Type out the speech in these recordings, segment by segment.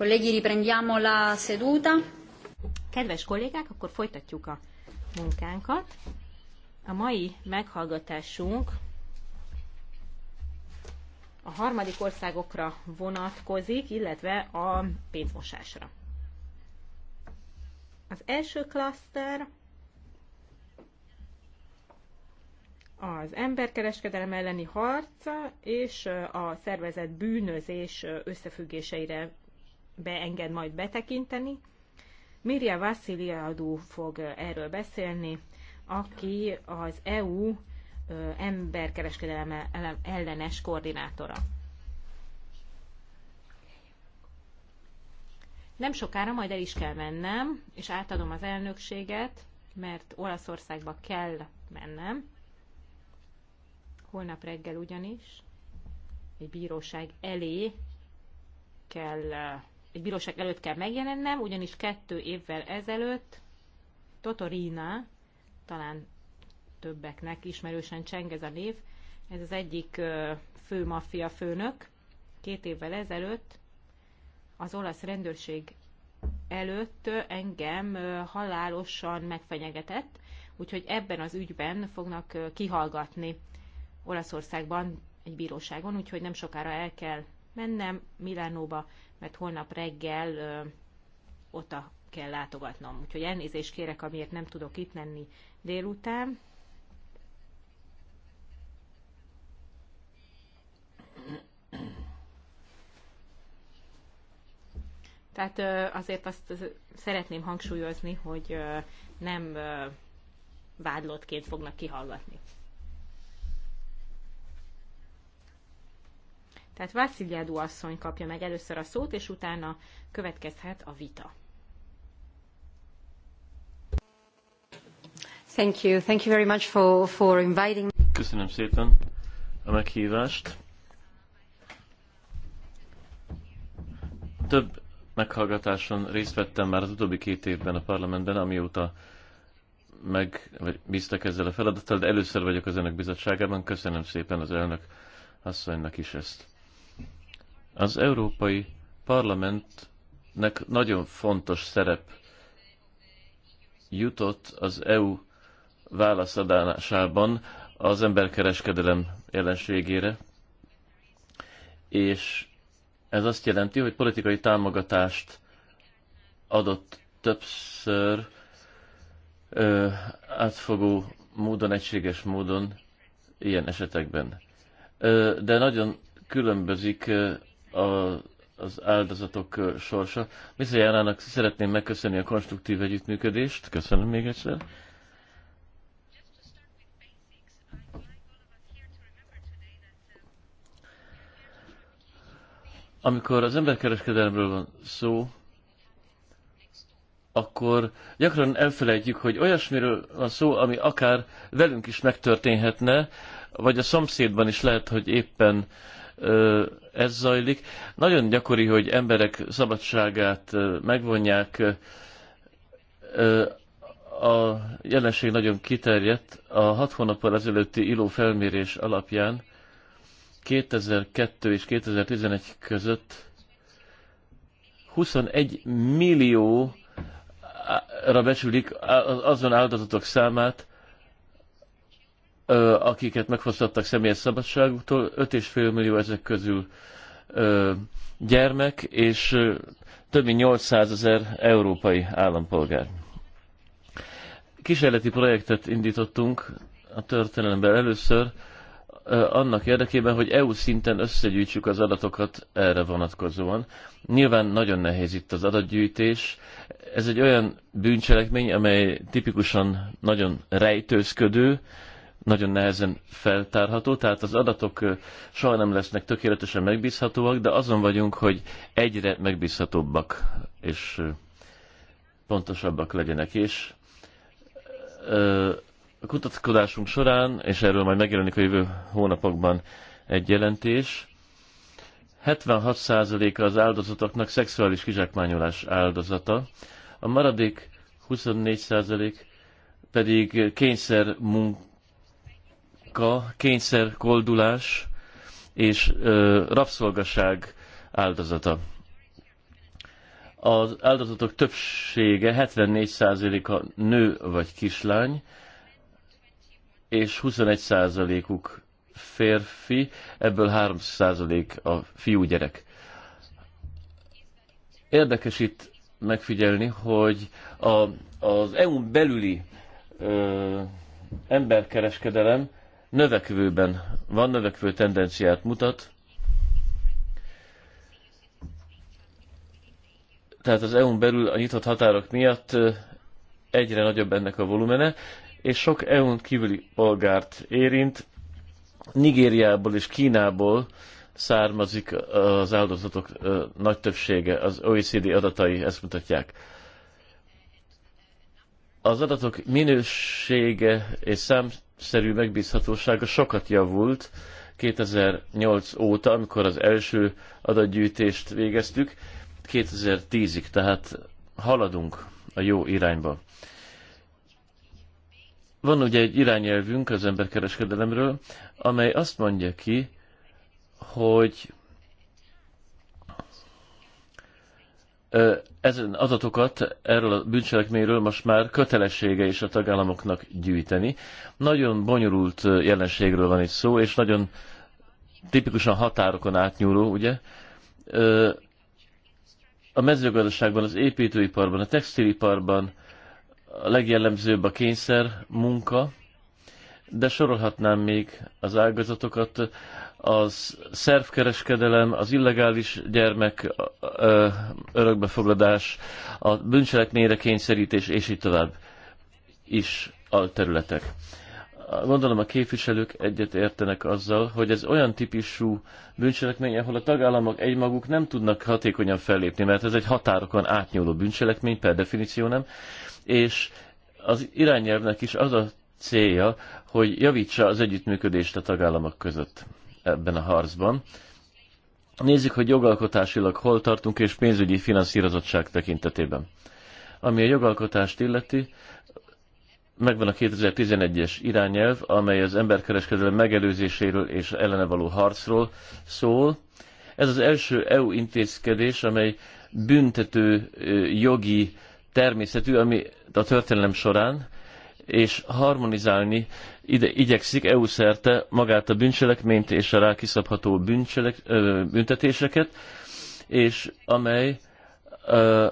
Colleghi, riprendiamo la seduta. Kedves kollégák, akkor folytatjuk a munkánkat. A mai meghallgatásunk a harmadik országokra vonatkozik, illetve a pénzmosásra. Az első klaszter az emberkereskedelem elleni harc és a szervezet bűnözés összefüggéseire beenged majd betekinteni. Mirja Vassiliadu fog erről beszélni, aki az EU emberkereskedelme ellenes koordinátora. Nem sokára majd el is kell mennem, és átadom az elnökséget, mert Olaszországba kell mennem. Holnap reggel ugyanis egy bíróság elé kell egy bíróság előtt kell megjelennem, ugyanis kettő évvel ezelőtt Totorina, talán többeknek ismerősen cseng ez a név, ez az egyik fő maffia főnök, két évvel ezelőtt az olasz rendőrség előtt engem halálosan megfenyegetett, úgyhogy ebben az ügyben fognak kihallgatni Olaszországban egy bíróságon, úgyhogy nem sokára el kell mennem Milánóba, mert holnap reggel ö, oda kell látogatnom. Úgyhogy elnézést kérek, amiért nem tudok itt lenni délután. Tehát azért azt szeretném hangsúlyozni, hogy nem vádlottként fognak kihallgatni. Tehát Vásziliádú asszony kapja meg először a szót, és utána következhet a vita. Thank you. Thank you very much for, for inviting me. Köszönöm szépen a meghívást. Több meghallgatáson részt vettem már az utóbbi két évben a parlamentben, amióta meg, vagy bíztak ezzel a feladattal, de először vagyok az önök bizottságában. Köszönöm szépen az elnök asszonynak is ezt. Az Európai Parlamentnek nagyon fontos szerep jutott az EU válaszadásában az emberkereskedelem jelenségére, és ez azt jelenti, hogy politikai támogatást adott többször ö, átfogó módon, egységes módon ilyen esetekben. Ö, de nagyon különbözik a, az áldozatok sorsa. Mizé Jánának szeretném megköszönni a konstruktív együttműködést. Köszönöm még egyszer. Amikor az emberkereskedelemről van szó, akkor gyakran elfelejtjük, hogy olyasmiről van szó, ami akár velünk is megtörténhetne, vagy a szomszédban is lehet, hogy éppen uh, ez zajlik. Nagyon gyakori, hogy emberek szabadságát megvonják. A jelenség nagyon kiterjedt. A hat hónappal ezelőtti ILO felmérés alapján 2002 és 2011 között 21 millióra becsülik azon áldozatok számát, akiket megfosztottak személyes szabadságuktól, 5,5 millió ezek közül gyermek, és több mint 800 ezer európai állampolgár. Kísérleti projektet indítottunk a történelemben először, annak érdekében, hogy EU szinten összegyűjtsük az adatokat erre vonatkozóan. Nyilván nagyon nehéz itt az adatgyűjtés. Ez egy olyan bűncselekmény, amely tipikusan nagyon rejtőzködő, nagyon nehezen feltárható, tehát az adatok soha nem lesznek tökéletesen megbízhatóak, de azon vagyunk, hogy egyre megbízhatóbbak és pontosabbak legyenek. És a kutatkodásunk során, és erről majd megjelenik a jövő hónapokban egy jelentés, 76%-a az áldozatoknak szexuális kizsákmányolás áldozata, a maradék 24% pedig kényszer munka munka, kényszer, koldulás és ö, rabszolgaság áldozata. Az áldozatok többsége, 74%-a nő vagy kislány, és 21%-uk férfi, ebből 3% a fiúgyerek. Érdekes itt megfigyelni, hogy a, az EU-n belüli ö, emberkereskedelem növekvőben van, növekvő tendenciát mutat. Tehát az EU-n belül a nyitott határok miatt egyre nagyobb ennek a volumene, és sok EU-n kívüli polgárt érint. Nigériából és Kínából származik az áldozatok nagy többsége, az OECD adatai ezt mutatják. Az adatok minősége és szám szerű megbízhatósága sokat javult 2008 óta, amikor az első adatgyűjtést végeztük, 2010-ig, tehát haladunk a jó irányba. Van ugye egy irányelvünk az emberkereskedelemről, amely azt mondja ki, hogy ezen adatokat erről a bűncselekményről most már kötelessége is a tagállamoknak gyűjteni. Nagyon bonyolult jelenségről van itt szó, és nagyon tipikusan határokon átnyúló, ugye? A mezőgazdaságban, az építőiparban, a textiliparban a legjellemzőbb a kényszer munka, de sorolhatnám még az ágazatokat, az szervkereskedelem, az illegális gyermek örökbefogadás, a bűncselekményre kényszerítés, és így tovább is a területek. Gondolom a képviselők egyet értenek azzal, hogy ez olyan típusú bűncselekmény, ahol a tagállamok egymaguk nem tudnak hatékonyan fellépni, mert ez egy határokon átnyúló bűncselekmény, per definíció nem, és az irányelvnek is az a célja, hogy javítsa az együttműködést a tagállamok között ebben a harcban. Nézzük, hogy jogalkotásilag hol tartunk, és pénzügyi finanszírozottság tekintetében. Ami a jogalkotást illeti, megvan a 2011-es irányelv, amely az emberkereskedelem megelőzéséről és ellene való harcról szól. Ez az első EU intézkedés, amely büntető jogi természetű, ami a történelem során és harmonizálni ide, igyekszik EU szerte magát a bűncselekményt és a rá kiszabható bűncselek, ö, büntetéseket, és amely ö,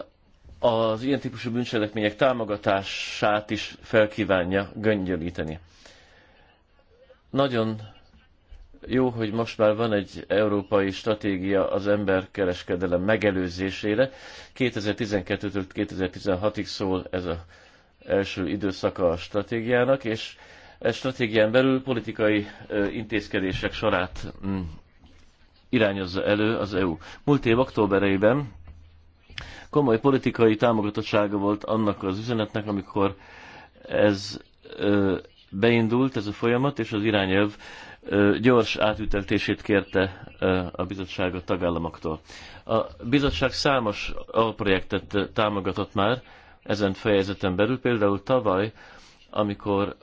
az ilyen típusú bűncselekmények támogatását is felkívánja göngyölíteni. Nagyon jó, hogy most már van egy európai stratégia az emberkereskedelem megelőzésére. 2012-től 2016-ig szól ez a első időszaka a stratégiának, és e stratégián belül politikai intézkedések sorát mm, irányozza elő az EU. Múlt év októberében komoly politikai támogatottsága volt annak az üzenetnek, amikor ez beindult, ez a folyamat, és az irányelv gyors átüteltését kérte a bizottság a tagállamoktól. A bizottság számos alprojektet támogatott már, ezen fejezeten belül. Például tavaly, amikor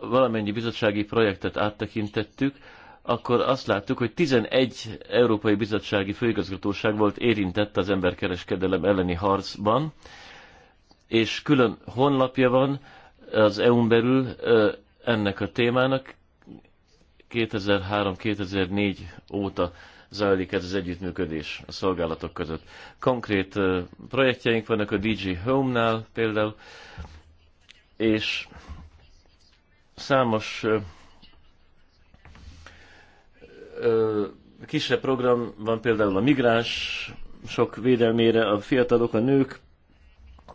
valamennyi bizottsági projektet áttekintettük, akkor azt láttuk, hogy 11 Európai Bizottsági Főigazgatóság volt érintett az emberkereskedelem elleni harcban, és külön honlapja van az EU-n belül ennek a témának 2003-2004 óta zajlik ez az együttműködés a szolgálatok között. Konkrét projektjeink vannak a DJ Home-nál például, és számos kisebb program van például a migráns sok védelmére, a fiatalok, a nők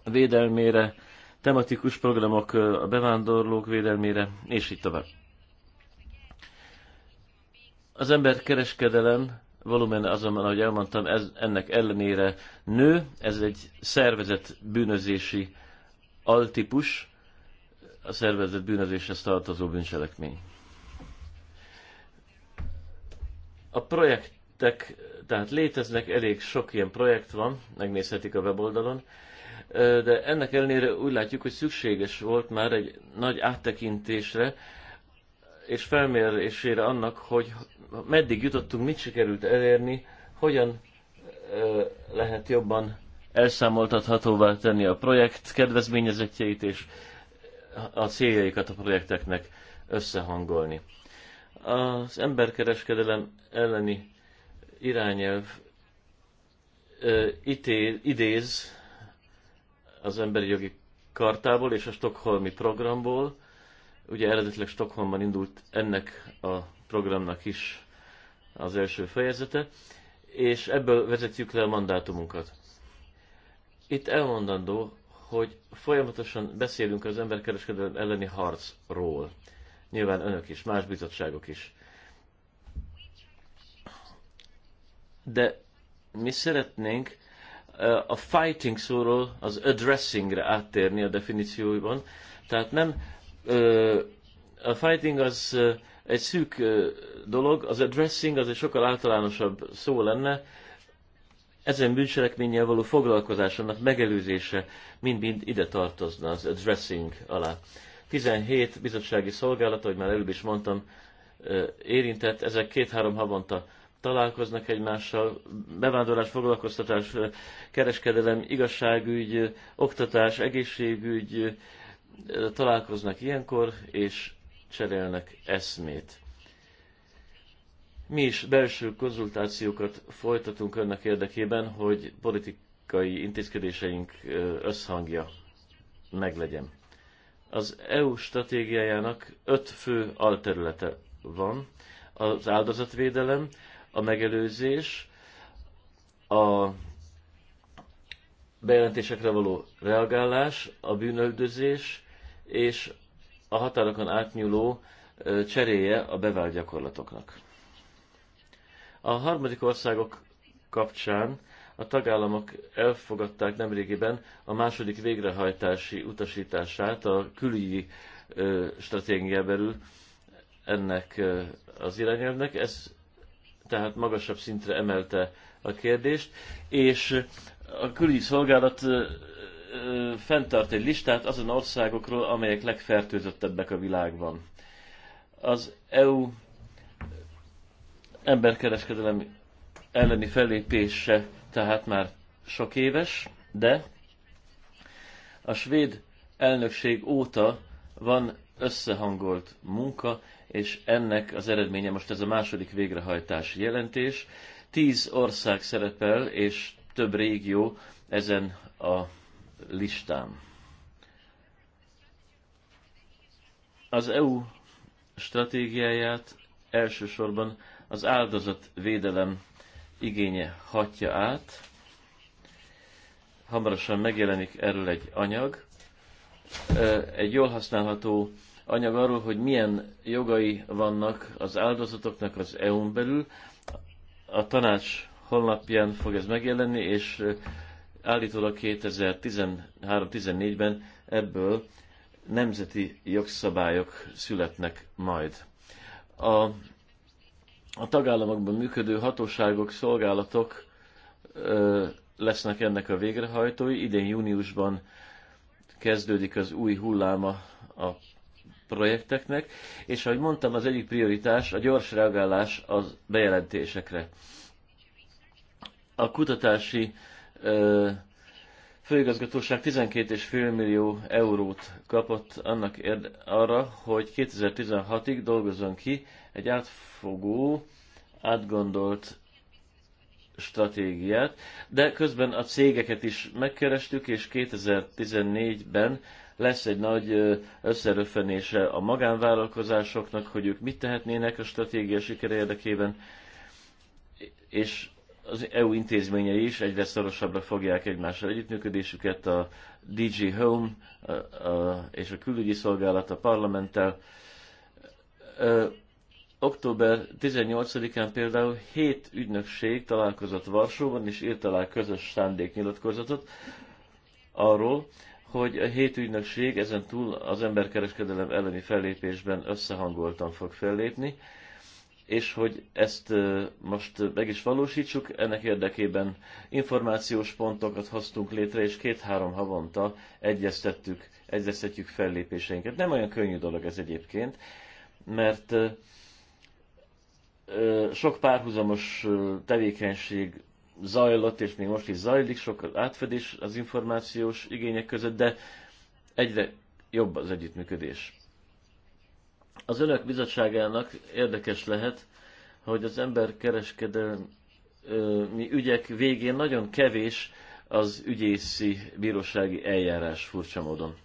védelmére, tematikus programok a bevándorlók védelmére, és így tovább. Az ember kereskedelem valóban azonban, ahogy elmondtam, ez, ennek ellenére nő, ez egy szervezet bűnözési altípus, a szervezet bűnözéshez tartozó bűncselekmény. A projektek, tehát léteznek, elég sok ilyen projekt van, megnézhetik a weboldalon, de ennek ellenére úgy látjuk, hogy szükséges volt már egy nagy áttekintésre és felmérésére annak, hogy meddig jutottunk, mit sikerült elérni, hogyan lehet jobban elszámoltathatóvá tenni a projekt kedvezményezetjeit és a céljaikat a projekteknek összehangolni. Az emberkereskedelem elleni irányelv ité, idéz az emberi jogi kartából és a stokholmi programból. Ugye eredetileg Stockholmban indult ennek a programnak is az első fejezete, és ebből vezetjük le a mandátumunkat. Itt elmondandó, hogy folyamatosan beszélünk az emberkereskedelem elleni harcról. Nyilván önök is, más bizottságok is. De mi szeretnénk eh, a fighting szóról az addressingre áttérni a definícióiban. Tehát nem eh, a fighting az eh, egy szűk dolog, az addressing az egy sokkal általánosabb szó lenne, ezen bűncselekménnyel való foglalkozás, annak megelőzése mind-mind ide tartozna az addressing alá. 17 bizottsági szolgálat, ahogy már előbb is mondtam, érintett, ezek két-három havonta találkoznak egymással, bevándorlás, foglalkoztatás, kereskedelem, igazságügy, oktatás, egészségügy találkoznak ilyenkor, és cserélnek eszmét. Mi is belső konzultációkat folytatunk önnek érdekében, hogy politikai intézkedéseink összhangja meglegyen. Az EU stratégiájának öt fő alterülete van. Az áldozatvédelem, a megelőzés, a bejelentésekre való reagálás, a bűnöldözés és a határokon átnyúló cseréje a bevált gyakorlatoknak. A harmadik országok kapcsán a tagállamok elfogadták nemrégiben a második végrehajtási utasítását a külügyi stratégia belül ennek az irányelvnek. Ez tehát magasabb szintre emelte a kérdést, és a külügyi szolgálat fenntart egy listát azon országokról, amelyek legfertőzöttebbek a világban. Az EU emberkereskedelem elleni fellépése tehát már sok éves, de a svéd elnökség óta van összehangolt munka, és ennek az eredménye most ez a második végrehajtási jelentés. Tíz ország szerepel, és több régió ezen a listám. Az EU stratégiáját elsősorban az áldozatvédelem igénye hatja át. Hamarosan megjelenik erről egy anyag, egy jól használható anyag arról, hogy milyen jogai vannak az áldozatoknak az EU-n belül. A tanács honlapján fog ez megjelenni, és állítólag 2013-14-ben ebből nemzeti jogszabályok születnek majd. A, a tagállamokban működő hatóságok, szolgálatok ö, lesznek ennek a végrehajtói. Idén júniusban kezdődik az új hulláma a projekteknek, és ahogy mondtam, az egyik prioritás a gyors reagálás az bejelentésekre. A kutatási főigazgatóság 12,5 millió eurót kapott annak érde, arra, hogy 2016-ig dolgozzon ki egy átfogó, átgondolt stratégiát, de közben a cégeket is megkerestük, és 2014-ben lesz egy nagy összeröffenése a magánvállalkozásoknak, hogy ők mit tehetnének a stratégia sikere érdekében, és az EU intézményei is egyre szorosabbra fogják egymással együttműködésüket, a DG Home a, a, és a külügyi szolgálat a parlamenttel. Ö, október 18-án például hét ügynökség találkozott Varsóban, és írt alá közös szándéknyilatkozatot arról, hogy a hét ügynökség ezen túl az emberkereskedelem elleni fellépésben összehangoltan fog fellépni, és hogy ezt most meg is valósítsuk, ennek érdekében információs pontokat hoztunk létre, és két-három havonta egyeztettük, egyeztetjük fellépéseinket. Nem olyan könnyű dolog ez egyébként, mert sok párhuzamos tevékenység zajlott, és még most is zajlik, sok átfedés az információs igények között, de egyre jobb az együttműködés. Az önök bizottságának érdekes lehet, hogy az emberkereskedelmi ügyek végén nagyon kevés az ügyészi bírósági eljárás furcsa módon.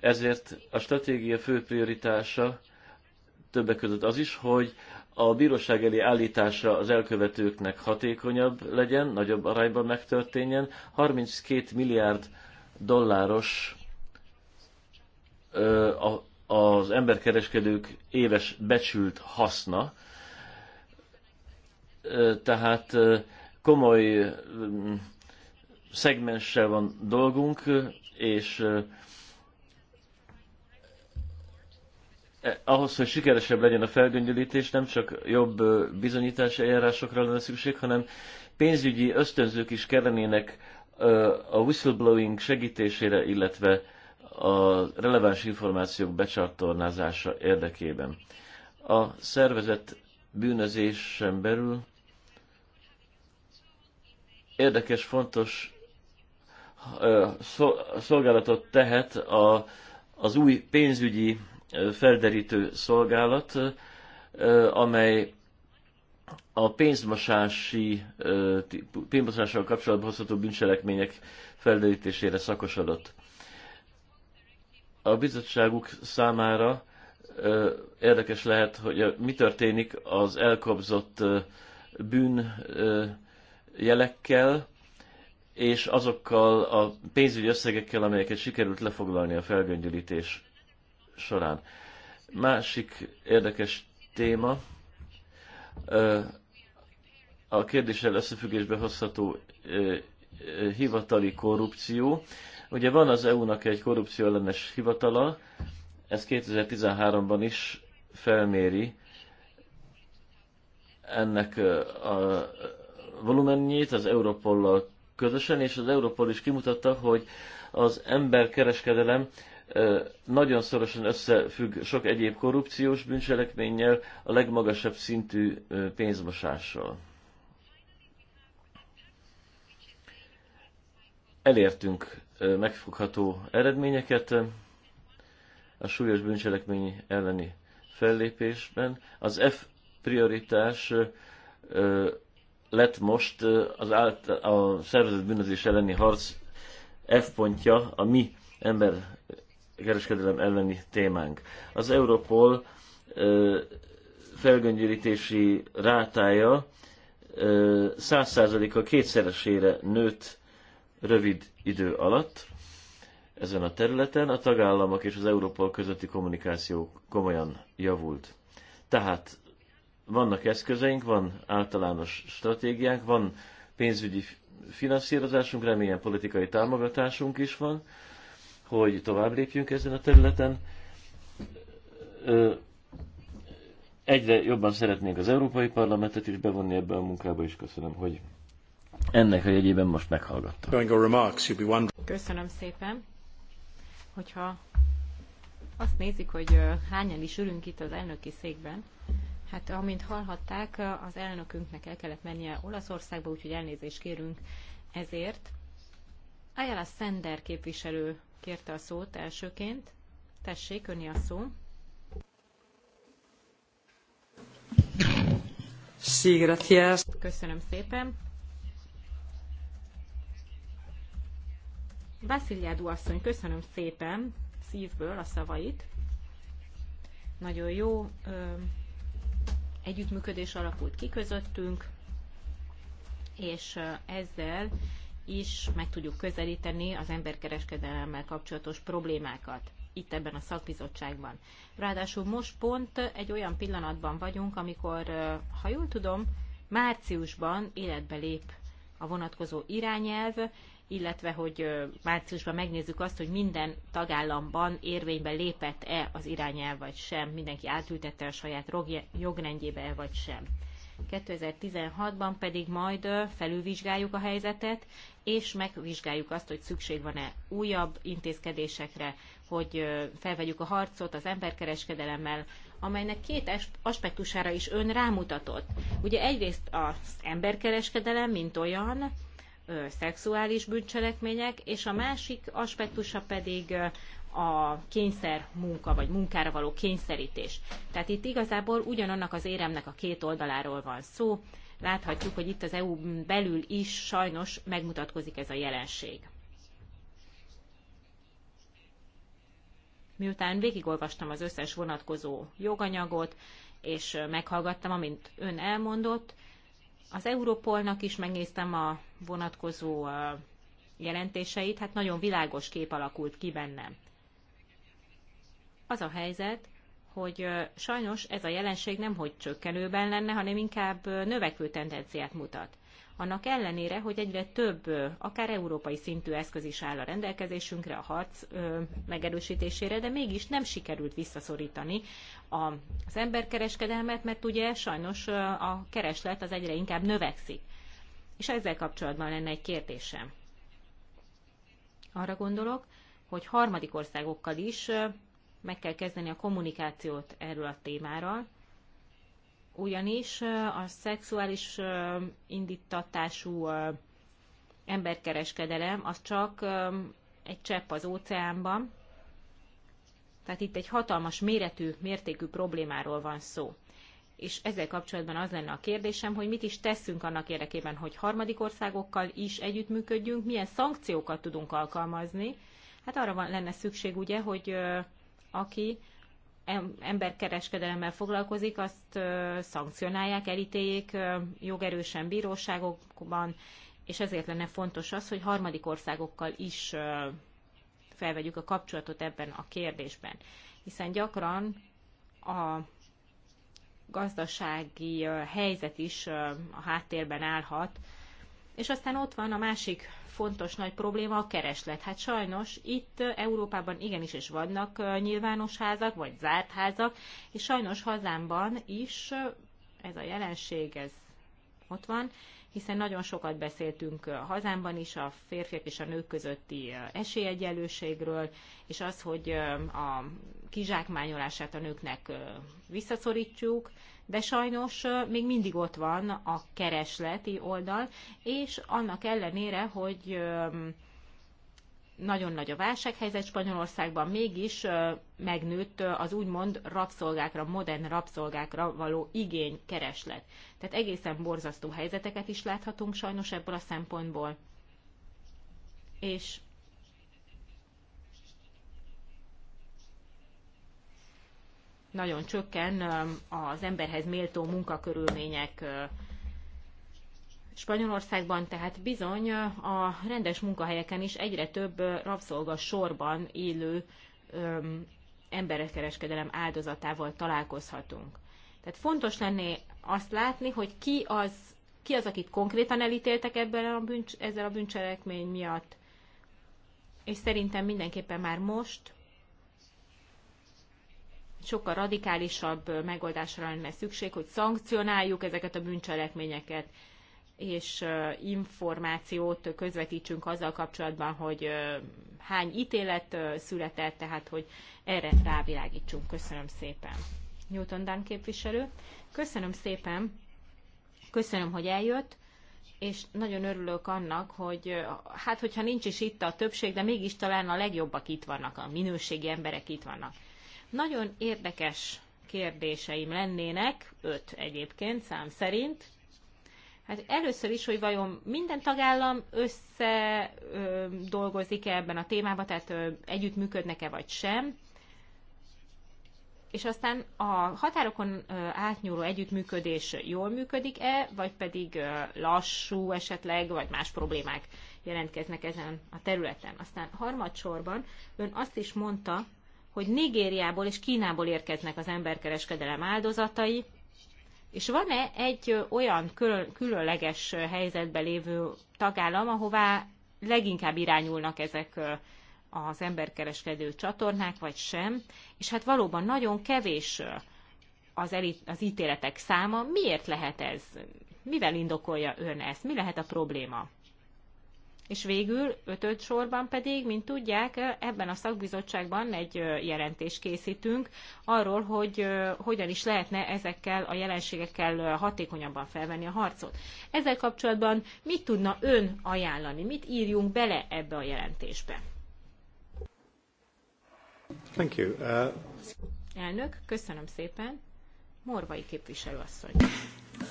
Ezért a stratégia fő prioritása többek között az is, hogy a bíróság elé állítása az elkövetőknek hatékonyabb legyen, nagyobb arányban megtörténjen. 32 milliárd dolláros ö, a az emberkereskedők éves becsült haszna, tehát komoly szegmenssel van dolgunk, és e, ahhoz, hogy sikeresebb legyen a felgöngyölítés, nem csak jobb bizonyítási eljárásokra lenne szükség, hanem pénzügyi ösztönzők is kellenének a whistleblowing segítésére, illetve a releváns információk becsatornázása érdekében. A szervezet bűnözésen belül érdekes, fontos szolgálatot tehet a, az új pénzügyi felderítő szolgálat, amely a pénzmosási, pénzmosással kapcsolatban hozható bűncselekmények felderítésére szakosodott a bizottságuk számára érdekes lehet, hogy mi történik az elkobzott bűn jelekkel, és azokkal a pénzügyi összegekkel, amelyeket sikerült lefoglalni a felgöngyölítés során. Másik érdekes téma, a kérdéssel összefüggésbe hozható hivatali korrupció. Ugye van az EU-nak egy korrupció ellenes hivatala, ez 2013-ban is felméri ennek a volumenjét az Europollal közösen, és az Europol is kimutatta, hogy az emberkereskedelem nagyon szorosan összefügg sok egyéb korrupciós bűncselekménnyel, a legmagasabb szintű pénzmosással. elértünk megfogható eredményeket a súlyos bűncselekmény elleni fellépésben. Az F prioritás lett most az állt, a szervezett bűnözés elleni harc F pontja a mi ember kereskedelem elleni témánk. Az Europol felgöngyörítési rátája 100%-a kétszeresére nőtt rövid idő alatt ezen a területen, a tagállamok és az Európa közötti kommunikáció komolyan javult. Tehát vannak eszközeink, van általános stratégiánk, van pénzügyi finanszírozásunk, remélem politikai támogatásunk is van, hogy tovább lépjünk ezen a területen. Egyre jobban szeretnénk az Európai Parlamentet is bevonni ebbe a munkába, és köszönöm, hogy ennek a jegyében most meghallgattam. Köszönöm szépen, hogyha azt nézik, hogy hányan is ülünk itt az elnöki székben, Hát amint hallhatták, az elnökünknek el kellett mennie Olaszországba, úgyhogy elnézést kérünk ezért. Ayala Sender képviselő kérte a szót elsőként. Tessék, öni a szó. gracias. Köszönöm szépen. Vasziliádú asszony, köszönöm szépen szívből a szavait. Nagyon jó ö, együttműködés alakult ki közöttünk, és ezzel is meg tudjuk közelíteni az emberkereskedelemmel kapcsolatos problémákat itt ebben a szakbizottságban. Ráadásul most pont egy olyan pillanatban vagyunk, amikor, ha jól tudom, márciusban életbe lép a vonatkozó irányelv, illetve hogy márciusban megnézzük azt, hogy minden tagállamban érvénybe lépett-e az irányelv vagy sem, mindenki átültette a saját jogrendjébe vagy sem. 2016-ban pedig majd felülvizsgáljuk a helyzetet, és megvizsgáljuk azt, hogy szükség van-e újabb intézkedésekre, hogy felvegyük a harcot az emberkereskedelemmel, amelynek két aspektusára is ön rámutatott. Ugye egyrészt az emberkereskedelem, mint olyan, ö, szexuális bűncselekmények, és a másik aspektusa pedig ö, a kényszer munka, vagy munkára való kényszerítés. Tehát itt igazából ugyanannak az éremnek a két oldaláról van szó. Láthatjuk, hogy itt az EU belül is sajnos megmutatkozik ez a jelenség. Miután végigolvastam az összes vonatkozó joganyagot, és meghallgattam, amint ön elmondott, az Európolnak is megnéztem a vonatkozó jelentéseit, hát nagyon világos kép alakult ki bennem. Az a helyzet, hogy sajnos ez a jelenség nem hogy csökkenőben lenne, hanem inkább növekvő tendenciát mutat annak ellenére, hogy egyre több, akár európai szintű eszköz is áll a rendelkezésünkre a harc megerősítésére, de mégis nem sikerült visszaszorítani az emberkereskedelmet, mert ugye sajnos a kereslet az egyre inkább növekszik. És ezzel kapcsolatban lenne egy kérdésem. Arra gondolok, hogy harmadik országokkal is meg kell kezdeni a kommunikációt erről a témáról, ugyanis a szexuális indítatású emberkereskedelem az csak egy csepp az óceánban, tehát itt egy hatalmas méretű, mértékű problémáról van szó. És ezzel kapcsolatban az lenne a kérdésem, hogy mit is teszünk annak érdekében, hogy harmadik országokkal is együttműködjünk, milyen szankciókat tudunk alkalmazni. Hát arra van, lenne szükség ugye, hogy ö, aki emberkereskedelemmel foglalkozik, azt szankcionálják, elítéljék jogerősen bíróságokban, és ezért lenne fontos az, hogy harmadik országokkal is felvegyük a kapcsolatot ebben a kérdésben. Hiszen gyakran a gazdasági helyzet is a háttérben állhat és aztán ott van a másik fontos nagy probléma a kereslet. Hát sajnos itt Európában igenis is vannak nyilvános házak, vagy zárt házak, és sajnos hazámban is ez a jelenség, ez ott van, hiszen nagyon sokat beszéltünk a hazámban is a férfiak és a nők közötti esélyegyenlőségről, és az, hogy a kizsákmányolását a nőknek visszaszorítjuk, de sajnos még mindig ott van a keresleti oldal, és annak ellenére, hogy nagyon nagy a válsághelyzet Spanyolországban, mégis megnőtt az úgymond rabszolgákra, modern rabszolgákra való igény, kereslet. Tehát egészen borzasztó helyzeteket is láthatunk sajnos ebből a szempontból. És nagyon csökken az emberhez méltó munkakörülmények Spanyolországban, tehát bizony a rendes munkahelyeken is egyre több rabszolga sorban élő emberekereskedelem áldozatával találkozhatunk. Tehát fontos lenné azt látni, hogy ki az, ki az akit konkrétan elítéltek ebben a bűncs, ezzel a bűncselekmény miatt, és szerintem mindenképpen már most sokkal radikálisabb megoldásra lenne szükség, hogy szankcionáljuk ezeket a bűncselekményeket, és információt közvetítsünk azzal kapcsolatban, hogy hány ítélet született, tehát hogy erre rávilágítsunk. Köszönöm szépen. Newton Dan képviselő. Köszönöm szépen. Köszönöm, hogy eljött és nagyon örülök annak, hogy hát hogyha nincs is itt a többség, de mégis talán a legjobbak itt vannak, a minőségi emberek itt vannak. Nagyon érdekes kérdéseim lennének, öt egyébként szám szerint. Hát először is, hogy vajon minden tagállam össze ö, dolgozik-e ebben a témában, tehát ö, együttműködnek-e vagy sem. És aztán a határokon ö, átnyúló együttműködés jól működik-e, vagy pedig ö, lassú esetleg, vagy más problémák jelentkeznek ezen a területen. Aztán harmadsorban ön azt is mondta, hogy Nigériából és Kínából érkeznek az emberkereskedelem áldozatai, és van-e egy olyan különleges helyzetben lévő tagállam, ahová leginkább irányulnak ezek az emberkereskedő csatornák, vagy sem? És hát valóban nagyon kevés az, elit, az ítéletek száma. Miért lehet ez? Mivel indokolja ön ezt? Mi lehet a probléma? És végül, ötöd sorban pedig, mint tudják, ebben a szakbizottságban egy jelentést készítünk arról, hogy hogyan is lehetne ezekkel a jelenségekkel hatékonyabban felvenni a harcot. Ezzel kapcsolatban mit tudna ön ajánlani? Mit írjunk bele ebbe a jelentésbe? Thank you. Uh... Elnök, köszönöm szépen. Morvai képviselőasszony.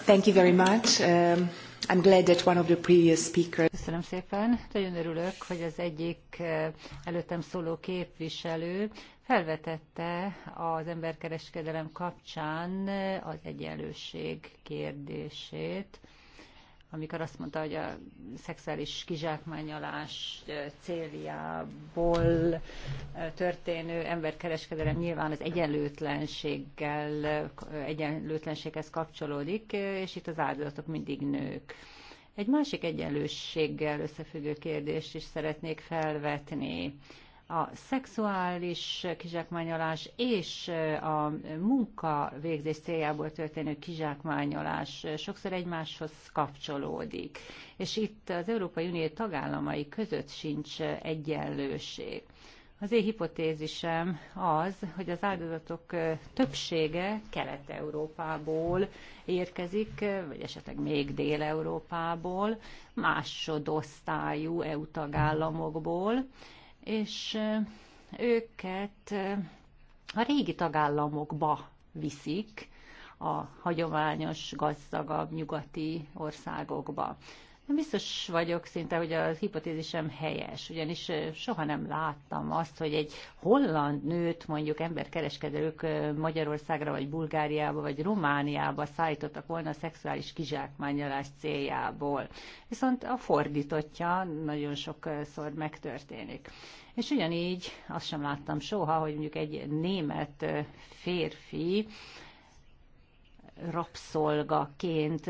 Thank you very much. Um, I'm glad that one of the previous speakers... Köszönöm szépen. Nagyon örülök, hogy az egyik uh, előttem szóló képviselő felvetette az emberkereskedelem kapcsán uh, az egyenlőség kérdését amikor azt mondta, hogy a szexuális kizsákmányolás céljából történő emberkereskedelem nyilván az egyenlőtlenséggel, egyenlőtlenséghez kapcsolódik, és itt az áldozatok mindig nők. Egy másik egyenlősséggel összefüggő kérdést is szeretnék felvetni a szexuális kizsákmányolás és a munkavégzés céljából történő kizsákmányolás sokszor egymáshoz kapcsolódik. És itt az Európai Unió tagállamai között sincs egyenlőség. Az én hipotézisem az, hogy az áldozatok többsége Kelet-Európából érkezik, vagy esetleg még Dél-Európából, másodosztályú EU tagállamokból, és őket a régi tagállamokba viszik, a hagyományos, gazdagabb nyugati országokba. Nem biztos vagyok szinte, hogy a hipotézisem helyes, ugyanis soha nem láttam azt, hogy egy holland nőt mondjuk emberkereskedők Magyarországra, vagy Bulgáriába, vagy Romániába szállítottak volna a szexuális kizsákmányolás céljából. Viszont a fordítottja nagyon sokszor megtörténik. És ugyanígy azt sem láttam soha, hogy mondjuk egy német férfi rabszolgaként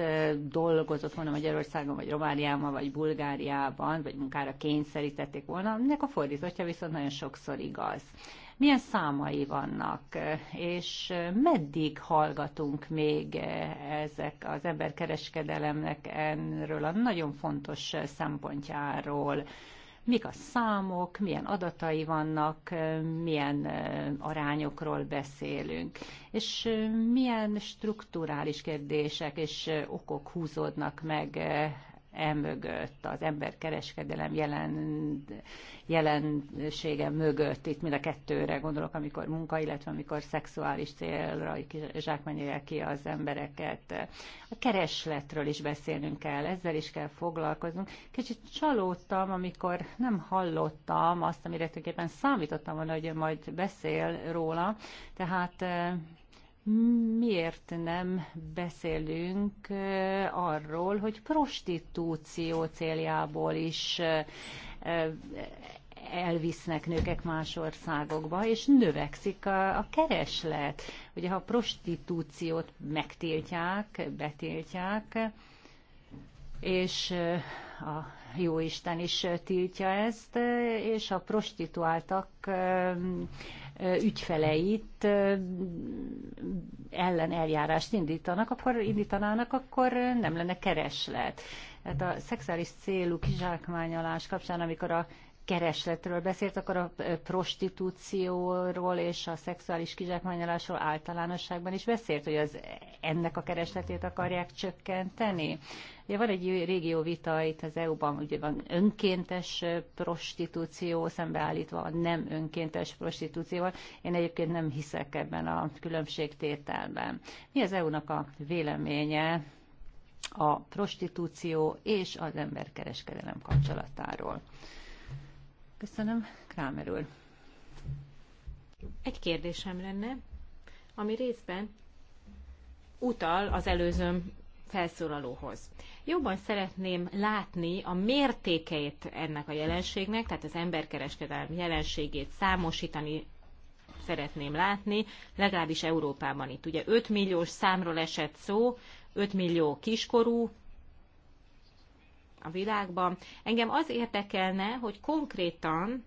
dolgozott volna Magyarországon, vagy Romániában, vagy Bulgáriában, vagy munkára kényszerítették volna, ennek a fordítottja viszont nagyon sokszor igaz. Milyen számai vannak, és meddig hallgatunk még ezek az emberkereskedelemnek erről a nagyon fontos szempontjáról, mik a számok, milyen adatai vannak, milyen arányokról beszélünk, és milyen strukturális kérdések és okok húzódnak meg emögött, az emberkereskedelem jelen, jelensége mögött, itt mind a kettőre gondolok, amikor munka, illetve amikor szexuális célra zsákmányolják ki az embereket. A keresletről is beszélnünk kell, ezzel is kell foglalkoznunk. Kicsit csalódtam, amikor nem hallottam azt, amire tulajdonképpen számítottam volna, hogy majd beszél róla, tehát eh, miért nem beszélünk arról, hogy prostitúció céljából is elvisznek nőkek más országokba, és növekszik a, a kereslet. Ugye ha a prostitúciót megtiltják, betiltják, és a jóisten is tiltja ezt, és a prostituáltak ügyfeleit ellen eljárást indítanak, akkor indítanának, akkor nem lenne kereslet. Tehát a szexuális célú kizsákmányolás kapcsán, amikor a keresletről beszélt, akkor a prostitúcióról és a szexuális kizsákmányolásról általánosságban is beszélt, hogy az ennek a keresletét akarják csökkenteni. Ugye van egy jó vita itt az EU-ban, ugye van önkéntes prostitúció szembeállítva a nem önkéntes prostitúcióval. Én egyébként nem hiszek ebben a különbségtételben. Mi az EU-nak a véleménye a prostitúció és az emberkereskedelem kapcsolatáról? Köszönöm, Krámer úr. Egy kérdésem lenne, ami részben utal az előzőm felszólalóhoz. Jobban szeretném látni a mértékeit ennek a jelenségnek, tehát az emberkereskedelmi jelenségét számosítani szeretném látni, legalábbis Európában itt. Ugye 5 milliós számról esett szó, 5 millió kiskorú a világban. Engem az érdekelne, hogy konkrétan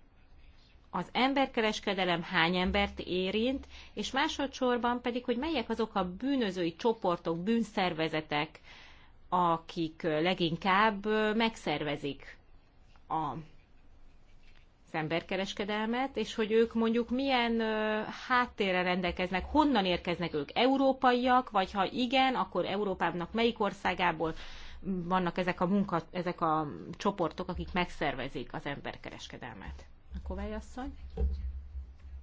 az emberkereskedelem hány embert érint, és másodszorban pedig, hogy melyek azok a bűnözői csoportok, bűnszervezetek, akik leginkább megszervezik a az emberkereskedelmet, és hogy ők mondjuk milyen ö, háttérre rendelkeznek, honnan érkeznek ők, európaiak, vagy ha igen, akkor Európának melyik országából, vannak ezek a, munka, ezek a csoportok, akik megszervezik az emberkereskedelmet. A Kovály asszony.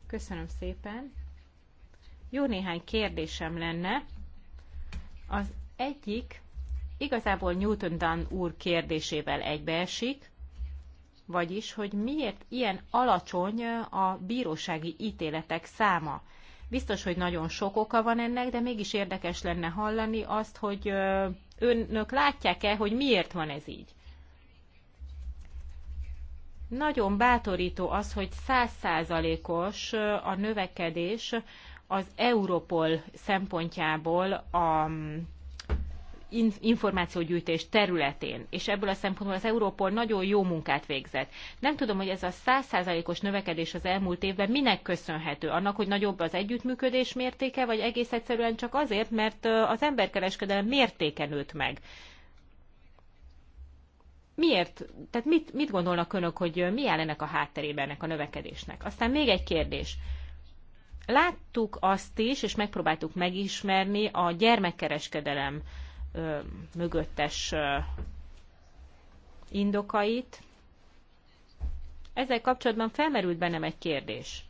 Köszönöm szépen. Jó néhány kérdésem lenne. Az egyik igazából Newton Dunn úr kérdésével egybeesik, vagyis, hogy miért ilyen alacsony a bírósági ítéletek száma. Biztos, hogy nagyon sok oka van ennek, de mégis érdekes lenne hallani azt, hogy önök látják-e, hogy miért van ez így? Nagyon bátorító az, hogy százszázalékos a növekedés az Europol szempontjából a információgyűjtés területén, és ebből a szempontból az Európol nagyon jó munkát végzett. Nem tudom, hogy ez a százszázalékos növekedés az elmúlt évben minek köszönhető? Annak, hogy nagyobb az együttműködés mértéke, vagy egész egyszerűen csak azért, mert az emberkereskedelem mértéke nőtt meg? Miért? Tehát mit, mit gondolnak önök, hogy mi áll ennek a hátterében, ennek a növekedésnek? Aztán még egy kérdés. Láttuk azt is, és megpróbáltuk megismerni a gyermekkereskedelem mögöttes indokait. Ezzel kapcsolatban felmerült bennem egy kérdés.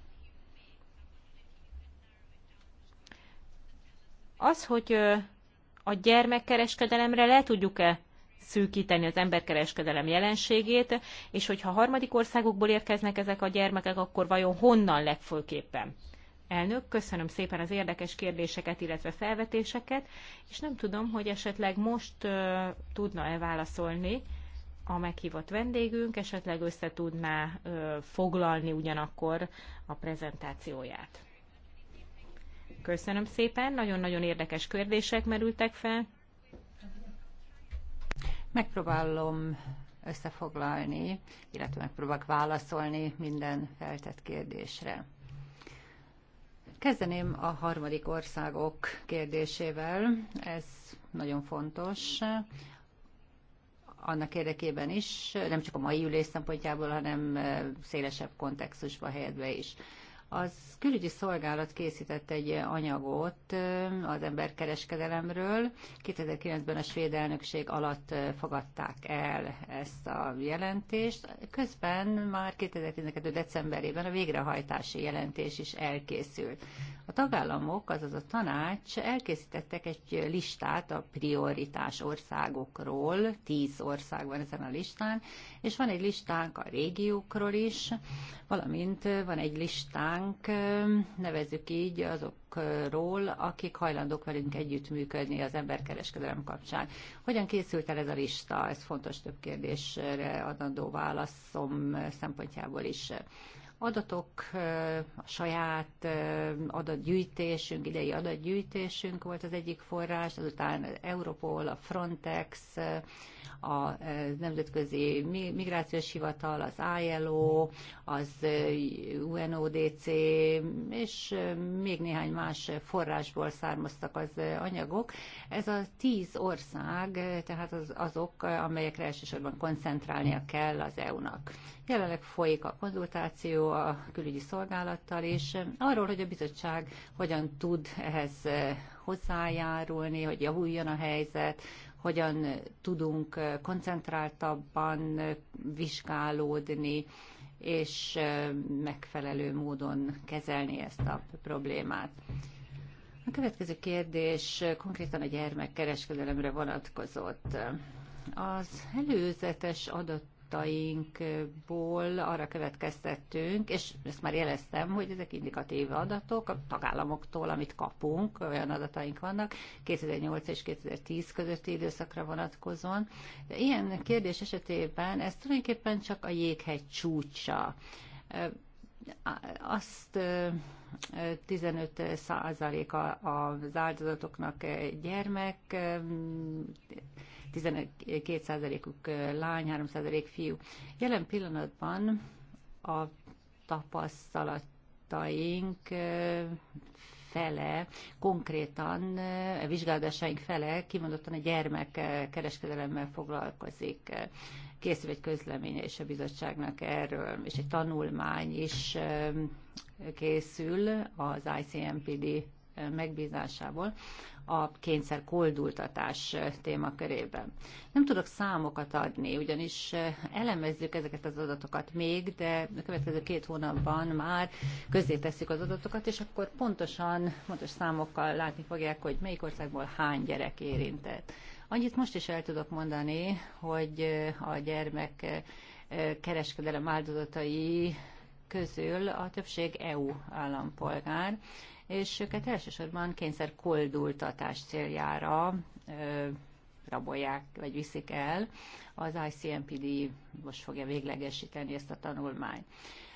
Az, hogy a gyermekkereskedelemre le tudjuk-e szűkíteni az emberkereskedelem jelenségét, és hogyha harmadik országokból érkeznek ezek a gyermekek, akkor vajon honnan legfőképpen? Elnök, köszönöm szépen az érdekes kérdéseket, illetve felvetéseket, és nem tudom, hogy esetleg most uh, tudna-e válaszolni a meghívott vendégünk, esetleg össze tudná uh, foglalni ugyanakkor a prezentációját. Köszönöm szépen, nagyon-nagyon érdekes kérdések merültek fel. Megpróbálom összefoglalni, illetve megpróbálok válaszolni minden feltett kérdésre. Kezdeném a harmadik országok kérdésével. Ez nagyon fontos annak érdekében is, nem csak a mai ülés szempontjából, hanem eh, szélesebb kontextusba helyedve is. Az külügyi szolgálat készített egy anyagot az emberkereskedelemről. 2009-ben a svéd elnökség alatt fogadták el ezt a jelentést. Közben már 2012. decemberében a végrehajtási jelentés is elkészült. A tagállamok, azaz a tanács elkészítettek egy listát a prioritás országokról, tíz ország van ezen a listán, és van egy listánk a régiókról is, valamint van egy listánk ránk, nevezzük így azokról, akik hajlandók velünk együttműködni az emberkereskedelem kapcsán. Hogyan készült el ez a lista? Ez fontos több kérdésre adandó válaszom szempontjából is adatok, a saját adatgyűjtésünk, idei adatgyűjtésünk volt az egyik forrás, azután Europol, a Frontex, a Nemzetközi Migrációs Hivatal, az ILO, az UNODC, és még néhány más forrásból származtak az anyagok. Ez a tíz ország, tehát az, azok, amelyekre elsősorban koncentrálnia kell az EU-nak. Jelenleg folyik a konzultáció a külügyi szolgálattal, és arról, hogy a bizottság hogyan tud ehhez hozzájárulni, hogy javuljon a helyzet, hogyan tudunk koncentráltabban vizsgálódni, és megfelelő módon kezelni ezt a problémát. A következő kérdés konkrétan a gyermekkereskedelemre vonatkozott. Az előzetes adat adatainkból arra következtettünk, és ezt már jeleztem, hogy ezek indikatív adatok, a tagállamoktól, amit kapunk, olyan adataink vannak, 2008 és 2010 közötti időszakra vonatkozóan. De ilyen kérdés esetében ez tulajdonképpen csak a jéghegy csúcsa. Azt 15 százaléka az áldozatoknak gyermek, 12%-uk lány, 3% fiú. Jelen pillanatban a tapasztalataink fele, konkrétan a vizsgálatásaink fele kimondottan a kereskedelemmel foglalkozik. Készül egy közleménye és a bizottságnak erről, és egy tanulmány is készül az ICMPD megbízásából, a kényszer koldultatás témakörében. Nem tudok számokat adni, ugyanis elemezzük ezeket az adatokat még, de a következő két hónapban már tesszük az adatokat, és akkor pontosan, pontos számokkal látni fogják, hogy melyik országból hány gyerek érintett. Annyit most is el tudok mondani, hogy a gyermek kereskedelem áldozatai közül a többség EU állampolgár, és őket elsősorban kényszer koldultatás céljára rabolják, vagy viszik el. Az ICMPD most fogja véglegesíteni ezt a tanulmányt.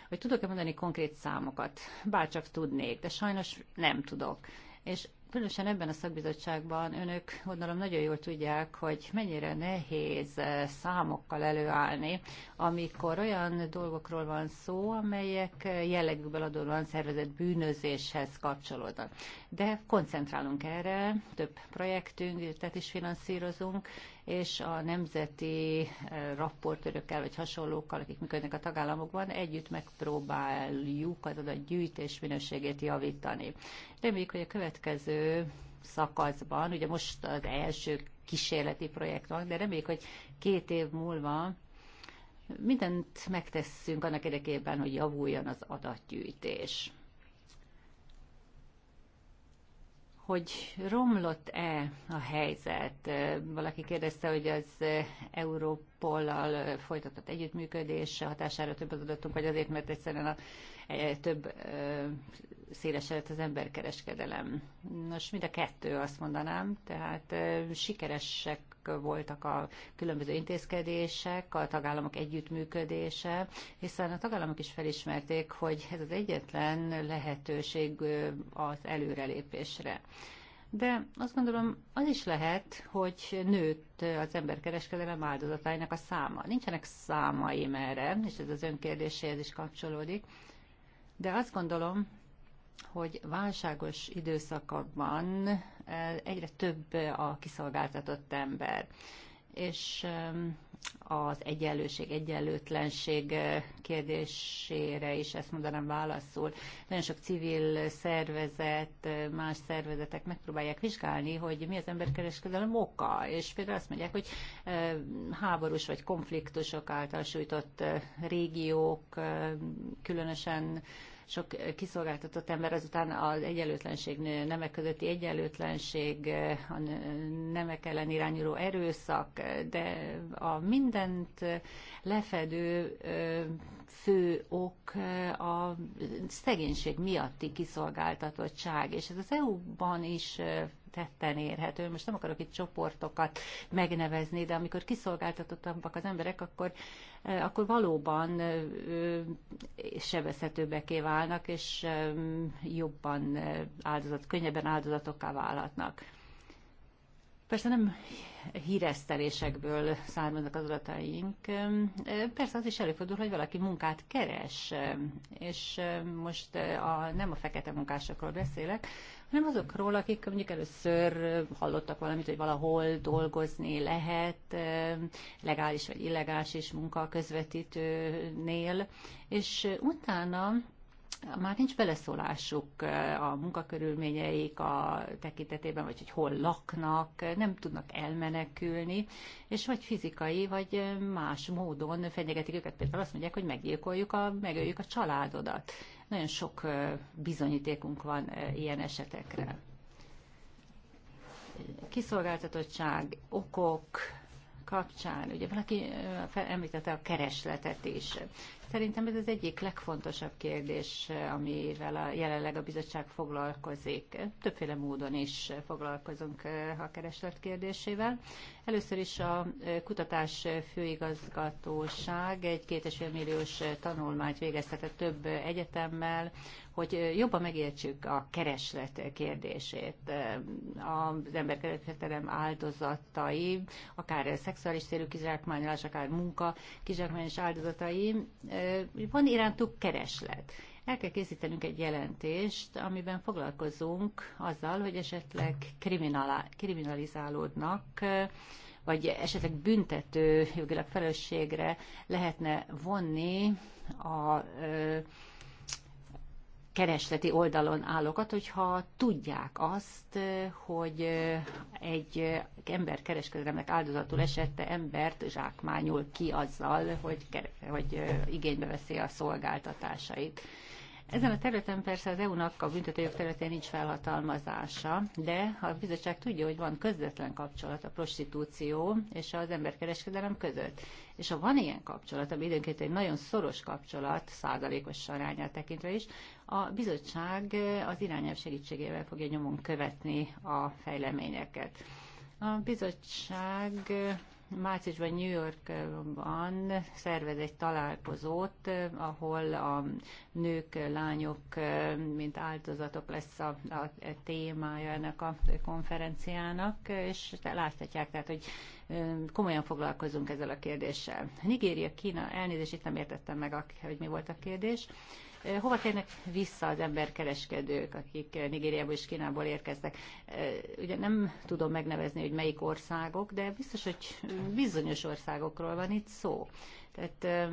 Hogy tudok-e mondani konkrét számokat? Bárcsak tudnék, de sajnos nem tudok. És különösen ebben a szakbizottságban önök gondolom nagyon jól tudják, hogy mennyire nehéz eh, számokkal előállni, amikor olyan dolgokról van szó, amelyek eh, jellegükből adódóan szervezett bűnözéshez kapcsolódnak. De koncentrálunk erre, több projektünk, tehát is finanszírozunk, és a nemzeti eh, rapportőrökkel vagy hasonlókkal, akik működnek a tagállamokban, együtt megpróbáljuk az adatgyűjtés minőségét javítani. Reméljük, hogy a következő szakaszban, ugye most az első kísérleti projekt van, de reméljük, hogy két év múlva mindent megtesszünk annak érdekében, hogy javuljon az adatgyűjtés. hogy romlott-e a helyzet. Valaki kérdezte, hogy az Európollal folytatott együttműködés hatására az adottunk, vagy azért, mert egyszerűen a e, több e, szélesedett az emberkereskedelem. Nos, mind a kettő azt mondanám, tehát e, sikeresek voltak a különböző intézkedések, a tagállamok együttműködése, hiszen a tagállamok is felismerték, hogy ez az egyetlen lehetőség az előrelépésre. De azt gondolom, az is lehet, hogy nőtt az emberkereskedelem áldozatainak a száma. Nincsenek számaim erre, és ez az önkérdéséhez is kapcsolódik. De azt gondolom, hogy válságos időszakokban eh, egyre több a kiszolgáltatott ember, és az egyenlőség, egyenlőtlenség eh, kérdésére is ezt mondanám válaszul. Nagyon sok civil szervezet, eh, más szervezetek megpróbálják vizsgálni, hogy mi az emberkereskedelem oka, és például azt mondják, hogy háborús vagy konfliktusok által sújtott régiók különösen sok kiszolgáltatott ember azután az egyenlőtlenség, nemek közötti egyenlőtlenség, a nemek ellen irányuló erőszak, de a mindent lefedő fő ok a szegénység miatti kiszolgáltatottság, és ez az EU-ban is tetten érhető. Most nem akarok itt csoportokat megnevezni, de amikor kiszolgáltatottak az emberek, akkor, akkor valóban sebezhetőbbeké válnak, és jobban áldozat, könnyebben áldozatokká válhatnak. Persze nem híresztelésekből származnak az adataink. Persze az is előfordul, hogy valaki munkát keres, és most a, nem a fekete munkásokról beszélek, hanem azokról, akik mondjuk először hallottak valamit, hogy valahol dolgozni lehet, legális vagy illegális munka közvetítőnél, és utána már nincs beleszólásuk a munkakörülményeik a tekintetében, vagy hogy hol laknak, nem tudnak elmenekülni, és vagy fizikai, vagy más módon fenyegetik őket. Például azt mondják, hogy meggyilkoljuk, a, megöljük a családodat. Nagyon sok bizonyítékunk van ilyen esetekre. Kiszolgáltatottság, okok, kapcsán, ugye valaki említette a keresletet is. Szerintem ez az egyik legfontosabb kérdés, amivel a, jelenleg a bizottság foglalkozik. Többféle módon is foglalkozunk eh, a kereslet kérdésével. Először is a kutatás főigazgatóság egy fél milliós tanulmányt végeztetett több egyetemmel, hogy jobban megértsük a kereslet kérdését. Az emberkereskedelem áldozatai, akár szexuális célú kizsákmányolás, akár munka kizsákmányolás áldozatai, van irántuk kereslet el kell készítenünk egy jelentést, amiben foglalkozunk azzal, hogy esetleg kriminalizálódnak, vagy esetleg büntető jogilag felelősségre lehetne vonni a keresleti oldalon állókat, hogyha tudják azt, hogy egy ember kereskedelemnek áldozatul esette embert zsákmányul ki azzal, hogy, hogy igénybe veszi a szolgáltatásait. Ezen a területen persze az EU-nak a büntetőjog területén nincs felhatalmazása, de a bizottság tudja, hogy van közvetlen kapcsolat a prostitúció és az emberkereskedelem között. És ha van ilyen kapcsolat, ami időnként egy nagyon szoros kapcsolat, százalékos arányát tekintve is, a bizottság az irányelv segítségével fogja nyomon követni a fejleményeket. A bizottság márciusban New Yorkban szervez egy találkozót, ahol a nők, lányok, mint áldozatok lesz a, a témája ennek a konferenciának, és láthatják, tehát, hogy komolyan foglalkozunk ezzel a kérdéssel. Nigéria, Kína, elnézést, itt nem értettem meg, hogy mi volt a kérdés hova térnek vissza az emberkereskedők, akik Nigériából és Kínából érkeztek. Ugye nem tudom megnevezni, hogy melyik országok, de biztos, hogy bizonyos országokról van itt szó. Tehát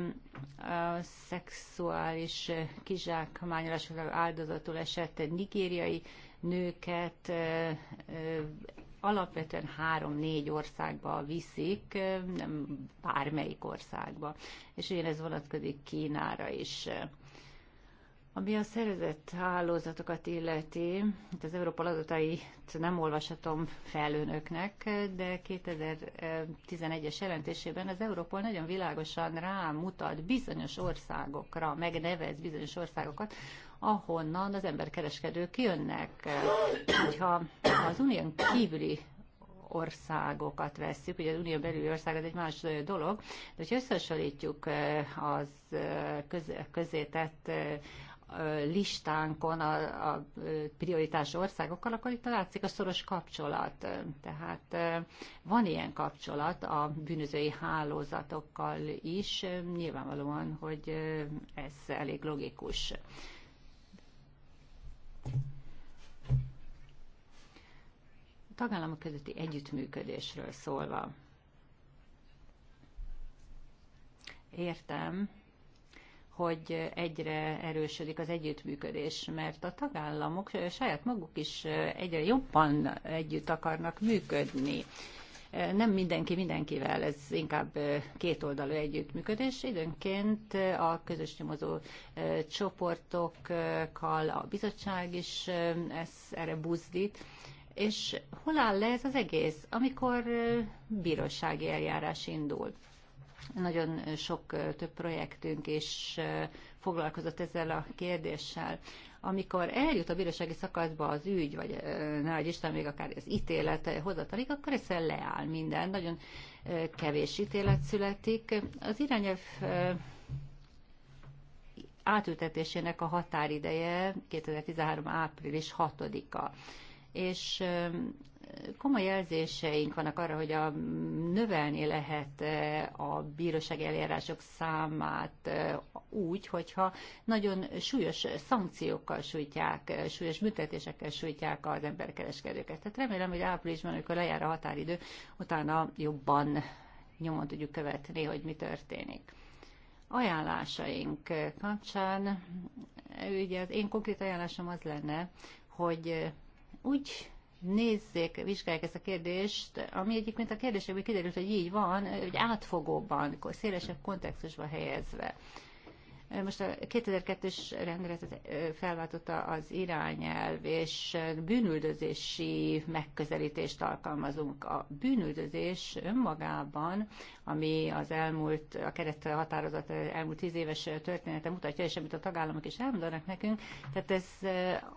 a szexuális kizsákmányolások áldozatul esett nigériai nőket alapvetően három-négy országba viszik, nem bármelyik országba. És ugyanez vonatkozik Kínára is. Ami a szervezett hálózatokat illeti, itt az Európa adatait nem olvashatom fel önöknek, de 2011-es jelentésében az Európol nagyon világosan rámutat bizonyos országokra, megnevez bizonyos országokat, ahonnan az emberkereskedők jönnek. Hogyha az unión kívüli országokat veszük, ugye az unió belüli ország az egy más dolog, de hogyha összehasonlítjuk eh, az eh, közé tett eh, listánkon a, a prioritás országokkal, akkor itt látszik a szoros kapcsolat. Tehát van ilyen kapcsolat a bűnözői hálózatokkal is, nyilvánvalóan, hogy ez elég logikus. A tagállamok közötti együttműködésről szólva. Értem, hogy egyre erősödik az együttműködés, mert a tagállamok saját maguk is egyre jobban együtt akarnak működni. Nem mindenki mindenkivel, ez inkább kétoldalú együttműködés. Időnként a közös nyomozó e, csoportokkal a bizottság is e, ezt erre buzdít. És hol áll le ez az egész, amikor e, bírósági eljárás indul? Nagyon sok több projektünk is foglalkozott ezzel a kérdéssel. Amikor eljut a bírósági szakaszba az ügy, vagy nehogy Isten még akár az ítélet hozatalig, akkor egyszerűen leáll minden. Nagyon kevés ítélet születik. Az irányelv átültetésének a határideje 2013. április 6-a. És komoly jelzéseink vannak arra, hogy a, növelni lehet e, a bíróság eljárások számát e, úgy, hogyha nagyon súlyos szankciókkal sújtják, e, súlyos büntetésekkel sújtják az emberkereskedőket. Tehát remélem, hogy áprilisban, amikor lejár a határidő, utána jobban nyomon tudjuk követni, hogy mi történik ajánlásaink kapcsán, ugye az én konkrét ajánlásom az lenne, hogy úgy nézzék, vizsgálják ezt a kérdést, ami egyébként a kérdésekből kiderült, hogy így van, hogy átfogóban, szélesebb kontextusba helyezve. Most a 2002-es rendeletet felváltotta az irányelv, és bűnüldözési megközelítést alkalmazunk. A bűnüldözés önmagában, ami az elmúlt, a keret határozat elmúlt tíz éves története mutatja, és amit a tagállamok is elmondanak nekünk, tehát ez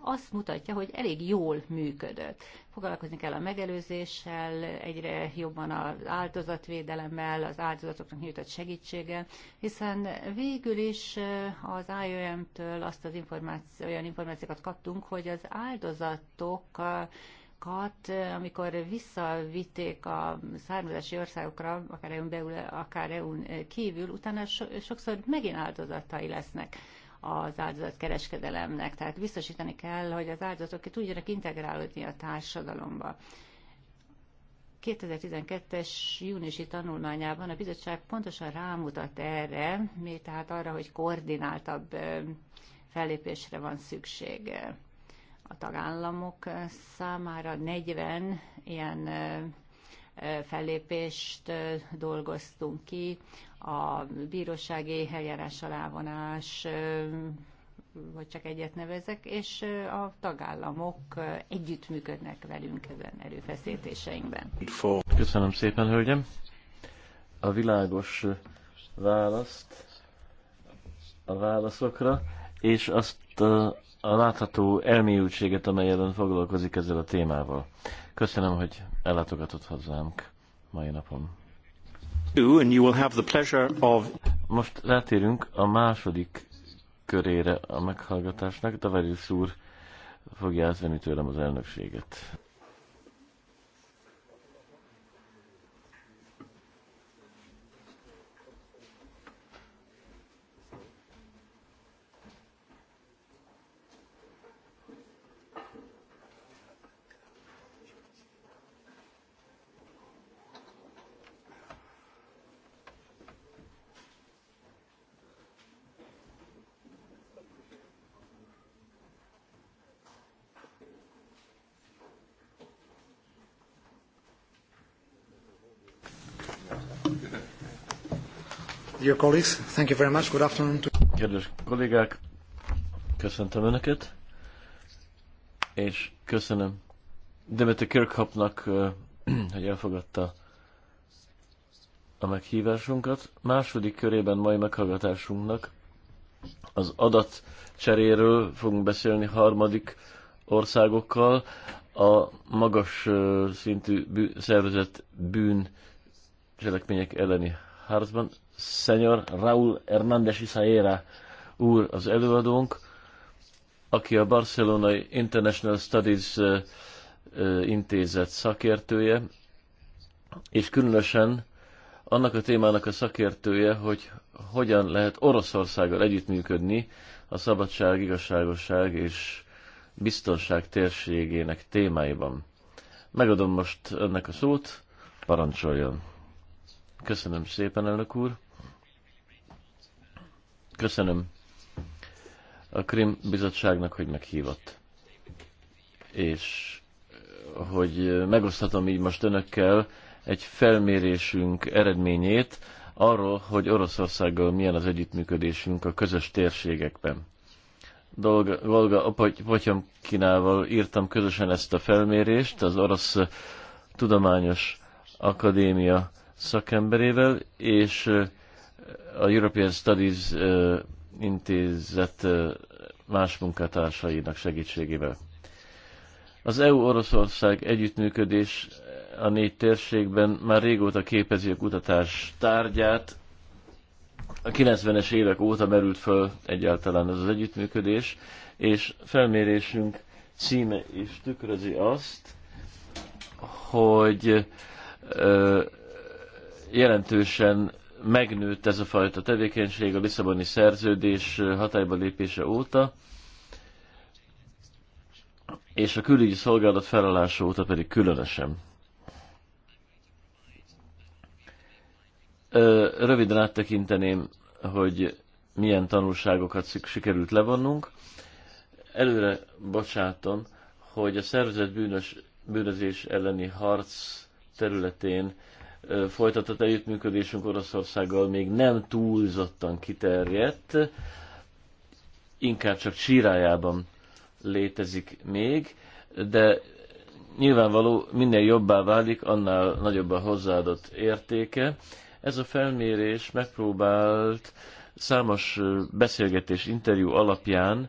azt mutatja, hogy elég jól működött. Foglalkozni kell a megelőzéssel, egyre jobban az áldozatvédelemmel, az áldozatoknak nyújtott segítséggel, hiszen végül is az IOM-től azt az információ, olyan információkat kaptunk, hogy az áldozatok kat, amikor visszavitték a származási országokra, akár EU-n belül, akár EU-n kívül, utána sokszor megint áldozatai lesznek az áldozatkereskedelemnek. Tehát biztosítani kell, hogy az áldozatok tudjanak integrálódni a társadalomba. 2012-es júniusi tanulmányában a bizottság pontosan rámutat erre, mi tehát arra, hogy koordináltabb fellépésre van szükség a tagállamok számára 40 ilyen fellépést dolgoztunk ki, a bírósági eljárás alávonás, hogy csak egyet nevezek, és a tagállamok együttműködnek velünk ezen erőfeszítéseinkben. Köszönöm szépen, hölgyem! A világos választ a válaszokra, és azt a, látható elmélyültséget, ellen foglalkozik ezzel a témával. Köszönöm, hogy ellátogatott hozzánk mai napon. Most rátérünk a második körére a meghallgatásnak. Tavarius úr fogja átvenni tőlem az elnökséget. Dear colleagues, thank you very much. Good afternoon. To... Kedves kollégák, köszöntöm Önöket, és köszönöm Demeter Kirkhopnak, hogy elfogadta a meghívásunkat. Második körében mai meghallgatásunknak az adatcseréről fogunk beszélni harmadik országokkal, a magas szintű bű, szervezett bűn cselekmények elleni harcban szenyor Raúl Hernández Isaera úr az előadónk, aki a Barcelonai International Studies intézet szakértője, és különösen annak a témának a szakértője, hogy hogyan lehet Oroszországgal együttműködni a szabadság, igazságosság és biztonság térségének témáiban. Megadom most önnek a szót, parancsoljon. Köszönöm szépen, elnök úr. Köszönöm a Krim bizottságnak, hogy meghívott. És eh, hogy megoszthatom így most önökkel egy felmérésünk eredményét arról, hogy Oroszországgal milyen az együttműködésünk a közös térségekben. Dolga, Volga Potyomkinával írtam közösen ezt a felmérést az Orosz Tudományos Akadémia szakemberével, és eh, a European Studies intézet más munkatársainak segítségével. Az EU-Oroszország együttműködés a négy térségben már régóta képezi a kutatás tárgyát. A 90-es évek óta merült föl egyáltalán ez az együttműködés, és felmérésünk címe is tükrözi azt, hogy ö, jelentősen megnőtt ez a fajta tevékenység a Lisszaboni szerződés hatályba lépése óta, és a külügyi szolgálat felállása óta pedig különösen. Röviden áttekinteném, hogy milyen tanulságokat sikerült levonnunk. Előre bocsátom, hogy a szervezet bűnös, bűnözés elleni harc területén folytatott együttműködésünk Oroszországgal még nem túlzottan kiterjedt, inkább csak csírájában létezik még, de nyilvánvaló minél jobbá válik, annál nagyobb a hozzáadott értéke. Ez a felmérés megpróbált számos beszélgetés, interjú alapján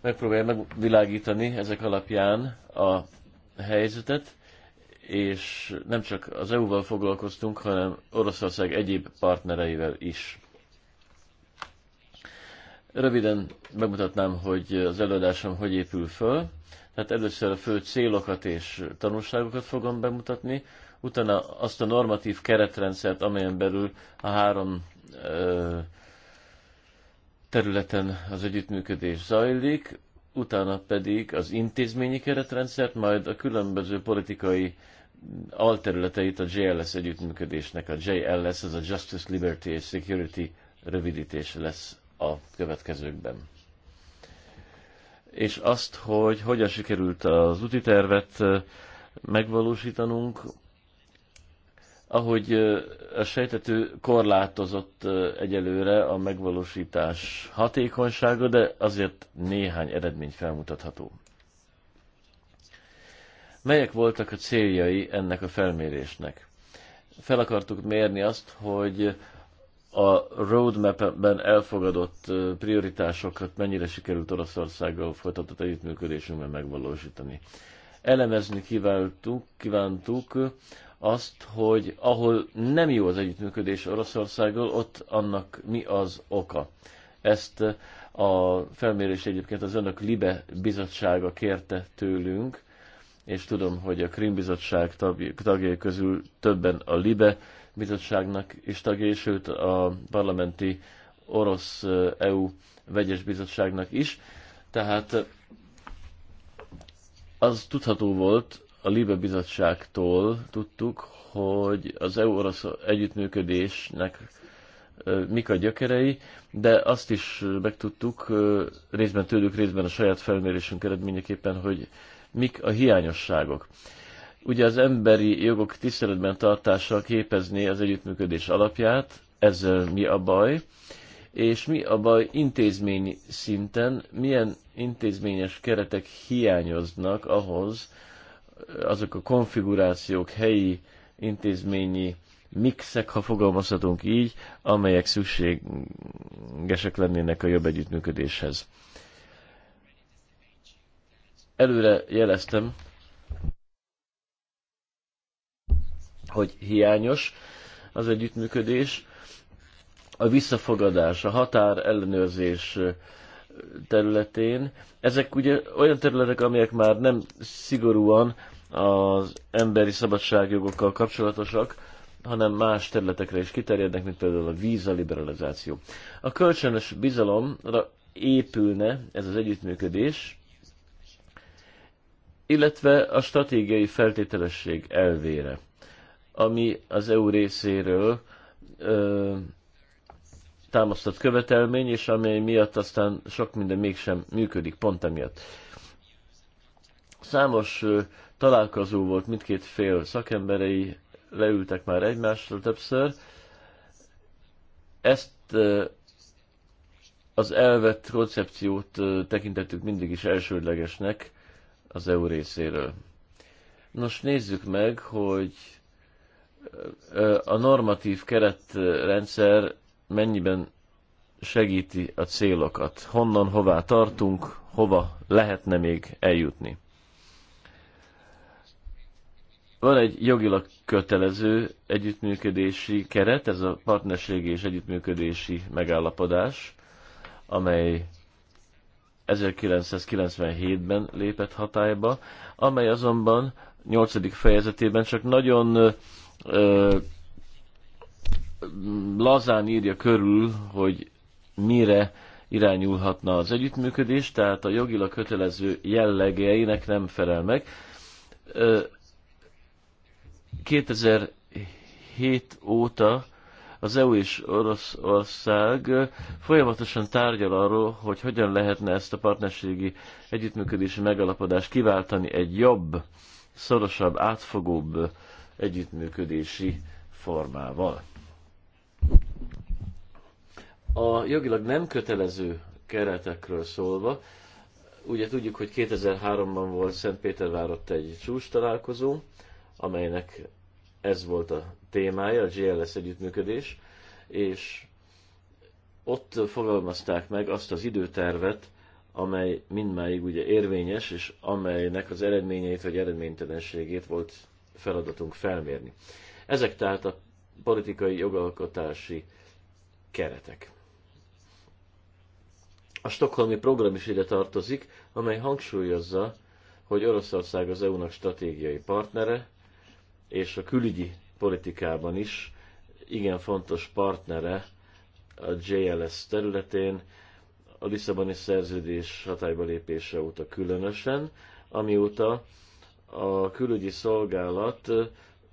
megpróbálja megvilágítani ezek alapján a helyzetet, és nem csak az EU-val foglalkoztunk, hanem Oroszország egyéb partnereivel is. Röviden bemutatnám, hogy az előadásom hogy épül föl. Tehát először a fő célokat és tanulságokat fogom bemutatni, utána azt a normatív keretrendszert, amelyen belül a három ö, területen az együttműködés zajlik, utána pedig az intézményi keretrendszert, majd a különböző politikai alterületeit a JLS együttműködésnek. A JLS, az a Justice, Liberty és Security rövidítés lesz a következőkben. És azt, hogy hogyan sikerült az úti tervet megvalósítanunk, ahogy a sejtető korlátozott egyelőre a megvalósítás hatékonysága, de azért néhány eredmény felmutatható. Melyek voltak a céljai ennek a felmérésnek? Fel akartuk mérni azt, hogy a roadmap-ben elfogadott prioritásokat mennyire sikerült Oroszországgal folytatott együttműködésünkben megvalósítani. Elemezni kívántuk, kívántuk azt, hogy ahol nem jó az együttműködés Oroszországgal, ott annak mi az oka. Ezt eh, a felmérés egyébként az önök Libe bizottsága kérte tőlünk, és tudom, hogy a Krim bizottság tagjai közül többen a Libe bizottságnak is tagjai, sőt a parlamenti orosz EU eh, e vegyes bizottságnak is. Tehát eh, az tudható volt, a Libe Bizottságtól tudtuk, hogy az EU-orosz együttműködésnek mik a gyökerei, de azt is megtudtuk részben tőlük, részben a saját felmérésünk eredményeképpen, hogy mik a hiányosságok. Ugye az emberi jogok tiszteletben tartása képezné az együttműködés alapját, ezzel mi a baj, és mi a baj intézmény szinten, milyen intézményes keretek hiányoznak ahhoz, azok a konfigurációk, helyi intézményi mixek, ha fogalmazhatunk így, amelyek szükségesek lennének a jobb együttműködéshez. Előre jeleztem, hogy hiányos az együttműködés, a visszafogadás, a határ ellenőrzés, területén. Ezek ugye olyan területek, amelyek már nem szigorúan az emberi szabadságjogokkal kapcsolatosak, hanem más területekre is kiterjednek, mint például a víza liberalizáció. A kölcsönös bizalomra épülne ez az együttműködés, illetve a stratégiai feltételesség elvére, ami az EU részéről ö, támasztott követelmény, és amely miatt aztán sok minden mégsem működik, pont emiatt. Számos találkozó volt mindkét fél szakemberei, leültek már egymásra többször. Ezt az elvett koncepciót tekintettük mindig is elsődlegesnek az EU részéről. Nos, nézzük meg, hogy a normatív keretrendszer mennyiben segíti a célokat, honnan, hová tartunk, hova lehetne még eljutni. Van egy jogilag kötelező együttműködési keret, ez a partnerségi és együttműködési megállapodás, amely 1997-ben lépett hatályba, amely azonban 8. fejezetében csak nagyon ö, lazán írja körül, hogy mire irányulhatna az együttműködés, tehát a jogilag kötelező jellegeinek nem felel meg. 2007 óta az EU és Oroszország folyamatosan tárgyal arról, hogy hogyan lehetne ezt a partnerségi együttműködési megalapodást kiváltani egy jobb, szorosabb, átfogóbb együttműködési formával. A jogilag nem kötelező keretekről szólva, ugye tudjuk, hogy 2003-ban volt Szentpétervárott egy csúcs találkozó, amelynek ez volt a témája, a GLS együttműködés, és ott fogalmazták meg azt az időtervet, amely mindmáig ugye érvényes, és amelynek az eredményeit vagy eredménytelenségét volt feladatunk felmérni. Ezek tehát a politikai jogalkotási keretek. A stokholmi program is ide tartozik, amely hangsúlyozza, hogy Oroszország az EU-nak stratégiai partnere, és a külügyi politikában is igen fontos partnere a JLS területén, a Lisszaboni szerződés hatályba lépése óta különösen, amióta a külügyi szolgálat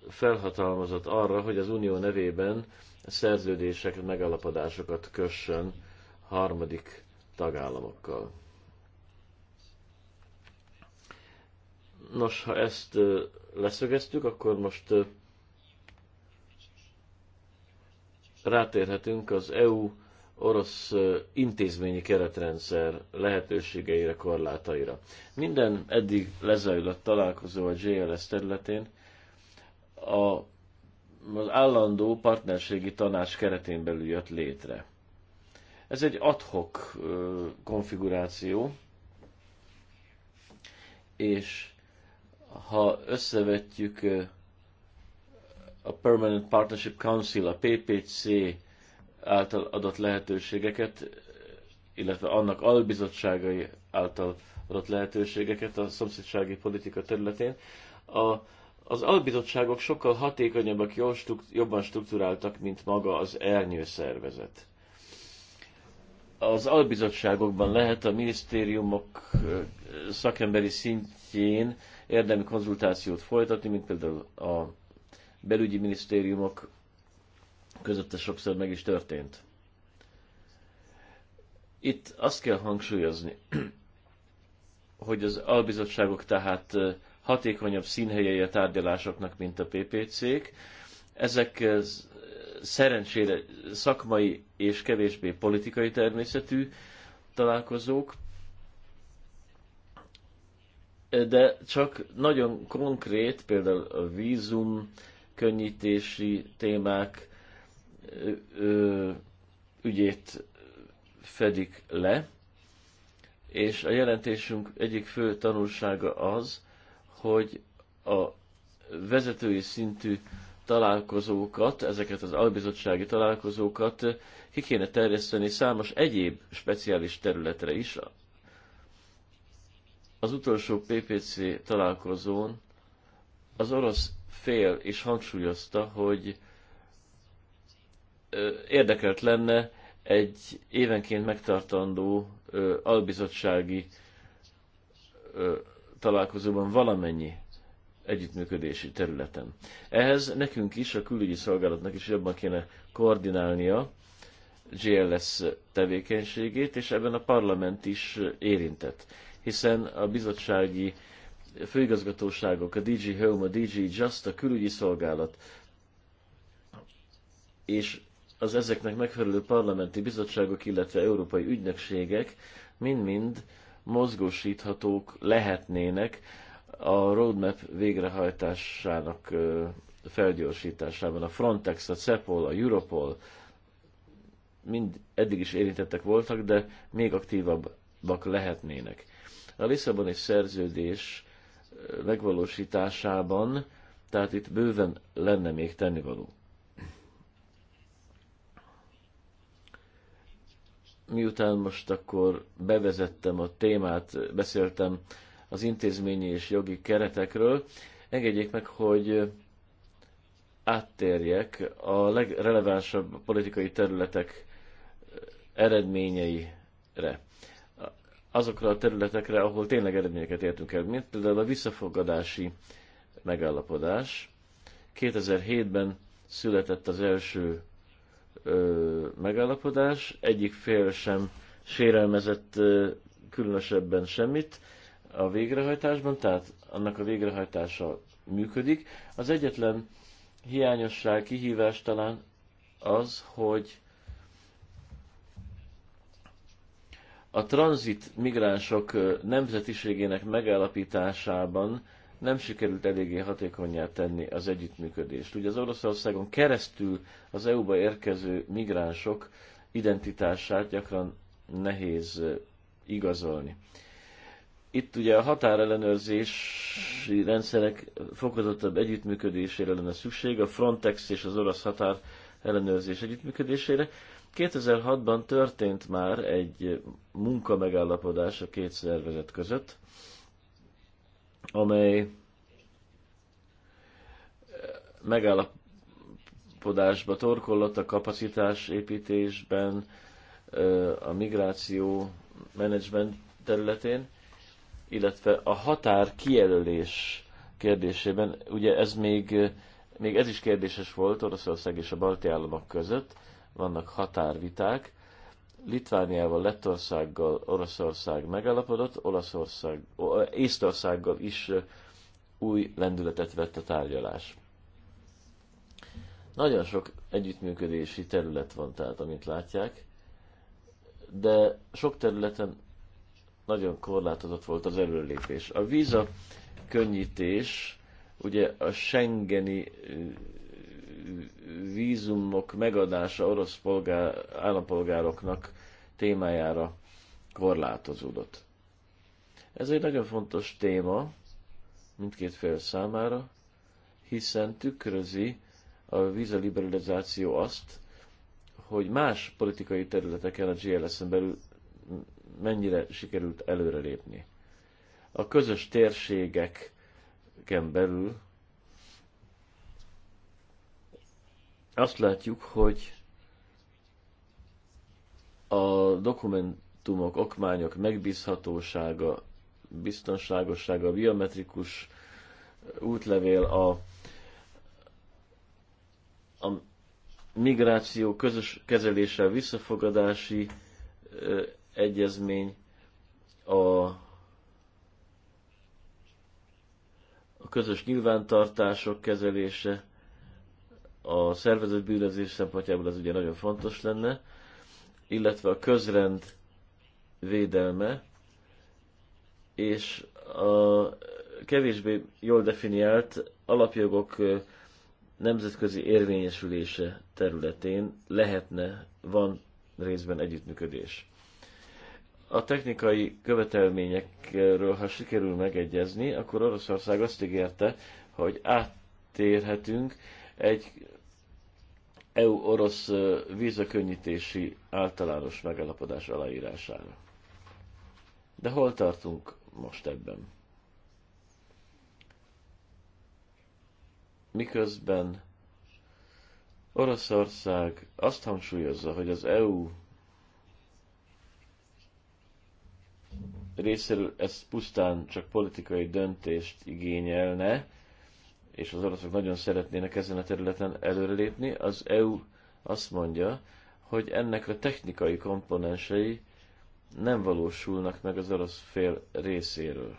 felhatalmazott arra, hogy az unió nevében szerződéseket, megalapodásokat kössön harmadik tagállamokkal. Nos, ha ezt leszögeztük, akkor most rátérhetünk az EU orosz intézményi keretrendszer lehetőségeire, korlátaira. Minden eddig lezajlott találkozó a JLS területén a, az állandó partnerségi tanács keretén belül jött létre. Ez egy adhok konfiguráció, és ha összevetjük a Permanent Partnership Council, a PPC által adott lehetőségeket, illetve annak albizottságai által adott lehetőségeket a szomszédsági politika területén, a, az albizottságok sokkal hatékonyabbak, jobban strukturáltak, mint maga az ernyőszervezet az albizottságokban lehet a minisztériumok szakemberi szintjén érdemi konzultációt folytatni, mint például a belügyi minisztériumok között ez sokszor meg is történt. Itt azt kell hangsúlyozni, hogy az albizottságok tehát hatékonyabb a tárgyalásoknak, mint a PPC-k. Ezekhez szerencsére szakmai és kevésbé politikai természetű találkozók, de csak nagyon konkrét, például a vízum, könnyítési témák ö, ügyét fedik le, és a jelentésünk egyik fő tanulsága az, hogy a vezetői szintű találkozókat, ezeket az albizottsági találkozókat ki kéne terjeszteni számos egyéb speciális területre is. Az utolsó PPC találkozón az orosz fél is hangsúlyozta, hogy érdekelt lenne egy évenként megtartandó albizottsági találkozóban valamennyi együttműködési területen. Ehhez nekünk is, a külügyi szolgálatnak is jobban kéne koordinálnia GLS tevékenységét, és ebben a parlament is érintett, hiszen a bizottsági főigazgatóságok, a DG Home, a DG Just, a külügyi szolgálat, és az ezeknek megfelelő parlamenti bizottságok, illetve európai ügynökségek mind-mind mozgósíthatók lehetnének a roadmap végrehajtásának felgyorsításában a Frontex, a CEPOL, a Europol mind eddig is érintettek voltak, de még aktívabbak lehetnének. A Lisszaboni szerződés megvalósításában, tehát itt bőven lenne még tennivaló. Miután most akkor bevezettem a témát, beszéltem az intézményi és jogi keretekről. Engedjék meg, hogy áttérjek a legrelevánsabb politikai területek eredményeire. Azokra a területekre, ahol tényleg eredményeket értünk el, mint például a visszafogadási megállapodás. 2007-ben született az első ö, megállapodás, egyik fél sem sérelmezett ö, különösebben semmit, a végrehajtásban, tehát annak a végrehajtása működik. Az egyetlen hiányosság, kihívás talán az, hogy a tranzit migránsok nemzetiségének megállapításában nem sikerült eléggé hatékonyá tenni az együttműködést. Ugye az Oroszországon keresztül az EU-ba érkező migránsok identitását gyakran nehéz igazolni. Itt ugye a határellenőrzési rendszerek fokozottabb együttműködésére lenne szükség, a Frontex és az orosz határ ellenőrzés együttműködésére. 2006-ban történt már egy munka megállapodás a két szervezet között, amely megállapodásba torkollott a kapacitás építésben, a migráció menedzsment területén illetve a határ kijelölés kérdésében, ugye ez még, még ez is kérdéses volt Oroszország és a balti államok között, vannak határviták, Litvániával, Lettországgal Oroszország megállapodott, Olaszország, Észtországgal is új lendületet vett a tárgyalás. Nagyon sok együttműködési terület van tehát, amit látják, de sok területen nagyon korlátozott volt az előlépés. A víza könnyítés, ugye a Schengeni vízumok megadása orosz polgár, állampolgároknak témájára korlátozódott. Ez egy nagyon fontos téma mindkét fél számára, hiszen tükrözi a vízaliberalizáció azt, hogy más politikai területeken a GLS-en belül mennyire sikerült előrelépni. A közös térségeken belül azt látjuk, hogy a dokumentumok, okmányok megbízhatósága, biztonságossága, a biometrikus útlevél, a, a migráció közös kezelése, visszafogadási egyezmény a, a közös nyilvántartások kezelése, a szervezet bűnözés szempontjából ez ugye nagyon fontos lenne, illetve a közrend védelme, és a kevésbé jól definiált alapjogok nemzetközi érvényesülése területén lehetne, van részben együttműködés a technikai követelményekről, ha sikerül megegyezni, akkor Oroszország azt ígérte, hogy áttérhetünk egy EU-orosz vízakönnyítési általános megállapodás aláírására. De hol tartunk most ebben? Miközben Oroszország azt hangsúlyozza, hogy az EU részéről ez pusztán csak politikai döntést igényelne, és az oroszok nagyon szeretnének ezen a területen előrelépni, az EU azt mondja, hogy ennek a technikai komponensei nem valósulnak meg az orosz fél részéről.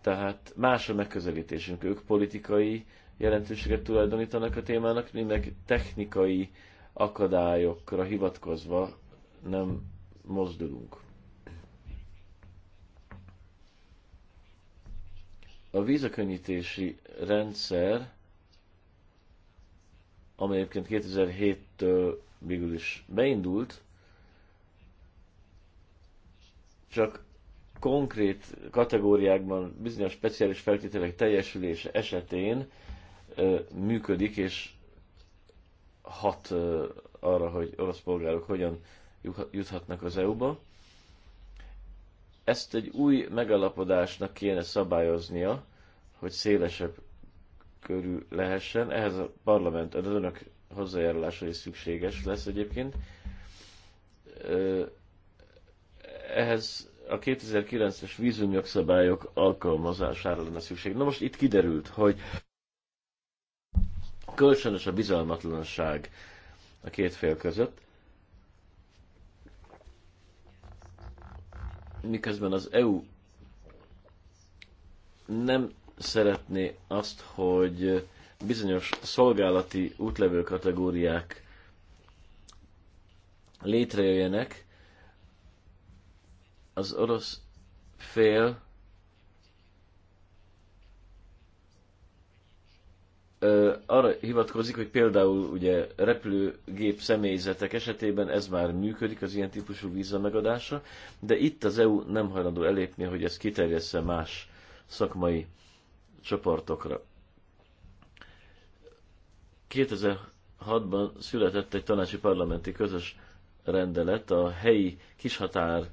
Tehát más a megközelítésünk. Ők politikai jelentőséget tulajdonítanak a témának, meg technikai akadályokra hivatkozva nem mozdulunk. A vízakönnyítési rendszer, amely egyébként 2007-től végül is beindult, csak konkrét kategóriákban bizonyos speciális feltételek teljesülése esetén ö, működik, és hat ö, arra, hogy orosz polgárok hogyan juthatnak az EU-ba ezt egy új megalapodásnak kéne szabályoznia, hogy szélesebb körül lehessen. Ehhez a parlament, az önök hozzájárulása is szükséges lesz egyébként. Ehhez a 2009-es vízumjogszabályok alkalmazására lenne szükség. Na most itt kiderült, hogy kölcsönös a bizalmatlanság a két fél között, miközben az EU nem szeretné azt, hogy bizonyos szolgálati útlevő kategóriák létrejöjjenek, az orosz fél arra hivatkozik, hogy például ugye repülőgép személyzetek esetében ez már működik, az ilyen típusú víza megadása, de itt az EU nem hajlandó elépni, hogy ez kiterjessze más szakmai csoportokra. 2006-ban született egy tanácsi parlamenti közös rendelet a helyi kishatár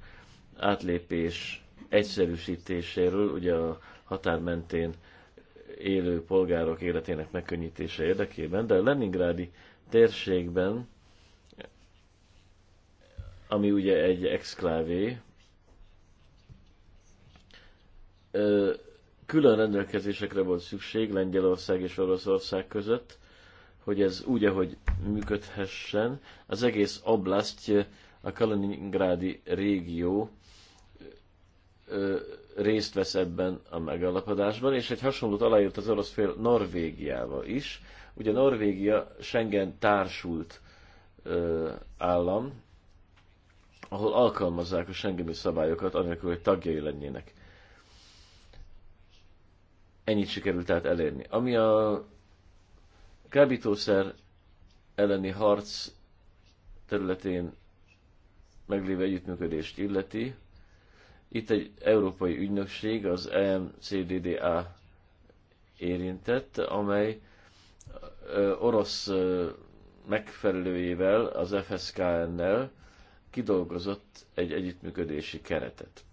átlépés egyszerűsítéséről, ugye a határ mentén élő polgárok életének megkönnyítése érdekében, de a Leningrádi térségben, ami ugye egy exklávé, külön rendelkezésekre volt szükség Lengyelország és Oroszország között, hogy ez úgy, ahogy működhessen. Az egész oblast, a Kaliningrádi régió részt vesz ebben a megállapodásban, és egy hasonlót aláírt az orosz fél Norvégiával is. Ugye Norvégia Schengen társult ö, állam, ahol alkalmazzák a Schengeni szabályokat, anélkül, hogy tagjai lennének. Ennyit sikerült tehát elérni. Ami a kábítószer elleni harc területén meglévő együttműködést illeti, itt egy európai ügynökség, az EMCDDA érintett, amely orosz megfelelőjével, az FSKN-nel kidolgozott egy együttműködési keretet.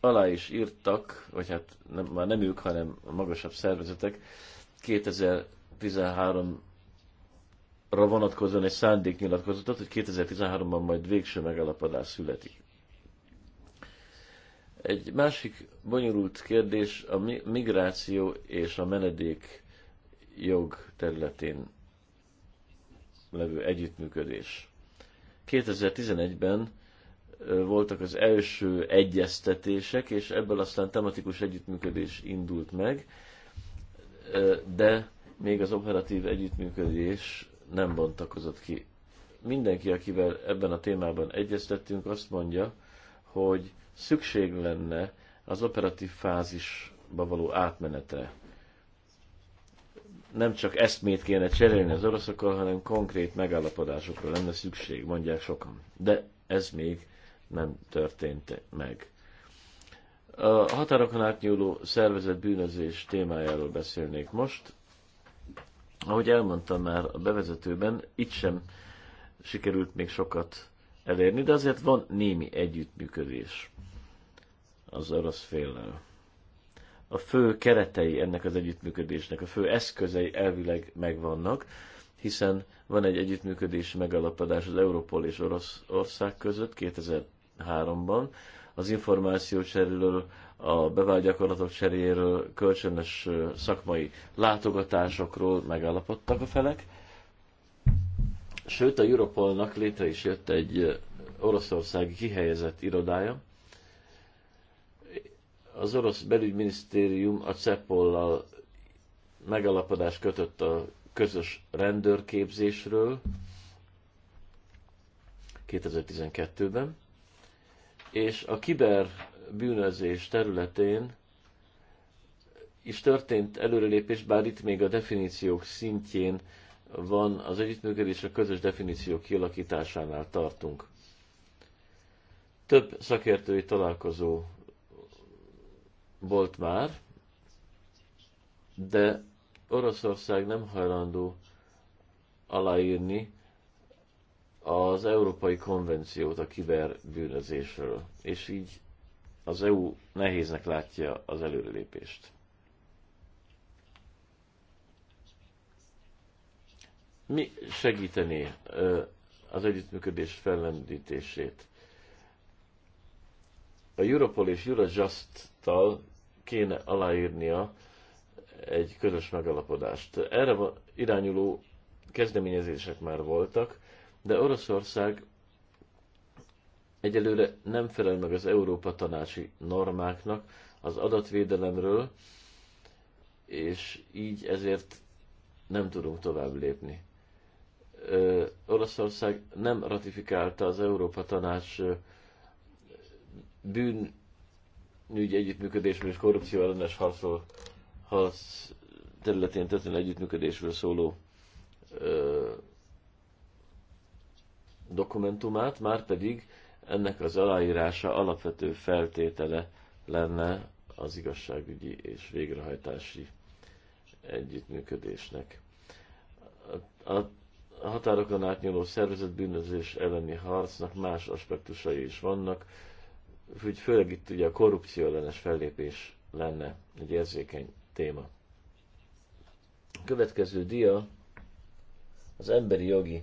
Alá is írtak, vagy hát nem, már nem ők, hanem a magasabb szervezetek, 2013-ra vonatkozóan egy szándéknyilatkozatot, hogy 2013-ban majd végső megállapodás születik. Egy másik bonyolult kérdés a migráció és a menedék jog területén levő együttműködés. 2011-ben voltak az első egyeztetések, és ebből aztán tematikus együttműködés indult meg, de még az operatív együttműködés nem bontakozott ki. Mindenki, akivel ebben a témában egyeztettünk, azt mondja, hogy szükség lenne az operatív fázisba való átmenetre. Nem csak eszmét kéne cserélni az oroszokkal, hanem konkrét megállapodásokra lenne szükség, mondják sokan. De ez még nem történt meg. A határokon átnyúló szervezett bűnözés témájáról beszélnék most. Ahogy elmondtam már a bevezetőben, itt sem sikerült még sokat elérni, de azért van némi együttműködés az orosz féllel. A fő keretei ennek az együttműködésnek, a fő eszközei elvileg megvannak, hiszen van egy együttműködési megalapodás az Európol és Oroszország között 2003-ban, az információ cseréről, a bevált gyakorlatok cseréről, kölcsönös szakmai látogatásokról megállapodtak a felek, Sőt, a Europolnak létre is jött egy oroszországi kihelyezett irodája. Az orosz belügyminisztérium a CEPOL-lal megalapodást kötött a közös rendőrképzésről 2012-ben, és a bűnözés területén is történt előrelépés, bár itt még a definíciók szintjén van az együttműködés a közös definíció kialakításánál tartunk. Több szakértői találkozó volt már, de Oroszország nem hajlandó aláírni az Európai Konvenciót a kiberbűnözésről, és így az EU nehéznek látja az előrelépést. mi segíteni az együttműködés fellendítését? A Europol és Eurojust-tal kéne aláírnia egy közös megalapodást. Erre irányuló kezdeményezések már voltak, de Oroszország egyelőre nem felel meg az Európa tanácsi normáknak az adatvédelemről, és így ezért nem tudunk tovább lépni. Olaszország nem ratifikálta az Európa Tanács bűnügy bűnügyi együttműködésről és korrupció ellenes harcol, harc területén történő együttműködésről szóló ö, dokumentumát, már pedig ennek az aláírása alapvető feltétele lenne az igazságügyi és végrehajtási együttműködésnek. a a határokon átnyúló szervezett bűnözés elleni harcnak más aspektusai is vannak, úgy főleg itt ugye a korrupció ellenes fellépés lenne egy érzékeny téma. A következő dia az emberi jogi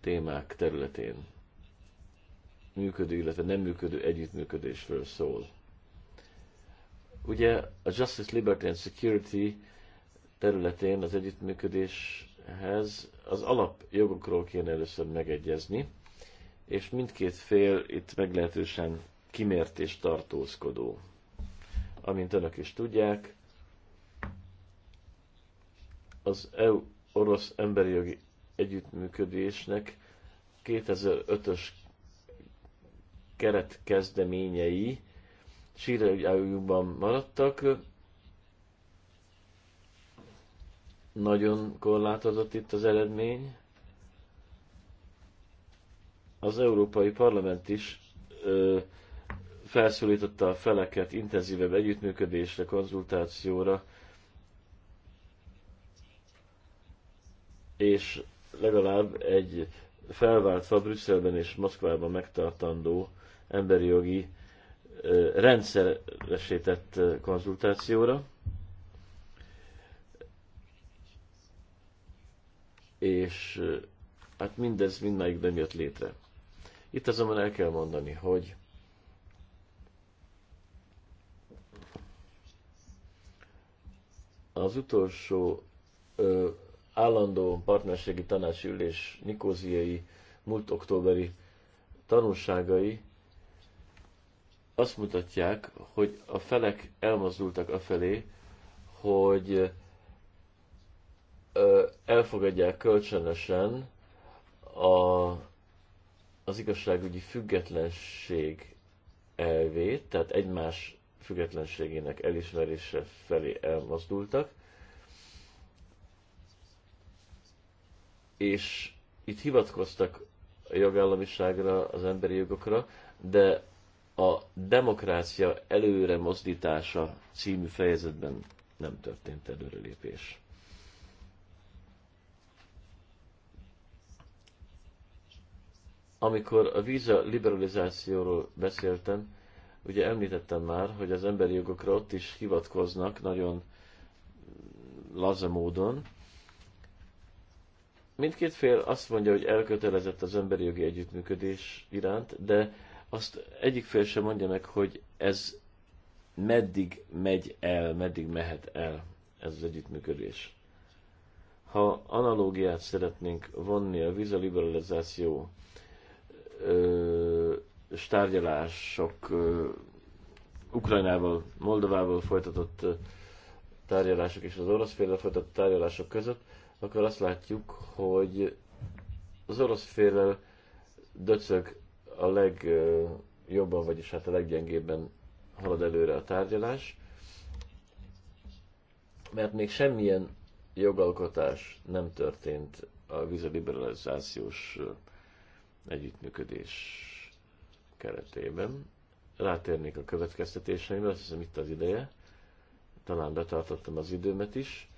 témák területén működő, illetve nem működő együttműködésről szól. Ugye a Justice, Liberty and Security területén az együttműködés ehhez az alapjogokról kéne először megegyezni, és mindkét fél itt meglehetősen kimért és tartózkodó. Amint önök is tudják, az EU-orosz emberi jogi együttműködésnek 2005-ös kezdeményei sírjaiban maradtak, Nagyon korlátozott itt az eredmény. Az Európai Parlament is ö, felszólította a feleket intenzívebb együttműködésre, konzultációra, és legalább egy felváltva Brüsszelben és Moszkvában megtartandó emberi jogi rendszeresített konzultációra. és hát mindez mindmáig nem jött létre. Itt azonban el kell mondani, hogy az utolsó ö, állandó partnerségi tanácsülés Nikóziai múlt októberi tanulságai azt mutatják, hogy a felek elmozdultak afelé, hogy elfogadják kölcsönösen a, az igazságügyi függetlenség elvét, tehát egymás függetlenségének elismerése felé elmozdultak, és itt hivatkoztak a jogállamiságra, az emberi jogokra, de a demokrácia előre mozdítása című fejezetben nem történt előrelépés. Amikor a víza liberalizációról beszéltem, ugye említettem már, hogy az emberi jogokra ott is hivatkoznak nagyon laza módon. Mindkét fél azt mondja, hogy elkötelezett az emberi jogi együttműködés iránt, de azt egyik fél sem mondja meg, hogy ez meddig megy el, meddig mehet el ez az együttműködés. Ha analógiát szeretnénk vonni a vízaliberalizáció ö, és tárgyalások, ö, Ukrajnával, Moldovával folytatott ö, tárgyalások és az orosz félre folytatott tárgyalások között, akkor azt látjuk, hogy az orosz félre döcög a legjobban, vagyis hát a leggyengébben halad előre a tárgyalás, mert még semmilyen jogalkotás nem történt a vízaliberalizációs liberalizációs együttműködés keretében. Rátérnék a következtetéseimre, azt hiszem itt az ideje. Talán betartottam az időmet is.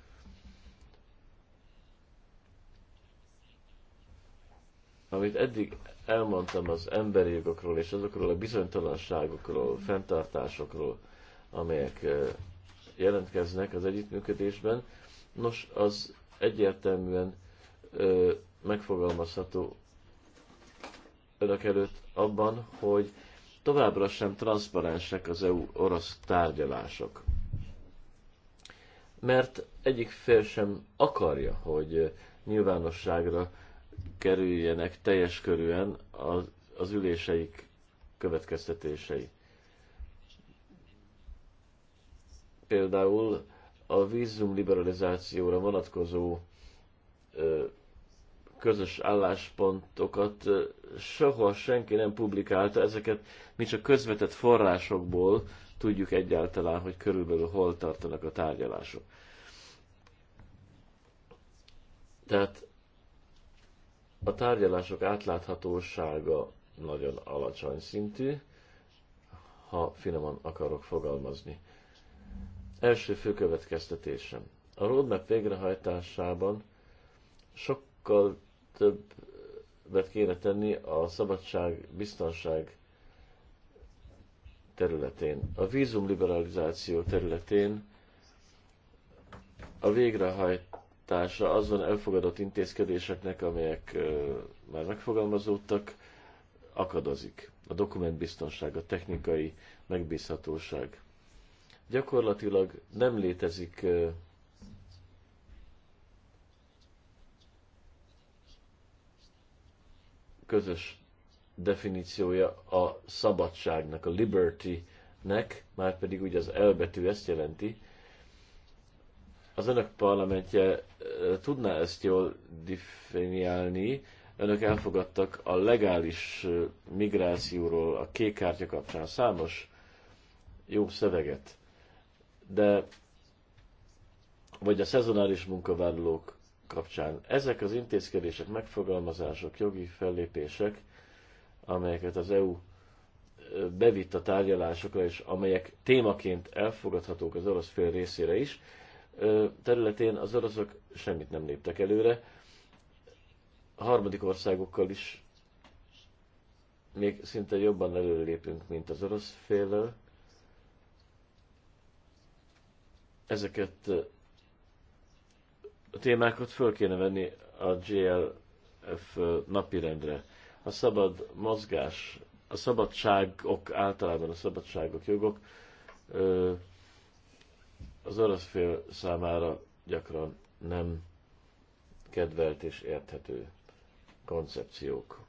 Amit eddig elmondtam az emberi jogokról és azokról a bizonytalanságokról, fenntartásokról, amelyek jelentkeznek az együttműködésben, nos, az egyértelműen megfogalmazható önök előtt abban, hogy továbbra sem transzparensek az EU-orosz tárgyalások. Mert egyik fél sem akarja, hogy nyilvánosságra kerüljenek teljes körűen az, az üléseik következtetései. Például a vízum liberalizációra vonatkozó ö, közös álláspontokat soha senki nem publikálta, ezeket mi csak közvetett forrásokból tudjuk egyáltalán, hogy körülbelül hol tartanak a tárgyalások. Tehát a tárgyalások átláthatósága nagyon alacsony szintű, ha finoman akarok fogalmazni. Első fő következtetésem. A roadmap végrehajtásában sokkal többet kéne tenni a szabadság, biztonság területén. A vízumliberalizáció területén a végrehajtása azon elfogadott intézkedéseknek, amelyek már megfogalmazódtak, akadozik. A dokumentbiztonság, a technikai megbízhatóság. Gyakorlatilag nem létezik közös definíciója a szabadságnak, a liberty-nek, már pedig ugye az elbetű ezt jelenti. Az önök parlamentje eh, tudná ezt jól definiálni, önök elfogadtak a legális eh, migrációról, a kék kártya kapcsán számos jó szöveget, de vagy a szezonális munkavállalók kapcsán. Ezek az intézkedések, megfogalmazások, jogi fellépések, amelyeket az EU bevitt a tárgyalásokra, és amelyek témaként elfogadhatók az orosz fél részére is, területén az oroszok semmit nem léptek előre. A harmadik országokkal is még szinte jobban előlépünk, mint az orosz féllel. Ezeket a témákat föl kéne venni a GLF napirendre. A szabad mozgás, a szabadságok, általában a szabadságok, jogok az orosz fél számára gyakran nem kedvelt és érthető koncepciók.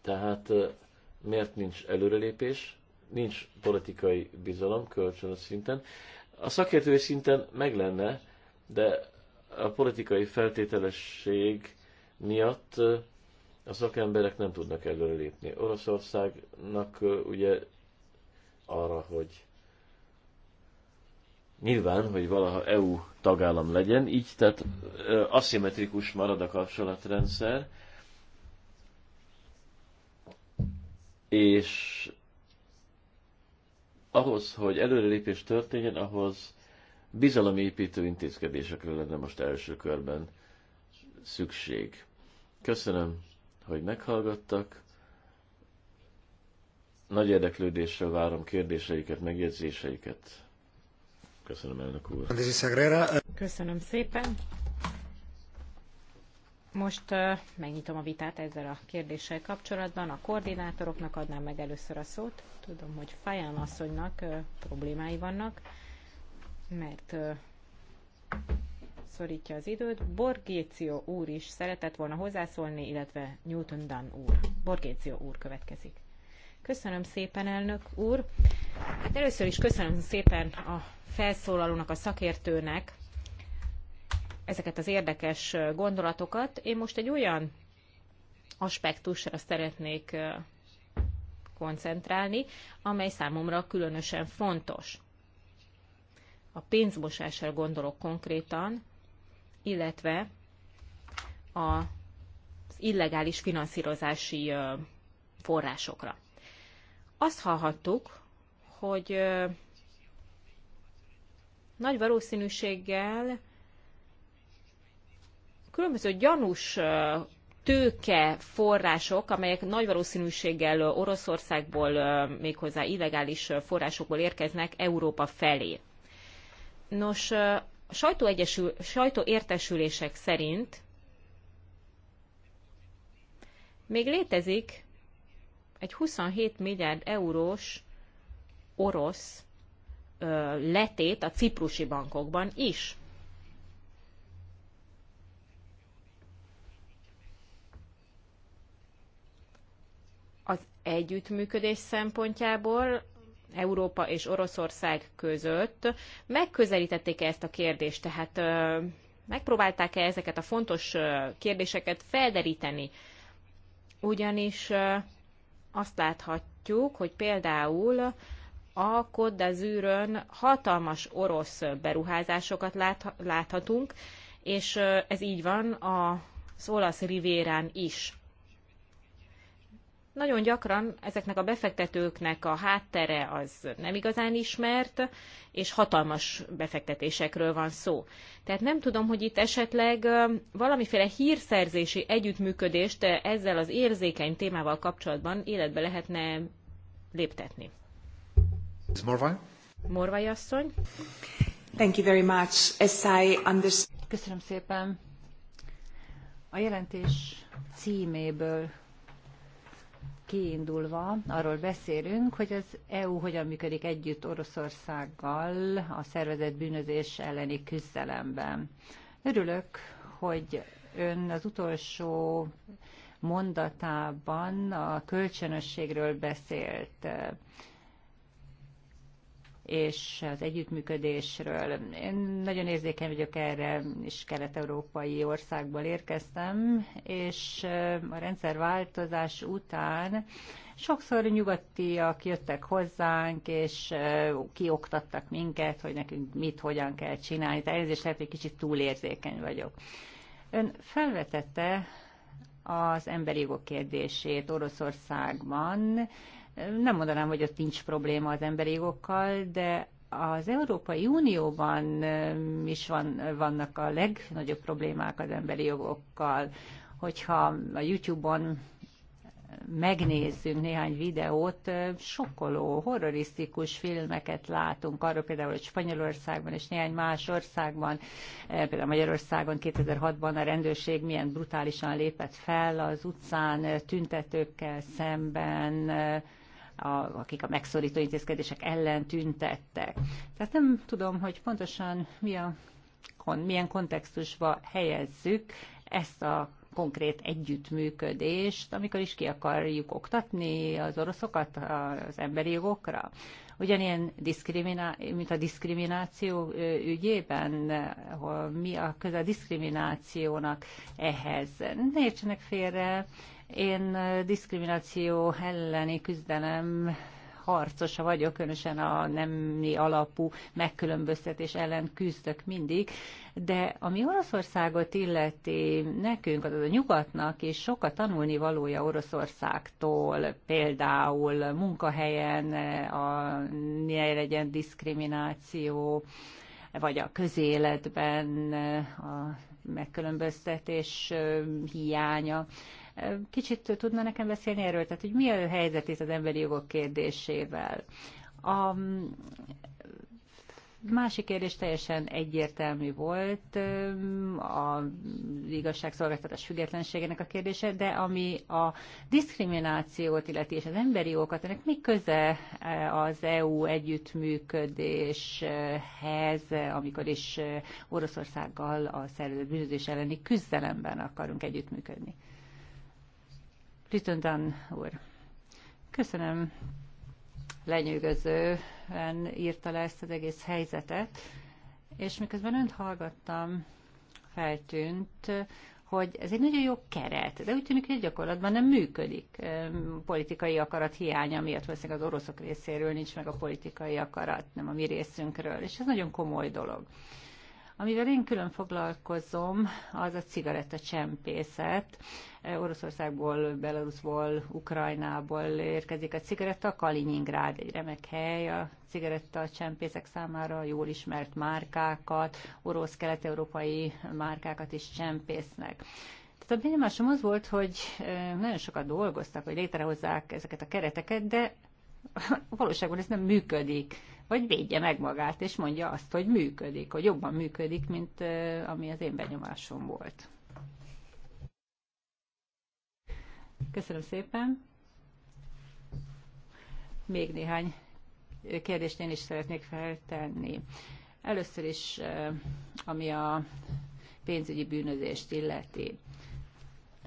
Tehát miért nincs előrelépés? Nincs politikai bizalom kölcsönös szinten. A szakértői szinten meg lenne, de a politikai feltételesség miatt a szakemberek nem tudnak előrelépni. Oroszországnak ugye arra, hogy nyilván, hogy valaha EU tagállam legyen, így tehát aszimmetrikus marad a kapcsolatrendszer, és ahhoz, hogy előrelépés történjen, ahhoz bizalomépítő intézkedésekre lenne most első körben szükség. Köszönöm, hogy meghallgattak. Nagy érdeklődéssel várom kérdéseiket, megjegyzéseiket. Köszönöm, elnök úr. Köszönöm szépen. Most megnyitom a vitát ezzel a kérdéssel kapcsolatban. A koordinátoroknak adnám meg először a szót. Tudom, hogy Faján asszonynak problémái vannak, mert szorítja az időt. Borgéció úr is szeretett volna hozzászólni, illetve Newton Dunn úr. Borgéció úr következik. Köszönöm szépen, elnök úr. Először is köszönöm szépen a felszólalónak, a szakértőnek ezeket az érdekes gondolatokat. Én most egy olyan aspektusra szeretnék koncentrálni, amely számomra különösen fontos. A pénzmosásra gondolok konkrétan, illetve az illegális finanszírozási forrásokra. Azt hallhattuk, hogy nagy valószínűséggel különböző gyanús tőke források, amelyek nagy valószínűséggel Oroszországból, méghozzá illegális forrásokból érkeznek Európa felé. Nos, sajtóegyesül, sajtóértesülések szerint még létezik egy 27 milliárd eurós orosz letét a ciprusi bankokban is. együttműködés szempontjából Európa és Oroszország között megközelítették -e ezt a kérdést, tehát megpróbálták-e ezeket a fontos kérdéseket felderíteni, ugyanis azt láthatjuk, hogy például a Côte hatalmas orosz beruházásokat láthatunk, és ez így van a olasz rivérán is. Nagyon gyakran ezeknek a befektetőknek a háttere az nem igazán ismert, és hatalmas befektetésekről van szó. Tehát nem tudom, hogy itt esetleg valamiféle hírszerzési együttműködést ezzel az érzékeny témával kapcsolatban életbe lehetne léptetni. Morvai? Morvai asszony. Thank you very much. As I understand... Köszönöm szépen. A jelentés címéből kiindulva arról beszélünk, hogy az EU hogyan működik együtt Oroszországgal a szervezett bűnözés elleni küzdelemben. Örülök, hogy ön az utolsó mondatában a kölcsönösségről beszélt és az együttműködésről. Én nagyon érzékeny vagyok erre, és kelet-európai országból érkeztem, és a rendszerváltozás után sokszor nyugatiak jöttek hozzánk, és kioktattak minket, hogy nekünk mit, hogyan kell csinálni. Tehát is lehet, hogy kicsit túlérzékeny vagyok. Ön felvetette az emberi jogok kérdését Oroszországban, nem mondanám, hogy ott nincs probléma az emberi jogokkal, de az Európai Unióban um, is van, vannak a legnagyobb problémák az emberi jogokkal. Hogyha a YouTube-on megnézzünk néhány videót, um, sokkoló, horrorisztikus filmeket látunk, arról például, hogy Spanyolországban és néhány más országban, eh, például Magyarországon 2006-ban a rendőrség milyen brutálisan lépett fel az utcán eh, tüntetőkkel szemben, eh, a, akik a megszorító intézkedések ellen tüntettek. Tehát nem tudom, hogy pontosan mi a, milyen kontextusba helyezzük ezt a konkrét együttműködést, amikor is ki akarjuk oktatni az oroszokat az emberi jogokra. Ugyanilyen, diszkriminá- mint a diszkrimináció ügyében, mi a köze a diszkriminációnak ehhez. Ne értsenek félre, én diszkrimináció elleni küzdelem harcosa vagyok, különösen a nemi alapú megkülönböztetés ellen küzdök mindig, de ami Oroszországot illeti, nekünk, az a nyugatnak is sokat tanulni valója Oroszországtól, például munkahelyen a, ne legyen diszkrimináció, vagy a közéletben a megkülönböztetés hiánya. Kicsit tudna nekem beszélni erről, tehát hogy mi a helyzet itt az emberi jogok kérdésével? A másik kérdés teljesen egyértelmű volt, a igazságszolgáltatás függetlenségének a kérdése, de ami a diszkriminációt illeti és az emberi jogokat, ennek mi köze az EU együttműködéshez, amikor is Oroszországgal a szervezett bűnözés elleni küzdelemben akarunk együttműködni? Kriton Dan úr. Köszönöm. Lenyűgözően írta le ezt az egész helyzetet, és miközben önt hallgattam, feltűnt, hogy ez egy nagyon jó keret, de úgy tűnik, hogy gyakorlatban nem működik politikai akarat hiánya miatt, valószínűleg az oroszok részéről nincs meg a politikai akarat, nem a mi részünkről, és ez nagyon komoly dolog. Amivel én külön foglalkozom, az a cigarettacsempészet. Oroszországból, Belarusból, Ukrajnából érkezik a cigaretta. Kaliningrád egy remek hely a cigarettacsempészek számára, jól ismert márkákat, orosz, kelet-európai márkákat is csempésznek. Tehát a benyomásom az volt, hogy nagyon sokat dolgoztak, hogy létrehozzák ezeket a kereteket, de valóságban ez nem működik vagy védje meg magát, és mondja azt, hogy működik, hogy jobban működik, mint ami az én benyomásom volt. Köszönöm szépen. Még néhány kérdést én is szeretnék feltenni. Először is, ami a pénzügyi bűnözést illeti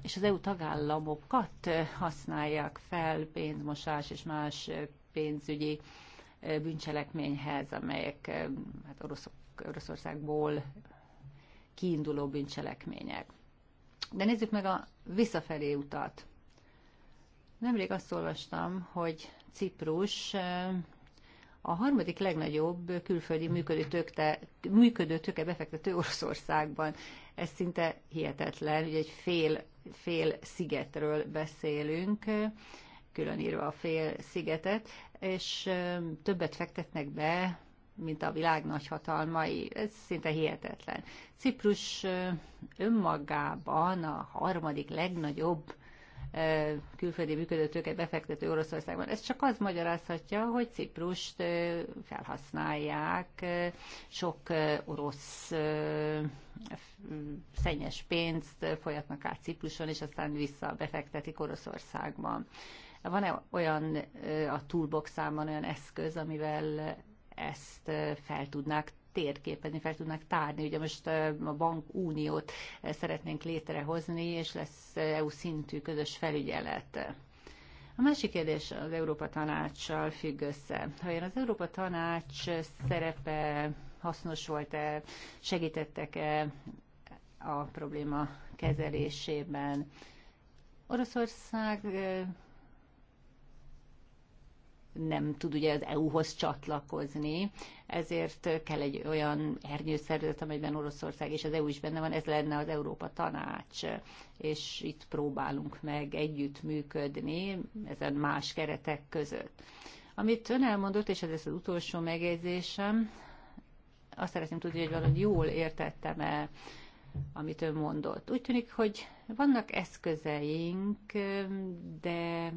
és az EU tagállamokat használják fel pénzmosás és más pénzügyi bűncselekményhez, amelyek hát oroszok, Oroszországból kiinduló bűncselekmények. De nézzük meg a visszafelé utat. Nemrég azt olvastam, hogy Ciprus a harmadik legnagyobb külföldi működő, tökte, működő tőke befektető Oroszországban. Ez szinte hihetetlen, ugye egy fél, fél szigetről beszélünk, külön írva a fél szigetet, és többet fektetnek be, mint a világ nagyhatalmai. Ez szinte hihetetlen. Ciprus önmagában a harmadik legnagyobb külföldi működőtőket befektető Oroszországban. Ez csak az magyarázhatja, hogy Ciprust felhasználják sok orosz szennyes pénzt folyatnak át Cipruson, és aztán vissza befektetik Oroszországban. Van-e olyan a toolboxában olyan eszköz, amivel ezt fel tudnák térképezni, fel tudnak tárni. Ugye most a bankuniót szeretnénk létrehozni, és lesz EU szintű közös felügyelet. A másik kérdés az Európa Tanácssal függ össze. Ha az Európa Tanács szerepe hasznos volt-e, segítettek-e a probléma kezelésében? Oroszország nem tud ugye az EU-hoz csatlakozni, ezért kell egy olyan ernyőszervezet, amelyben Oroszország és az EU is benne van, ez lenne az Európa Tanács, és itt próbálunk meg együtt működni ezen más keretek között. Amit ön elmondott, és ez az utolsó megjegyzésem, azt szeretném tudni, hogy valahogy jól értettem el, amit ön mondott. Úgy tűnik, hogy vannak eszközeink, de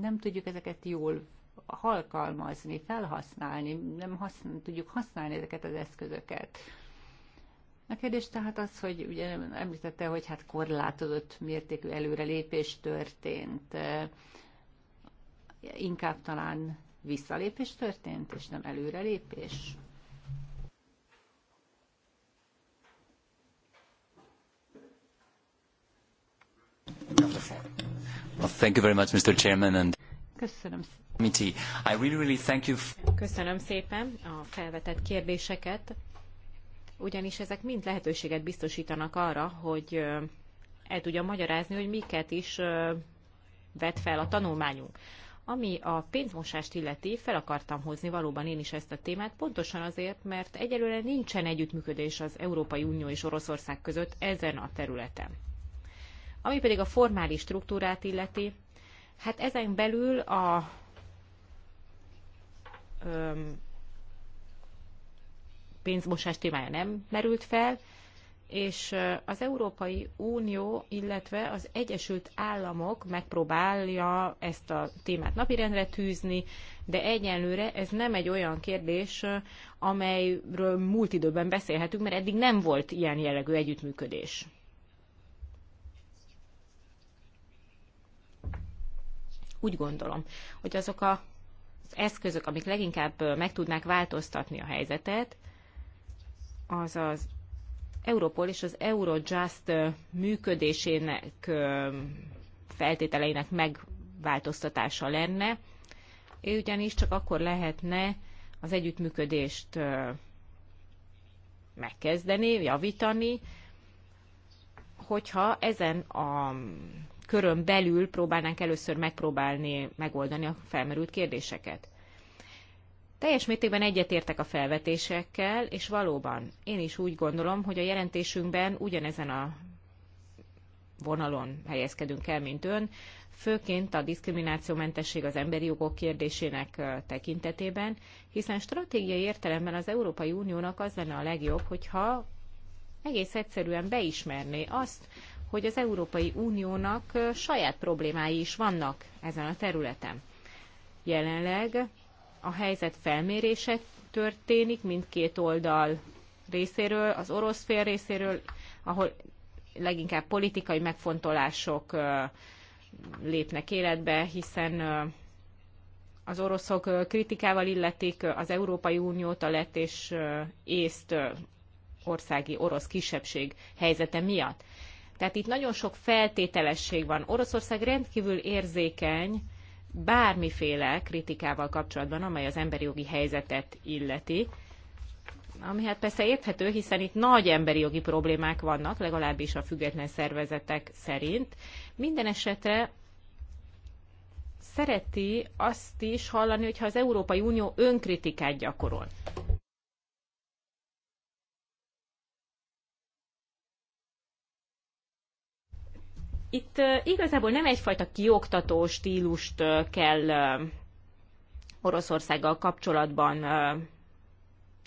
nem tudjuk ezeket jól alkalmazni, felhasználni, nem használ, tudjuk használni ezeket az eszközöket. A kérdés tehát az, hogy ugye említette, hogy hát korlátozott mértékű előrelépés történt. Inkább talán visszalépés történt, és nem előrelépés. Well, thank you very much, Mr. Chairman. And... Köszönöm Köszönöm szépen a felvetett kérdéseket, ugyanis ezek mind lehetőséget biztosítanak arra, hogy el tudjam magyarázni, hogy miket is vett fel a tanulmányunk. Ami a pénzmosást illeti, fel akartam hozni valóban én is ezt a témát, pontosan azért, mert egyelőre nincsen együttműködés az Európai Unió és Oroszország között ezen a területen. Ami pedig a formális struktúrát illeti, hát ezen belül a pénzmosás témája nem merült fel, és az Európai Unió, illetve az Egyesült Államok megpróbálja ezt a témát napirendre tűzni, de egyenlőre ez nem egy olyan kérdés, amelyről múlt időben beszélhetünk, mert eddig nem volt ilyen jellegű együttműködés. Úgy gondolom, hogy azok a az eszközök, amik leginkább meg tudnák változtatni a helyzetet, az az Europol és az Eurojust működésének feltételeinek megváltoztatása lenne, és ugyanis csak akkor lehetne az együttműködést megkezdeni, javítani, hogyha ezen a körön belül próbálnánk először megpróbálni megoldani a felmerült kérdéseket. Teljes mértékben egyetértek a felvetésekkel, és valóban én is úgy gondolom, hogy a jelentésünkben ugyanezen a vonalon helyezkedünk el, mint ön, főként a diszkriminációmentesség az emberi jogok kérdésének tekintetében, hiszen stratégiai értelemben az Európai Uniónak az lenne a legjobb, hogyha egész egyszerűen beismerné azt, hogy az Európai Uniónak saját problémái is vannak ezen a területen. Jelenleg a helyzet felmérése történik mindkét oldal részéről, az orosz fél részéről, ahol leginkább politikai megfontolások lépnek életbe, hiszen az oroszok kritikával illetik az Európai Uniót, a lett és észt országi orosz kisebbség helyzete miatt. Tehát itt nagyon sok feltételesség van. Oroszország rendkívül érzékeny bármiféle kritikával kapcsolatban, amely az emberi jogi helyzetet illeti. Ami hát persze érthető, hiszen itt nagy emberi jogi problémák vannak, legalábbis a független szervezetek szerint. Minden esetre szereti azt is hallani, hogyha az Európai Unió önkritikát gyakorol. Itt igazából nem egyfajta kioktató stílust kell Oroszországgal kapcsolatban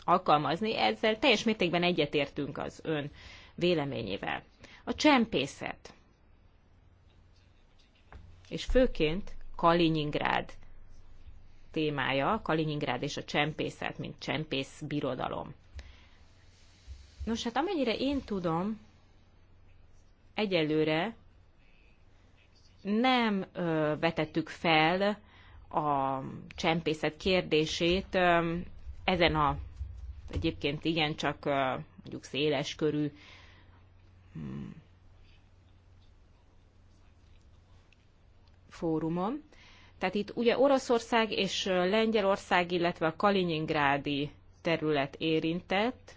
alkalmazni, ezzel teljes mértékben egyetértünk az ön véleményével. A csempészet, és főként Kaliningrád témája, Kaliningrád és a csempészet, mint csempész birodalom. Nos, hát amennyire én tudom, egyelőre nem vetettük fel a csempészet kérdését ezen a egyébként igencsak mondjuk széles körű hmm, fórumon. Tehát itt ugye Oroszország és Lengyelország, illetve a Kaliningrádi terület érintett,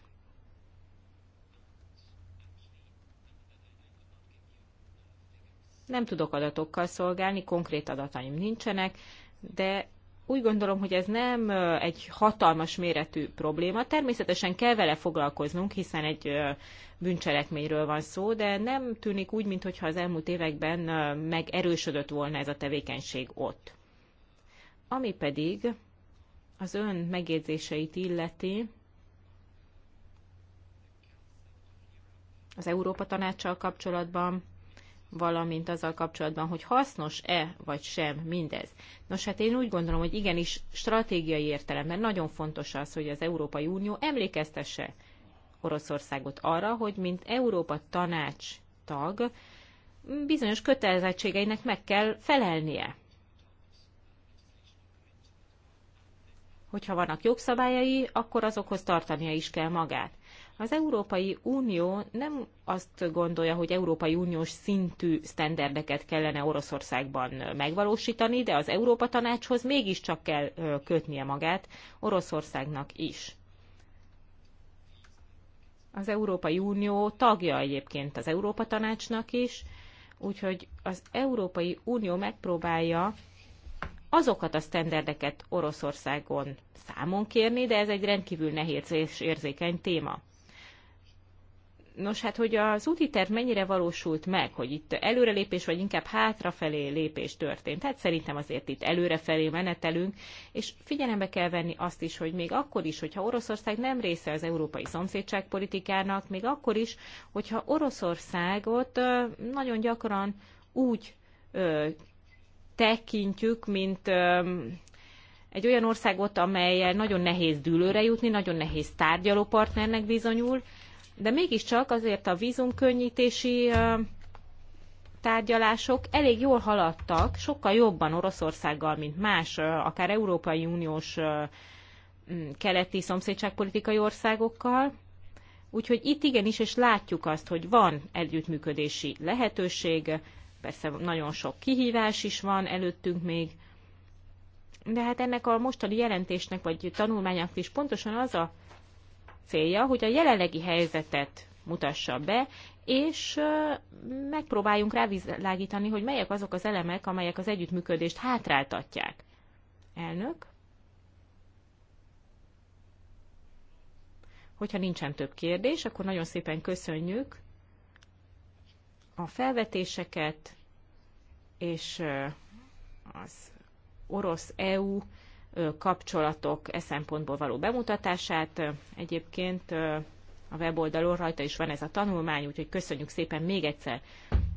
Nem tudok adatokkal szolgálni, konkrét adataim nincsenek, de úgy gondolom, hogy ez nem egy hatalmas méretű probléma. Természetesen kell vele foglalkoznunk, hiszen egy bűncselekményről van szó, de nem tűnik úgy, mintha az elmúlt években megerősödött volna ez a tevékenység ott. Ami pedig az ön megjegyzéseit illeti, az Európa Tanácssal kapcsolatban, valamint azzal kapcsolatban, hogy hasznos-e vagy sem mindez. Nos, hát én úgy gondolom, hogy igenis stratégiai értelemben nagyon fontos az, hogy az Európai Unió emlékeztesse Oroszországot arra, hogy mint Európa tanács tag bizonyos kötelezettségeinek meg kell felelnie. Hogyha vannak jogszabályai, akkor azokhoz tartania is kell magát. Az Európai Unió nem azt gondolja, hogy Európai Uniós szintű sztenderdeket kellene Oroszországban megvalósítani, de az Európa Tanácshoz mégiscsak kell kötnie magát Oroszországnak is. Az Európai Unió tagja egyébként az Európa Tanácsnak is, úgyhogy az Európai Unió megpróbálja azokat a sztenderdeket Oroszországon számon kérni, de ez egy rendkívül nehéz és érzékeny téma. Nos, hát hogy az úti terv mennyire valósult meg, hogy itt előrelépés, vagy inkább hátrafelé lépés történt. Hát szerintem azért itt előrefelé menetelünk, és figyelembe kell venni azt is, hogy még akkor is, hogyha Oroszország nem része az európai szomszédságpolitikának, még akkor is, hogyha Oroszországot nagyon gyakran úgy ö, tekintjük, mint ö, egy olyan országot, amelyel nagyon nehéz dűlőre jutni, nagyon nehéz tárgyalópartnernek bizonyul, de mégiscsak azért a vízumkönnyítési tárgyalások elég jól haladtak, sokkal jobban Oroszországgal, mint más, akár Európai Uniós keleti szomszédságpolitikai országokkal. Úgyhogy itt igenis, és látjuk azt, hogy van együttműködési lehetőség, persze nagyon sok kihívás is van előttünk még, de hát ennek a mostani jelentésnek, vagy tanulmányok is pontosan az a célja, hogy a jelenlegi helyzetet mutassa be, és megpróbáljunk rávilágítani, hogy melyek azok az elemek, amelyek az együttműködést hátráltatják. Elnök? Hogyha nincsen több kérdés, akkor nagyon szépen köszönjük a felvetéseket, és az orosz-EU kapcsolatok e szempontból való bemutatását. Egyébként a weboldalon rajta is van ez a tanulmány, úgyhogy köszönjük szépen még egyszer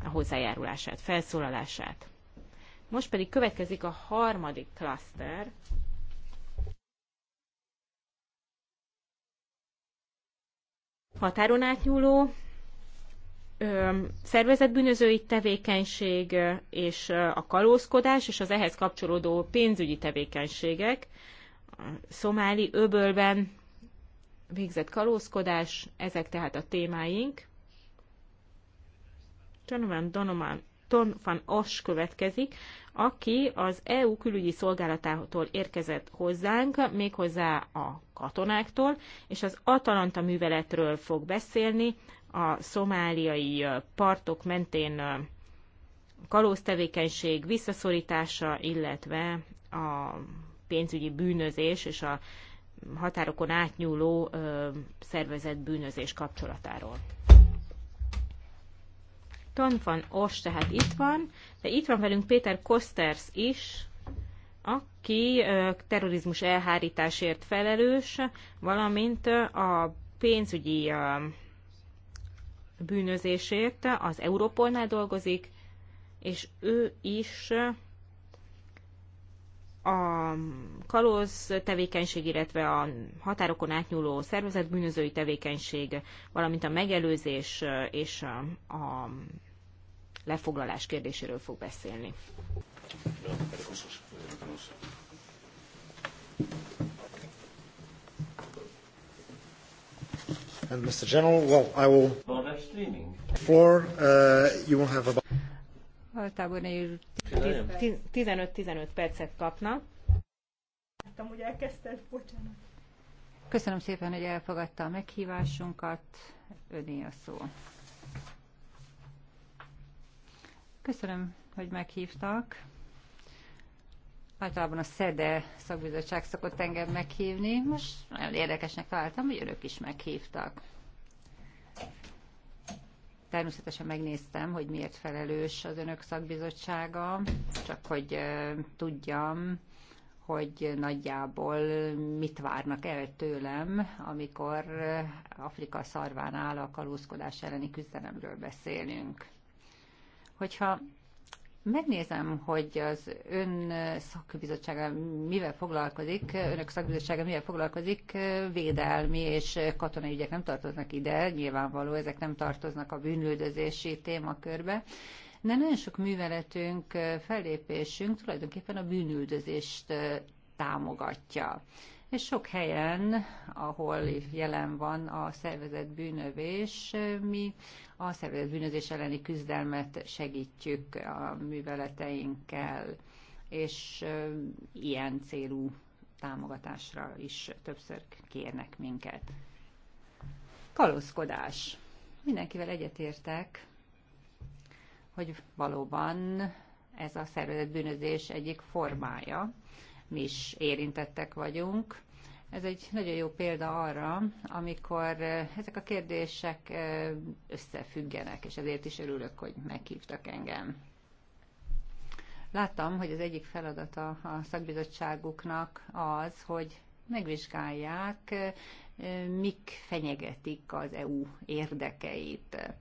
a hozzájárulását, felszólalását. Most pedig következik a harmadik klaszter, határon átnyúló szervezetbűnözői tevékenység és a kalózkodás és az ehhez kapcsolódó pénzügyi tevékenységek, a szomáli öbölben végzett kalózkodás, ezek tehát a témáink. Donovan Donovan Ton van Os következik, aki az EU külügyi szolgálatától érkezett hozzánk, méghozzá a katonáktól, és az Atalanta műveletről fog beszélni, a szomáliai partok mentén kalóztevékenység visszaszorítása, illetve a pénzügyi bűnözés és a határokon átnyúló szervezett bűnözés kapcsolatáról. Ton van Os tehát itt van, de itt van velünk Péter Kosters is, aki terrorizmus elhárításért felelős, valamint a pénzügyi bűnözésért az Európolnál dolgozik, és ő is a kalóz tevékenység, illetve a határokon átnyúló szervezet bűnözői tevékenység, valamint a megelőzés és a lefoglalás kérdéséről fog beszélni. And Mr. General, well, I will... Floor, uh, you will have about... 15-15 percet kapna. Köszönöm szépen, hogy elfogadta a meghívásunkat. Öné a szó. Köszönöm, hogy meghívtak. Általában a SZEDE szakbizottság szokott engem meghívni. Most nagyon érdekesnek találtam, hogy önök is meghívtak. Természetesen megnéztem, hogy miért felelős az önök szakbizottsága, csak hogy tudjam, hogy nagyjából mit várnak el tőlem, amikor Afrika szarván áll a kalózkodás elleni küzdelemről beszélünk. Hogyha Megnézem, hogy az ön szakbizottsága mivel foglalkozik, önök szakbizottsága mivel foglalkozik, védelmi és katonai ügyek nem tartoznak ide, nyilvánvaló, ezek nem tartoznak a bűnlődözési témakörbe, de nagyon sok műveletünk, fellépésünk tulajdonképpen a bűnüldözést támogatja és sok helyen, ahol jelen van a szervezett bűnövés, mi a szervezett bűnözés elleni küzdelmet segítjük a műveleteinkkel, és ilyen célú támogatásra is többször kérnek minket. Kalózkodás. Mindenkivel egyetértek, hogy valóban ez a szervezett bűnözés egyik formája, mi is érintettek vagyunk. Ez egy nagyon jó példa arra, amikor ezek a kérdések összefüggenek, és ezért is örülök, hogy meghívtak engem. Láttam, hogy az egyik feladata a szakbizottságuknak az, hogy megvizsgálják, mik fenyegetik az EU érdekeit.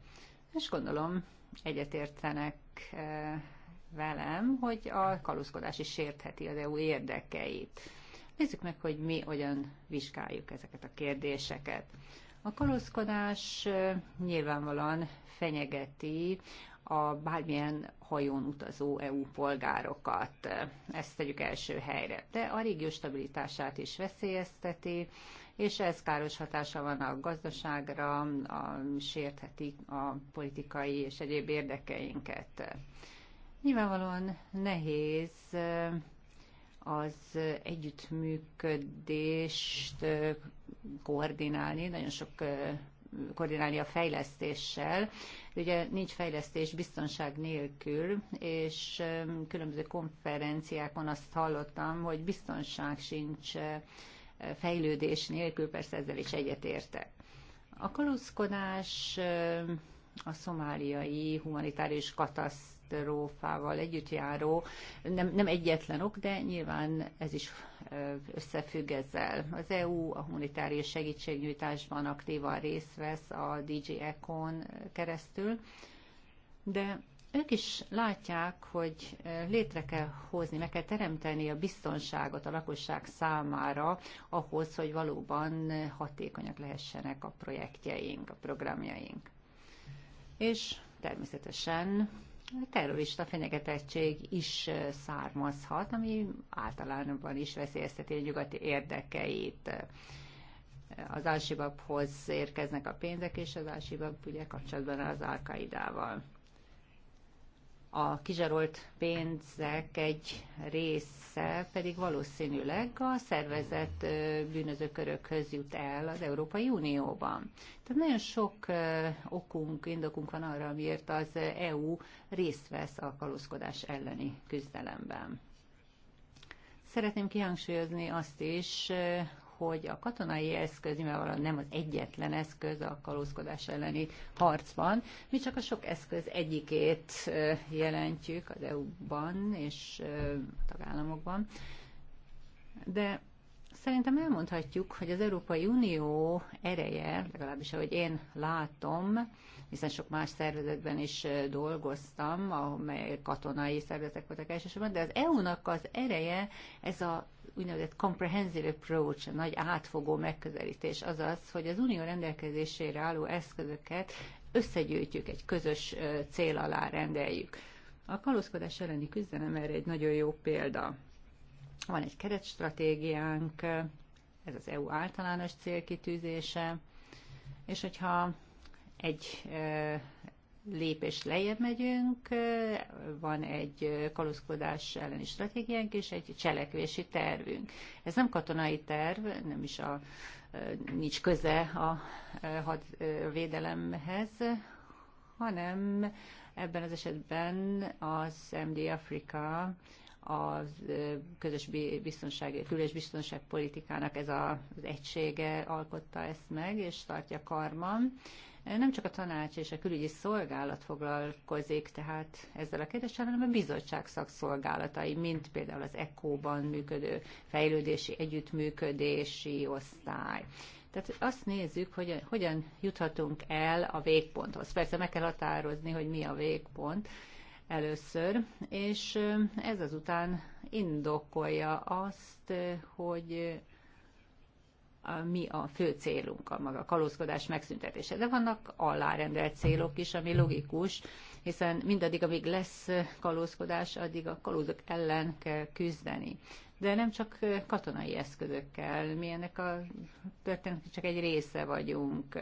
És gondolom, egyetértenek velem, hogy a kalózkodás is sértheti az EU érdekeit. Nézzük meg, hogy mi hogyan vizsgáljuk ezeket a kérdéseket. A kalózkodás nyilvánvalóan fenyegeti a bármilyen hajón utazó EU polgárokat. Ezt tegyük első helyre. De a régió stabilitását is veszélyezteti, és ez káros hatása van a gazdaságra, a, sértheti a politikai és egyéb érdekeinket. Nyilvánvalóan nehéz az együttműködést koordinálni, nagyon sok koordinálni a fejlesztéssel. Ugye nincs fejlesztés biztonság nélkül, és különböző konferenciákon azt hallottam, hogy biztonság sincs fejlődés nélkül, persze ezzel is egyetértek. A kalózkodás a szomáliai humanitárius katasz katasztrófával együtt járó, nem, nem egyetlen ok, de nyilván ez is összefügg ezzel. Az EU a humanitárius segítségnyújtásban aktívan részt vesz a DJ Econ keresztül, de ők is látják, hogy létre kell hozni, meg kell teremteni a biztonságot a lakosság számára ahhoz, hogy valóban hatékonyak lehessenek a projektjeink, a programjaink. És természetesen terrorista fenyegetettség is származhat, ami általánosban is veszélyezteti a nyugati érdekeit. Az Alsibabhoz érkeznek a pénzek, és az Alsibab ugye kapcsolatban az alkaidával. A kizsarolt pénzek egy része pedig valószínűleg a szervezett bűnözőkörökhöz jut el az Európai Unióban. Tehát nagyon sok okunk, indokunk van arra, miért az EU részt vesz a kalózkodás elleni küzdelemben. Szeretném kihangsúlyozni azt is, hogy a katonai eszköz mivel nem az egyetlen eszköz a kalózkodás elleni harcban. Mi csak a sok eszköz egyikét jelentjük az EU-ban és a tagállamokban. De szerintem elmondhatjuk, hogy az Európai Unió ereje, legalábbis ahogy én látom, hiszen sok más szervezetben is dolgoztam, amely katonai szervezetek voltak elsősorban, de az EU-nak az ereje ez a úgynevezett comprehensive approach, a nagy átfogó megközelítés az az, hogy az unió rendelkezésére álló eszközöket összegyűjtjük, egy közös cél alá rendeljük. A kalózkodás elleni küzdelem erre egy nagyon jó példa. Van egy keretstratégiánk, ez az EU általános célkitűzése, és hogyha egy lépés lejjebb megyünk, van egy kalózkodás elleni stratégiánk és egy cselekvési tervünk. Ez nem katonai terv, nem is a, nincs köze a hadvédelemhez, hanem ebben az esetben az MD Afrika a közös biztonság, kül- biztonságpolitikának ez a, az egysége alkotta ezt meg, és tartja karman. Nem csak a tanács és a külügyi szolgálat foglalkozik tehát ezzel a kérdéssel, hanem a bizottság szakszolgálatai, mint például az ECO-ban működő fejlődési együttműködési osztály. Tehát azt nézzük, hogy hogyan juthatunk el a végponthoz. Persze meg kell határozni, hogy mi a végpont először, és ez azután indokolja azt, hogy mi a fő célunk, a maga kalózkodás megszüntetése. De vannak alárendelt célok is, ami logikus, hiszen mindaddig, amíg lesz kalózkodás, addig a kalózok ellen kell küzdeni. De nem csak katonai eszközökkel, mi ennek a történetnek csak egy része vagyunk.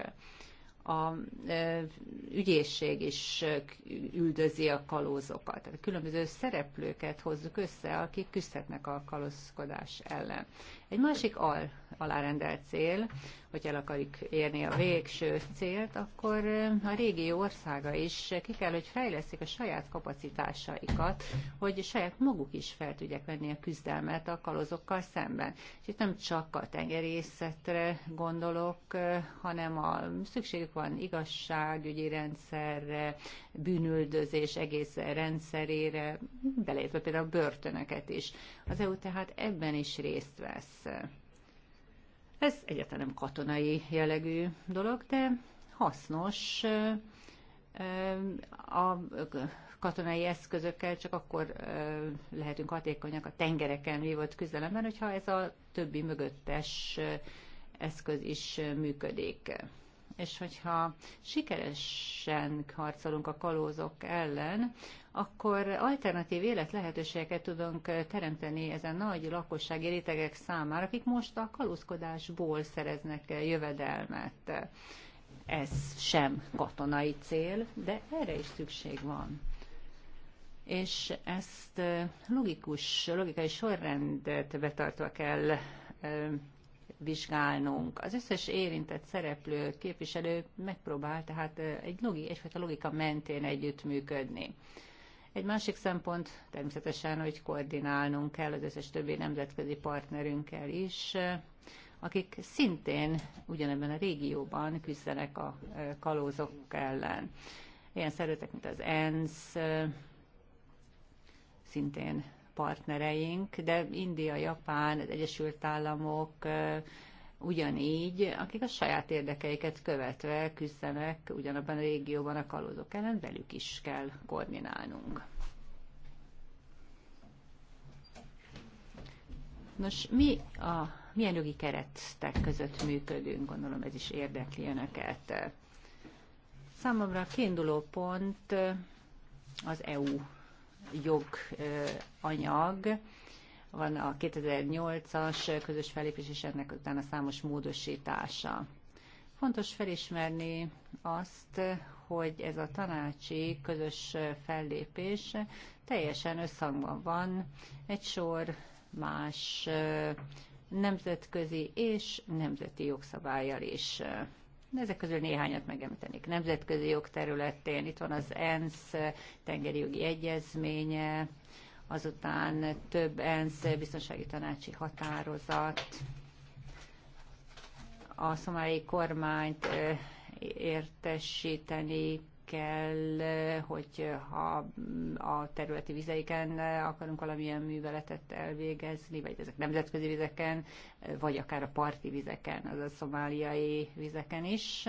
A e, ügyészség is üldözi a kalózokat. Tehát különböző szereplőket hozzuk össze, akik küzdhetnek a kalózkodás ellen. Egy másik al alárendelt cél, hogy el akarjuk érni a végső célt, akkor eh, a régi országa is ki kell, hogy fejleszik a saját kapacitásaikat, hogy saját maguk is fel tudják venni a küzdelmet a kalozokkal szemben. És itt nem csak a tengerészetre gondolok, eh, hanem a szükségük van igazságügyi rendszerre, bűnüldözés egész rendszerére, beleértve például a börtönöket is. Az EU tehát ebben is részt vesz ez egyáltalán nem katonai jellegű dolog, de hasznos a katonai eszközökkel csak akkor lehetünk hatékonyak a tengereken vívott küzdelemben, hogyha ez a többi mögöttes eszköz is működik. És hogyha sikeresen harcolunk a kalózok ellen, akkor alternatív életlehetőségeket tudunk teremteni ezen nagy lakossági rétegek számára, akik most a kalózkodásból szereznek jövedelmet. Ez sem katonai cél, de erre is szükség van és ezt logikus, logikai sorrendet betartva kell vizsgálnunk. Az összes érintett szereplő, képviselő megpróbál tehát egy logi, egyfajta logika mentén együttműködni. Egy másik szempont természetesen, hogy koordinálnunk kell az összes többi nemzetközi partnerünkkel is, akik szintén ugyanebben a régióban küzdenek a kalózok ellen. Ilyen szervezetek, mint az ENSZ, szintén partnereink, de India, Japán, az Egyesült Államok, ugyanígy, akik a saját érdekeiket követve küzdenek ugyanabban a régióban a kalózok ellen, velük is kell koordinálnunk. Nos, mi a, milyen jogi keretek között működünk? Gondolom ez is érdekli önöket. Számomra a kiinduló pont az EU joganyag, van a 2008-as közös felépés és ennek utána számos módosítása. Fontos felismerni azt, hogy ez a tanácsi közös fellépés teljesen összhangban van egy sor más nemzetközi és nemzeti jogszabályjal is. Ezek közül néhányat megemlítenék. Nemzetközi jogterületén itt van az ENSZ tengeri jogi egyezménye, azután több ENSZ biztonsági tanácsi határozat, a szomályi kormányt értesíteni kell, hogy ha a területi vizeiken akarunk valamilyen műveletet elvégezni, vagy ezek nemzetközi vizeken, vagy akár a parti vizeken, azaz szomáliai vizeken is.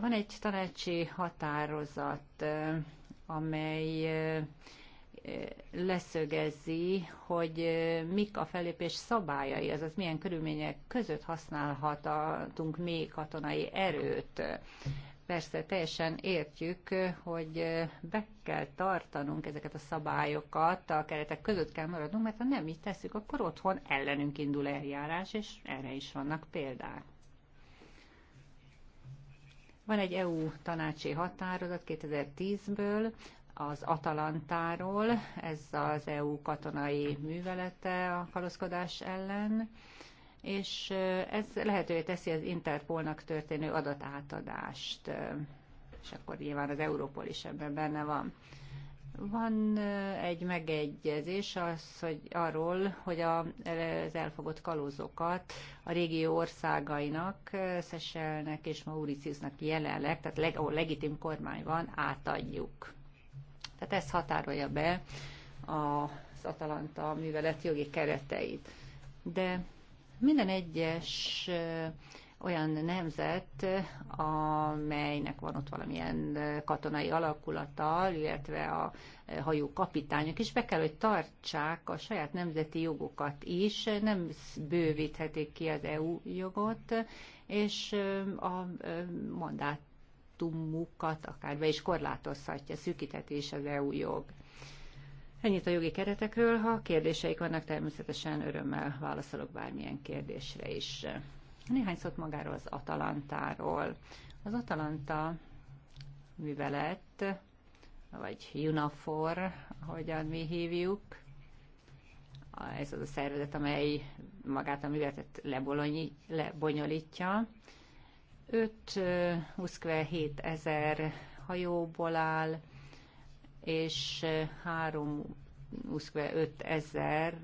Van egy tanácsi határozat, amely leszögezi, hogy mik a fellépés szabályai, azaz milyen körülmények között használhatunk mi katonai erőt. Persze teljesen értjük, hogy be kell tartanunk ezeket a szabályokat, a keretek között kell maradnunk, mert ha nem így tesszük, akkor otthon ellenünk indul eljárás, és erre is vannak példák. Van egy EU tanácsi határozat 2010-ből, az Atalantáról, ez az EU katonai művelete a kalózkodás ellen, és ez lehetővé teszi az Interpolnak történő adatátadást, és akkor nyilván az Európol is ebben benne van. Van egy megegyezés az, hogy arról, hogy az elfogott kalózokat a régió országainak, Szeselnek és Mauriciusnak jelenleg, tehát leg, ahol legitim kormány van, átadjuk. Tehát ez határolja be az Atalanta művelet jogi kereteit. De minden egyes olyan nemzet, amelynek van ott valamilyen katonai alakulata, illetve a hajó kapitányok is be kell, hogy tartsák a saját nemzeti jogokat is, nem bővíthetik ki az EU jogot, és a mandát mandátumukat akár be is korlátozhatja, szűkítheti is az EU jog. Ennyit a jogi keretekről, ha kérdéseik vannak, természetesen örömmel válaszolok bármilyen kérdésre is. Néhány szót magáról az Atalantáról. Az Atalanta művelet, vagy UNAFOR, ahogyan mi hívjuk, ez az a szervezet, amely magát a művetet lebonyolítja. 5-27 ezer hajóból áll, és 3 5 ezer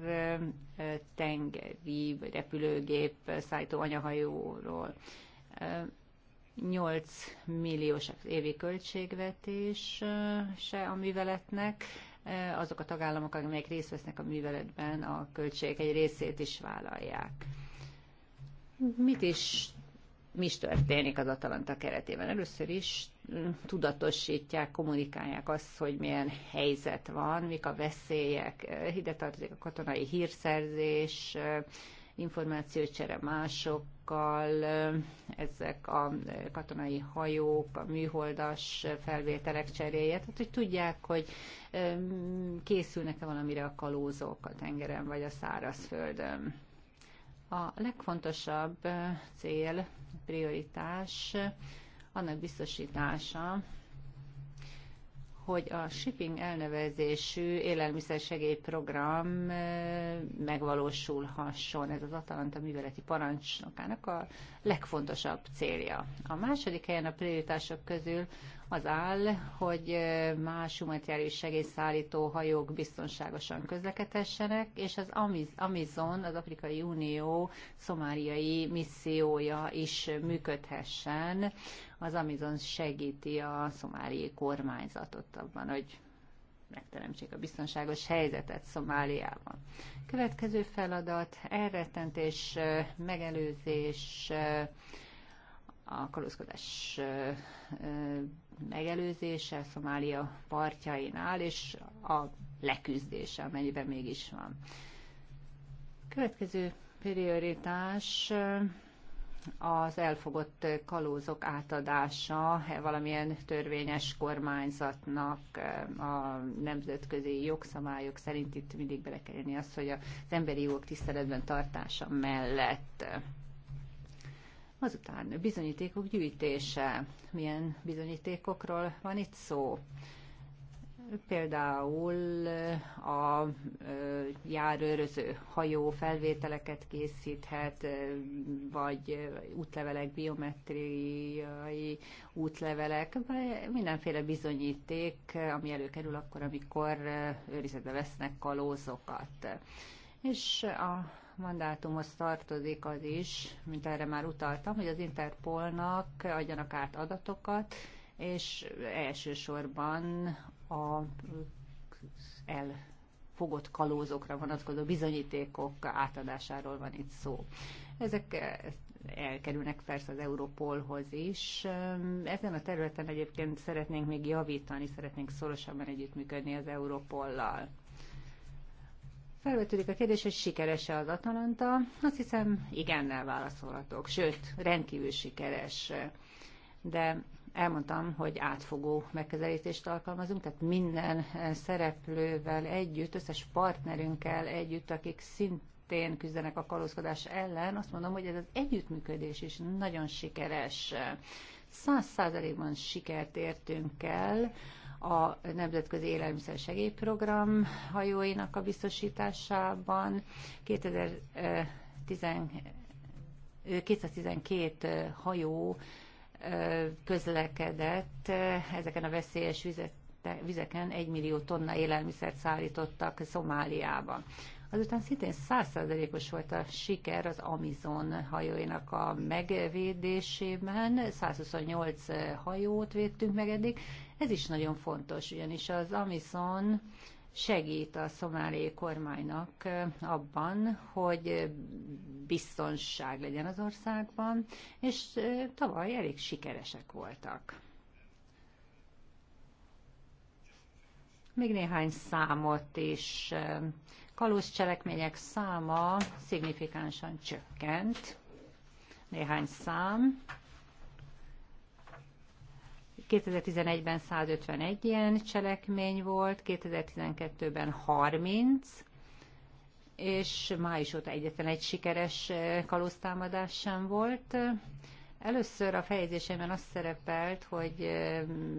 tengeri vagy repülőgép szállító anyahajóról. 8 milliós évi költségvetés se a műveletnek, azok a tagállamok, amelyek részt vesznek a műveletben, a költségek egy részét is vállalják. Mit is mi is történik az Atalanta keretében. Először is mm, tudatosítják, kommunikálják azt, hogy milyen helyzet van, mik a veszélyek, ide tartozik a katonai hírszerzés, információcsere másokkal, ezek a katonai hajók, a műholdas felvételek cseréje, tehát hogy tudják, hogy mm, készülnek-e valamire a kalózok a tengeren vagy a szárazföldön. A legfontosabb cél, prioritás annak biztosítása, hogy a shipping elnevezésű élelmiszersegélyprogram megvalósulhasson. Ez az Atalanta műveleti parancsnokának a legfontosabb célja. A második helyen a prioritások közül az áll, hogy más humanitárius segélyszállító hajók biztonságosan közlekedhessenek, és az Amazon, az Afrikai Unió szomáriai missziója is működhessen. Az Amazon segíti a szomáriai kormányzatot abban, hogy megteremtsék a biztonságos helyzetet Szomáliában. Következő feladat, elrettentés, megelőzés, a kalózkodás megelőzése Szomália partjainál, és a leküzdése, amennyiben mégis van. Következő prioritás az elfogott kalózok átadása e valamilyen törvényes kormányzatnak a nemzetközi jogszabályok szerint itt mindig bele kell jönni az, hogy az emberi jogok tiszteletben tartása mellett Azután bizonyítékok gyűjtése. Milyen bizonyítékokról van itt szó? Például a járőröző hajó felvételeket készíthet, vagy útlevelek, biometriai útlevelek, vagy mindenféle bizonyíték, ami előkerül akkor, amikor őrizetbe vesznek kalózokat. És a mandátumhoz tartozik az is, mint erre már utaltam, hogy az Interpolnak adjanak át adatokat, és elsősorban a elfogott kalózokra vonatkozó bizonyítékok átadásáról van itt szó. Ezek elkerülnek persze az Europolhoz is. Ezen a területen egyébként szeretnénk még javítani, szeretnénk szorosabban együttműködni az Europollal. Felvetődik a kérdés, hogy sikeres-e az Atalanta. Azt hiszem, igennel válaszolhatok, sőt, rendkívül sikeres. De elmondtam, hogy átfogó megközelítést alkalmazunk, tehát minden szereplővel együtt, összes partnerünkkel együtt, akik szintén küzdenek a kalózkodás ellen, azt mondom, hogy ez az együttműködés is nagyon sikeres. Száz százalékban sikert értünk el, a Nemzetközi Élelmiszer Segélyprogram hajóinak a biztosításában. 2012 eh, eh, hajó eh, közlekedett ezeken a veszélyes vizeken 1 millió tonna élelmiszert szállítottak Szomáliába. Azután szintén százszerzelékos volt a siker az Amazon hajóinak a megvédésében. 128 hajót védtünk meg eddig, ez is nagyon fontos, ugyanis az Amison segít a szomáli kormánynak eh, abban, hogy eh, biztonság legyen az országban, és eh, tavaly elég sikeresek voltak. Még néhány számot is. Kalusz cselekmények száma szignifikánsan csökkent. Néhány szám. 2011-ben 151 ilyen cselekmény volt, 2012-ben 30, és május óta egyetlen egy sikeres kalóztámadás sem volt. Először a fejezésemben azt szerepelt, hogy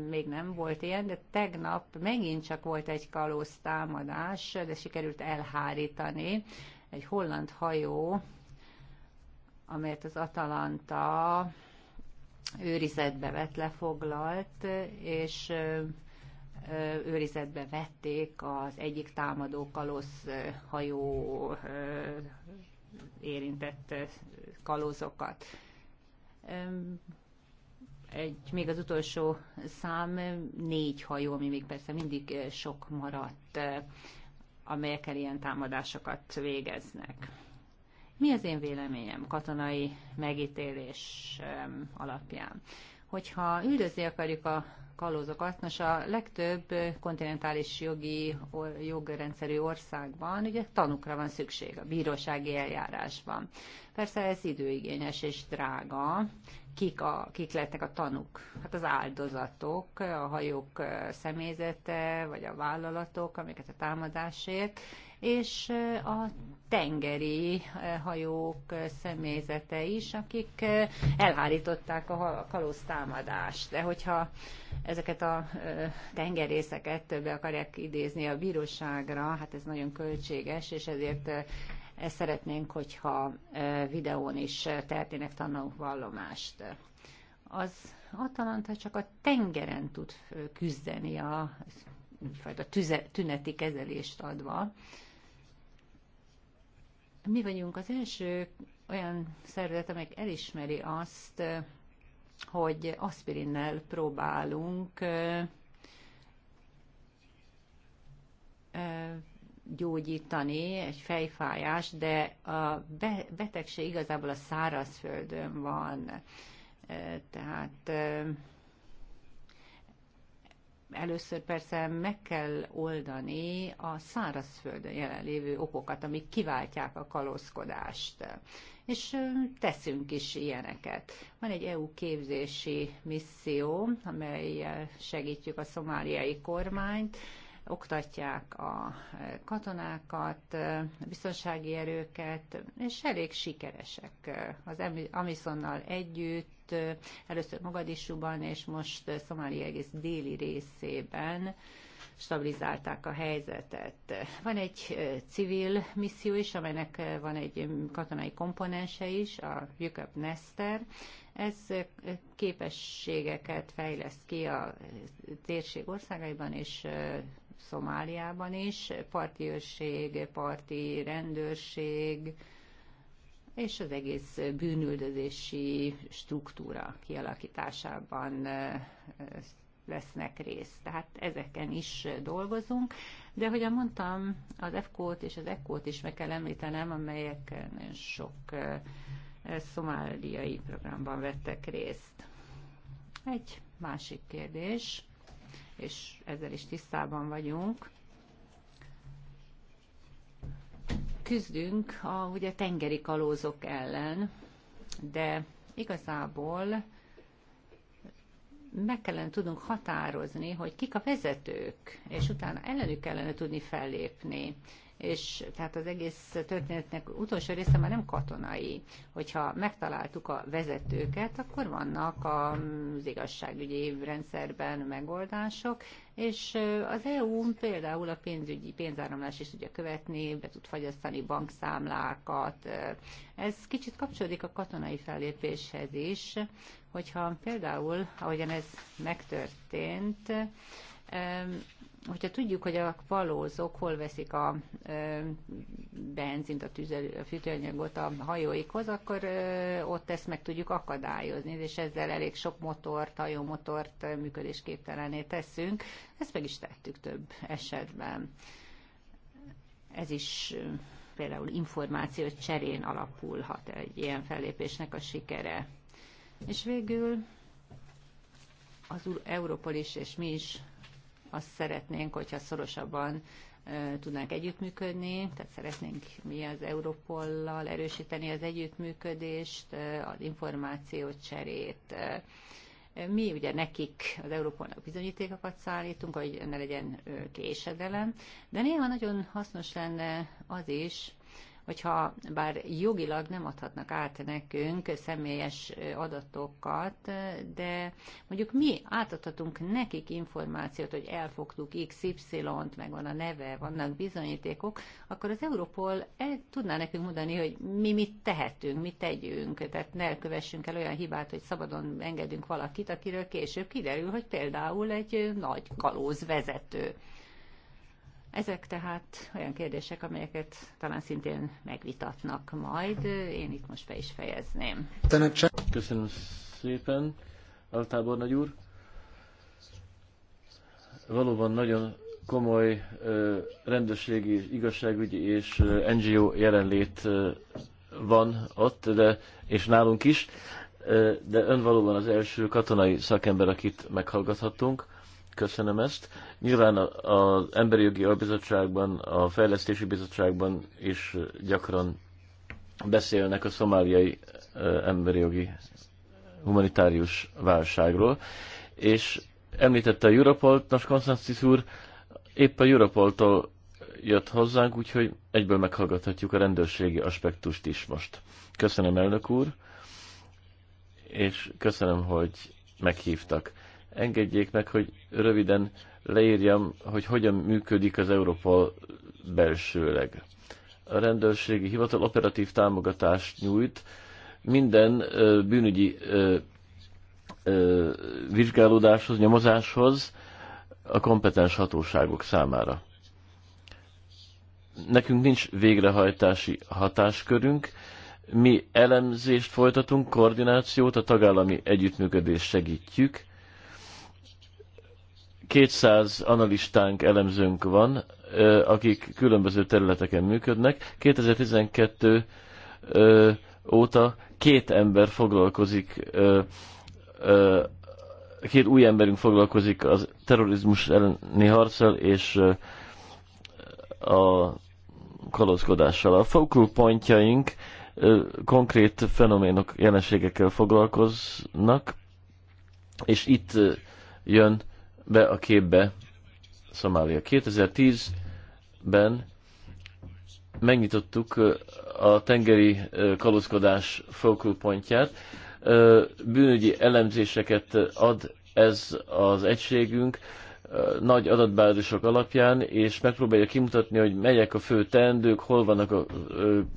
még nem volt ilyen, de tegnap megint csak volt egy kalóztámadás, de sikerült elhárítani. Egy holland hajó, amelyet az Atalanta őrizetbe vett lefoglalt, és őrizetbe vették az egyik támadó kalosz hajó érintett kalózokat. Egy, még az utolsó szám négy hajó, ami még persze mindig sok maradt, amelyekkel ilyen támadásokat végeznek. Mi az én véleményem katonai megítélés alapján? Hogyha üldözni akarjuk a kalózokat, nos a legtöbb kontinentális jogi, jogrendszerű országban ugye tanukra van szükség a bírósági eljárásban. Persze ez időigényes és drága. Kik, a, kik lettek a tanuk? Hát az áldozatok, a hajók személyzete, vagy a vállalatok, amiket a támadásért és a tengeri hajók személyzete is, akik elhárították a kalóz támadást. De hogyha ezeket a tengerészeket be akarják idézni a bíróságra, hát ez nagyon költséges, és ezért ezt szeretnénk, hogyha videón is történnek tanulvallomást. Az Atalanta csak a tengeren tud küzdeni a fajta tüze, tüneti kezelést adva, mi vagyunk az első olyan szervezet, amely elismeri azt, hogy aspirinnel próbálunk gyógyítani egy fejfájást, de a betegség igazából a szárazföldön van. Tehát először persze meg kell oldani a szárazföldön jelenlévő okokat, amik kiváltják a kalózkodást. És teszünk is ilyeneket. Van egy EU képzési misszió, amelyel segítjük a szomáliai kormányt, oktatják a e, katonákat, a e, biztonsági erőket, és elég sikeresek e, az Amisonnal együtt, először Mogadisúban, és most Szomália egész déli részében stabilizálták a helyzetet. Van egy civil misszió is, amelynek van egy katonai komponense is, a Jököp Nester. Ez képességeket fejleszt ki a térség országaiban, és Szomáliában is, parti őrség, parti rendőrség, és az egész bűnüldözési struktúra kialakításában vesznek részt. Tehát ezeken is dolgozunk. De hogy mondtam, az EFKO-t és az ECO-t is meg kell említenem, amelyek nagyon sok szomáliai programban vettek részt. Egy másik kérdés és ezzel is tisztában vagyunk. Küzdünk a ugye, tengeri kalózok ellen, de igazából meg kellene tudnunk határozni, hogy kik a vezetők, és utána ellenük kellene tudni fellépni és tehát az egész történetnek utolsó része már nem katonai. Hogyha megtaláltuk a vezetőket, akkor vannak az igazságügyi rendszerben megoldások, és az EU például a pénzügyi pénzáramlás is tudja követni, be tud fagyasztani bankszámlákat. Ez kicsit kapcsolódik a katonai fellépéshez is, hogyha például, ahogyan ez megtörtént, hogyha tudjuk, hogy a palózok hol veszik a benzint, a, tüzelő, a fűtőanyagot a hajóikhoz, akkor ott ezt meg tudjuk akadályozni, és ezzel elég sok motort, hajómotort működésképtelené teszünk. Ezt meg is tettük több esetben. Ez is például információ cserén alapulhat egy ilyen fellépésnek a sikere. És végül az Európol is, és mi is azt szeretnénk, hogyha szorosabban tudnánk együttműködni, tehát szeretnénk mi az Európollal erősíteni az együttműködést, az cserét. Mi ugye nekik, az Európolnak bizonyítékokat szállítunk, hogy ne legyen késedelem, de néha nagyon hasznos lenne az is, hogyha bár jogilag nem adhatnak át nekünk személyes adatokat, de mondjuk mi átadhatunk nekik információt, hogy elfogtuk XY-t, meg van a neve, vannak bizonyítékok, akkor az Europol el tudná nekünk mondani, hogy mi mit tehetünk, mit tegyünk, tehát ne kövessünk el olyan hibát, hogy szabadon engedünk valakit, akiről később kiderül, hogy például egy nagy kalóz vezető. Ezek tehát olyan kérdések, amelyeket talán szintén megvitatnak majd. Én itt most be is fejezném. Köszönöm szépen, Altábor nagy úr. Valóban nagyon komoly rendőrségi, igazságügyi és NGO jelenlét van ott, de, és nálunk is, de ön valóban az első katonai szakember, akit meghallgathatunk. Köszönöm ezt. Nyilván az Emberi Jogi Albizottságban, a Fejlesztési Bizottságban is gyakran beszélnek a szomáliai emberi jogi humanitárius válságról, és említette a Europolt, nos Konstantis úr épp a Europoltól jött hozzánk, úgyhogy egyből meghallgathatjuk a rendőrségi aspektust is most. Köszönöm, elnök úr, és köszönöm, hogy meghívtak. Engedjék meg, hogy röviden leírjam, hogy hogyan működik az Európa belsőleg. A rendőrségi hivatal operatív támogatást nyújt minden bűnügyi vizsgálódáshoz, nyomozáshoz a kompetens hatóságok számára. Nekünk nincs végrehajtási hatáskörünk, mi elemzést folytatunk, koordinációt, a tagállami együttműködést segítjük, 200 analistánk, elemzőnk van, akik különböző területeken működnek. 2012 óta két ember foglalkozik, két új emberünk foglalkozik az terrorizmus elleni harccal és a kalózkodással. A focal pontjaink konkrét fenoménok, jelenségekkel foglalkoznak, és itt jön be a képbe Szomália. 2010-ben megnyitottuk a tengeri kalózkodás fókuszpontját, Bűnügyi elemzéseket ad ez az egységünk nagy adatbázisok alapján, és megpróbálja kimutatni, hogy melyek a fő teendők, hol vannak a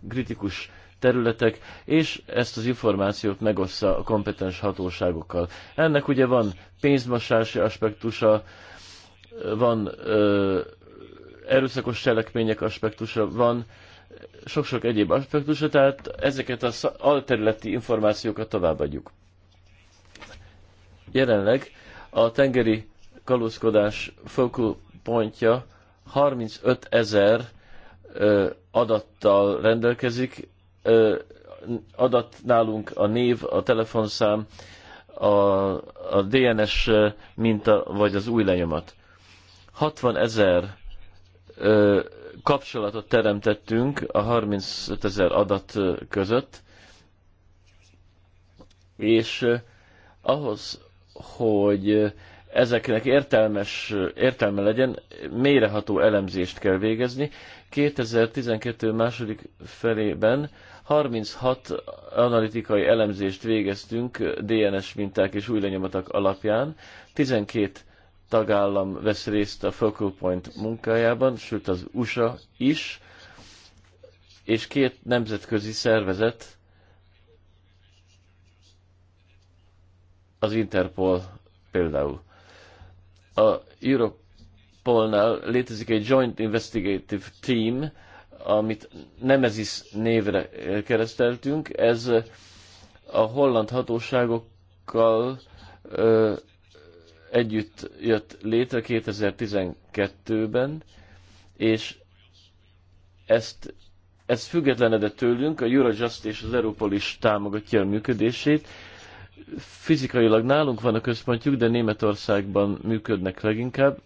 kritikus területek, és ezt az információt megossza a kompetens hatóságokkal. Ennek ugye van pénzmosási aspektusa, van ö, erőszakos cselekmények aspektusa, van sok-sok egyéb aspektusa, tehát ezeket az alterületi információkat továbbadjuk. Jelenleg a tengeri kalózkodás focal pontja 35 ezer adattal rendelkezik, adat nálunk a név, a telefonszám, a, a DNS minta, vagy az új lenyomat. 60 ezer kapcsolatot teremtettünk a 35 ezer adat között, és ahhoz, hogy ezeknek értelmes, értelme legyen, mélyreható elemzést kell végezni. 2012 második felében 36 analitikai elemzést végeztünk DNS minták és új lenyomatok alapján. 12 tagállam vesz részt a Focal Point munkájában, sőt az USA is, és két nemzetközi szervezet, az Interpol például. A Europolnál létezik egy Joint Investigative Team, amit Nemezis névre eh, kereszteltünk, ez eh, a holland hatóságokkal ö, eh, együtt jött létre 2012-ben, és ezt, ez függetlenedett tőlünk, a Eurojust és az Europol is támogatja a működését. Fizikailag nálunk van a központjuk, de Németországban működnek leginkább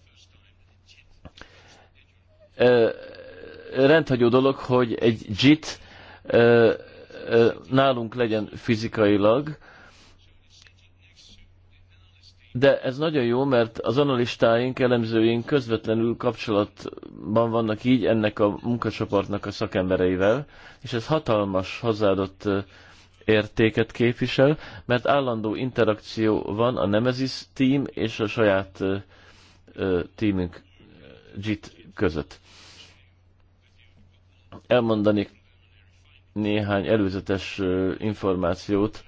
rendhagyó dolog, hogy egy JIT nálunk legyen fizikailag, de ez nagyon jó, mert az analistáink, elemzőink közvetlenül kapcsolatban vannak így ennek a munkacsoportnak a szakembereivel, és ez hatalmas hozzáadott értéket képvisel, mert állandó interakció van a Nemesis team és a saját teamünk JIT között elmondani néhány előzetes információt,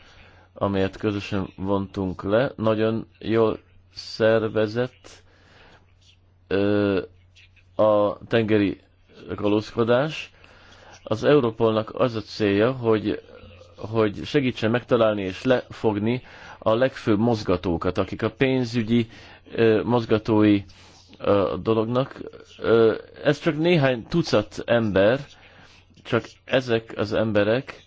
amelyet közösen vontunk le. Nagyon jól szervezett a tengeri kalózkodás. Az Európolnak az a célja, hogy, hogy segítsen megtalálni és lefogni a legfőbb mozgatókat, akik a pénzügyi mozgatói a dolognak. Ez csak néhány tucat ember, csak ezek az emberek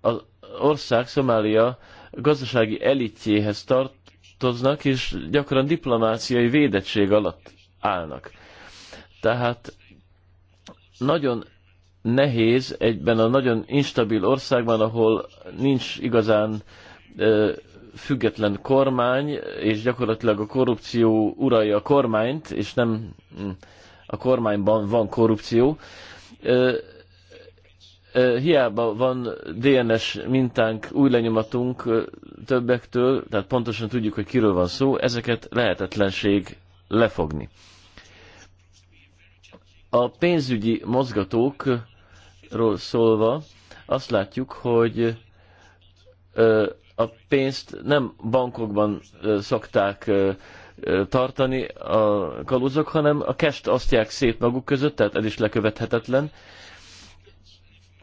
az ország, Szomália gazdasági elitjéhez tartoznak, és gyakran diplomáciai védettség alatt állnak. Tehát nagyon nehéz egyben a nagyon instabil országban, ahol nincs igazán független kormány, és gyakorlatilag a korrupció uralja a kormányt, és nem hm, a kormányban van korrupció hiába van DNS mintánk, új lenyomatunk többektől, tehát pontosan tudjuk, hogy kiről van szó, ezeket lehetetlenség lefogni. A pénzügyi mozgatókról szólva azt látjuk, hogy a pénzt nem bankokban szokták tartani a kalózok, hanem a kest osztják szét maguk között, tehát ez is lekövethetetlen.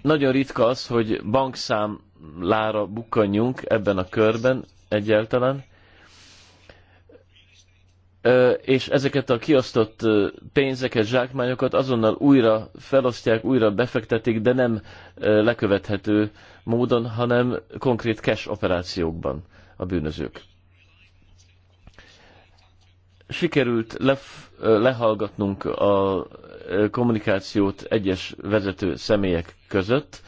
Nagyon ritka az, hogy bankszámlára bukkanjunk ebben a körben egyáltalán, és ezeket a kiosztott pénzeket, zsákmányokat azonnal újra felosztják, újra befektetik, de nem lekövethető módon, hanem konkrét cash operációkban a bűnözők sikerült lef, lehallgatnunk a e, kommunikációt egyes vezető személyek között,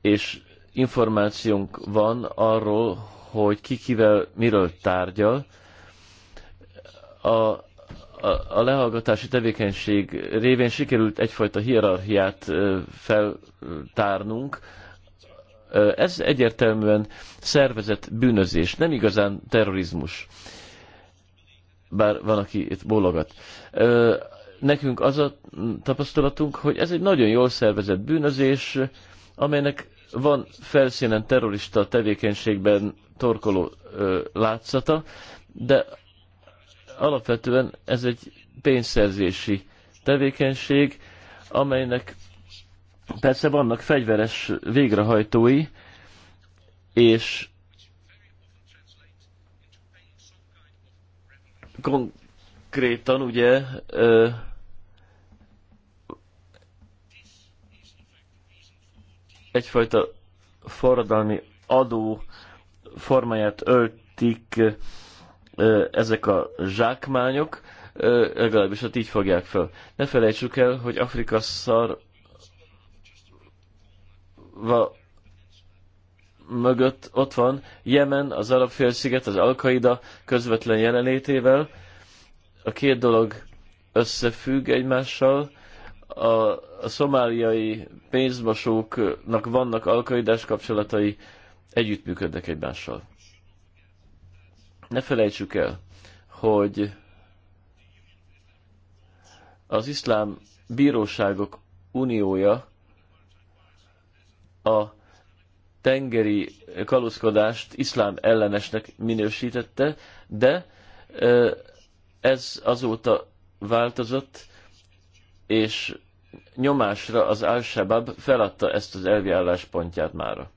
és információnk van arról, hogy ki kivel miről tárgyal. A, a, a lehallgatási tevékenység révén sikerült egyfajta hierarchiát e, feltárnunk. E, ez egyértelműen szervezett bűnözés, nem igazán terrorizmus bár van, aki itt bólogat. Nekünk az a tapasztalatunk, hogy ez egy nagyon jól szervezett bűnözés, amelynek van felszínen terrorista tevékenységben torkoló ö, látszata, de alapvetően ez egy pénzszerzési tevékenység, amelynek persze vannak fegyveres végrehajtói, és konkrétan ugye ö, egyfajta forradalmi adó formáját öltik ö, ezek a zsákmányok, ö, legalábbis ott így fogják fel. Ne felejtsük el, hogy Afrika szar mögött ott van Jemen, az Arab-félsziget, az Al-Qaida közvetlen jelenlétével. A két dolog összefügg egymással. A, a szomáliai pénzmosóknak vannak alkaidás kapcsolatai, együttműködnek egymással. Ne felejtsük el, hogy az iszlám bíróságok uniója a tengeri kalózkodást iszlám ellenesnek minősítette, de ez azóta változott, és nyomásra az al feladta ezt az elvi álláspontját mára.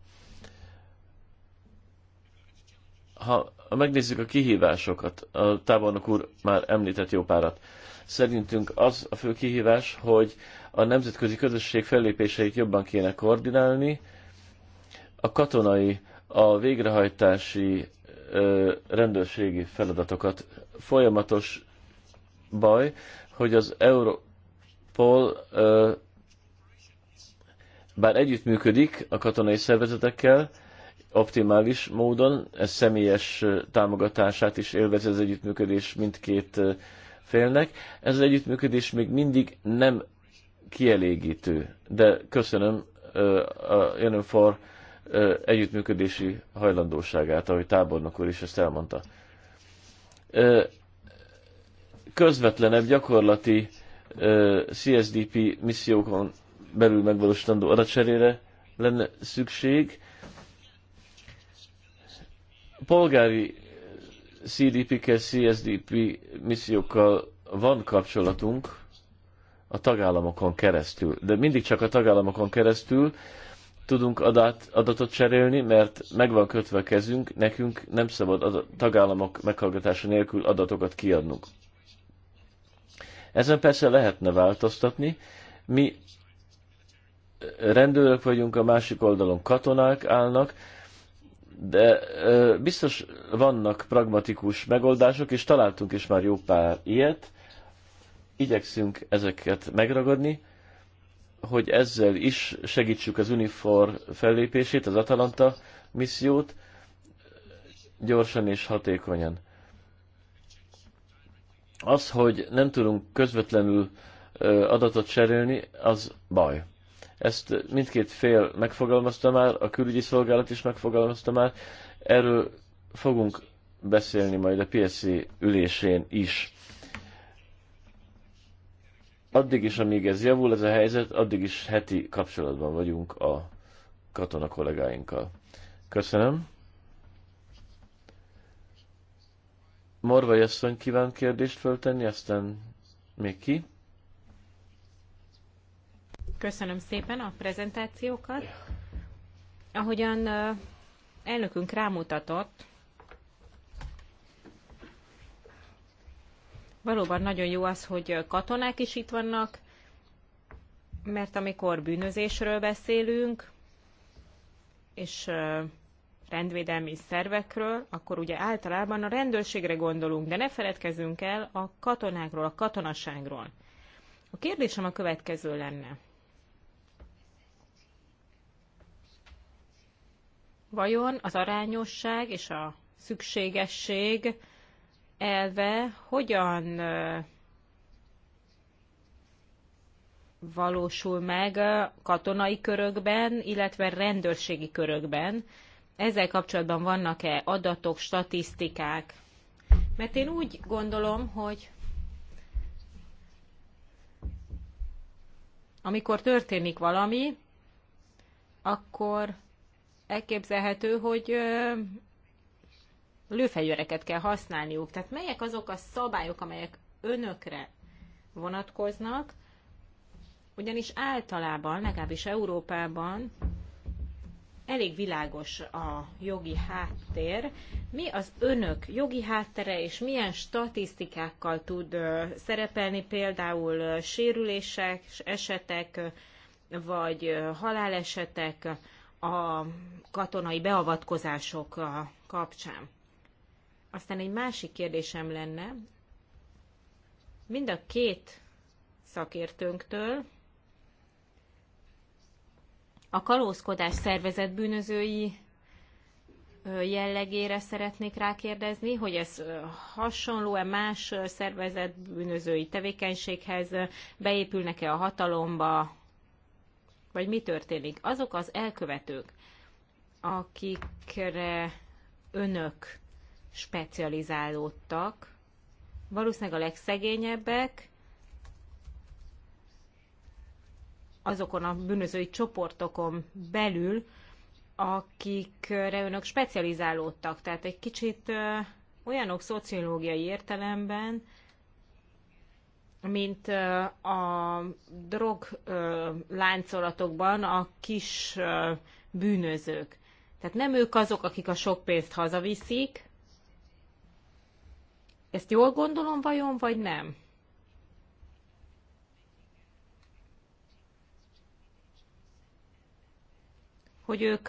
Ha megnézzük a kihívásokat, a tábornok úr már említett jó párat, szerintünk az a fő kihívás, hogy a nemzetközi közösség fellépéseit jobban kéne koordinálni, a katonai, a végrehajtási, rendőrségi feladatokat. Folyamatos baj, hogy az Europol bár együttműködik a katonai szervezetekkel, optimális módon, ez személyes támogatását is élvez az együttműködés mindkét félnek. Ez az együttműködés még mindig nem kielégítő, de köszönöm a for együttműködési hajlandóságát, ahogy tábornok úr is ezt elmondta. Közvetlenebb gyakorlati CSDP missziókon belül megvalósítandó adatcserére lenne szükség. Polgári CDP-kkel, CSDP missziókkal van kapcsolatunk a tagállamokon keresztül, de mindig csak a tagállamokon keresztül, tudunk adat, adatot cserélni, mert meg van kötve a kezünk, nekünk nem szabad a tagállamok meghallgatása nélkül adatokat kiadnunk. Ezen persze lehetne változtatni. Mi rendőrök vagyunk, a másik oldalon katonák állnak, de ö, biztos vannak pragmatikus megoldások, és találtunk is már jó pár ilyet. Igyekszünk ezeket megragadni hogy ezzel is segítsük az Unifor fellépését, az Atalanta missziót, gyorsan és hatékonyan. Az, hogy nem tudunk közvetlenül adatot cserélni, az baj. Ezt mindkét fél megfogalmazta már, a külügyi szolgálat is megfogalmazta már, erről fogunk beszélni majd a PSC ülésén is. Addig is, amíg ez javul ez a helyzet, addig is heti kapcsolatban vagyunk a katona kollégáinkkal. Köszönöm. Morvai asszony kíván kérdést föltenni, aztán még ki. Köszönöm szépen a prezentációkat. Ahogyan elnökünk rámutatott, Valóban nagyon jó az, hogy katonák is itt vannak, mert amikor bűnözésről beszélünk, és rendvédelmi szervekről, akkor ugye általában a rendőrségre gondolunk, de ne feledkezzünk el a katonákról, a katonaságról. A kérdésem a következő lenne. Vajon az arányosság és a szükségesség elve hogyan valósul meg katonai körökben, illetve rendőrségi körökben. Ezzel kapcsolatban vannak-e adatok, statisztikák? Mert én úgy gondolom, hogy amikor történik valami, akkor elképzelhető, hogy lőfegyvereket kell használniuk. Tehát melyek azok a szabályok, amelyek önökre vonatkoznak, ugyanis általában, legalábbis Európában elég világos a jogi háttér. Mi az önök jogi háttere, és milyen statisztikákkal tud szerepelni, például sérülések, esetek, vagy halálesetek a katonai beavatkozások kapcsán? Aztán egy másik kérdésem lenne, mind a két szakértőnktől a kalózkodás szervezet bűnözői jellegére szeretnék rákérdezni, hogy ez hasonló-e más szervezet bűnözői tevékenységhez, beépülnek-e a hatalomba, vagy mi történik? Azok az elkövetők, akikre önök specializálódtak. Valószínűleg a legszegényebbek azokon a bűnözői csoportokon belül, akikre önök specializálódtak. Tehát egy kicsit olyanok szociológiai értelemben, mint a drog láncolatokban a kis bűnözők. Tehát nem ők azok, akik a sok pénzt hazaviszik, ezt jól gondolom vajon, vagy nem? Hogy ők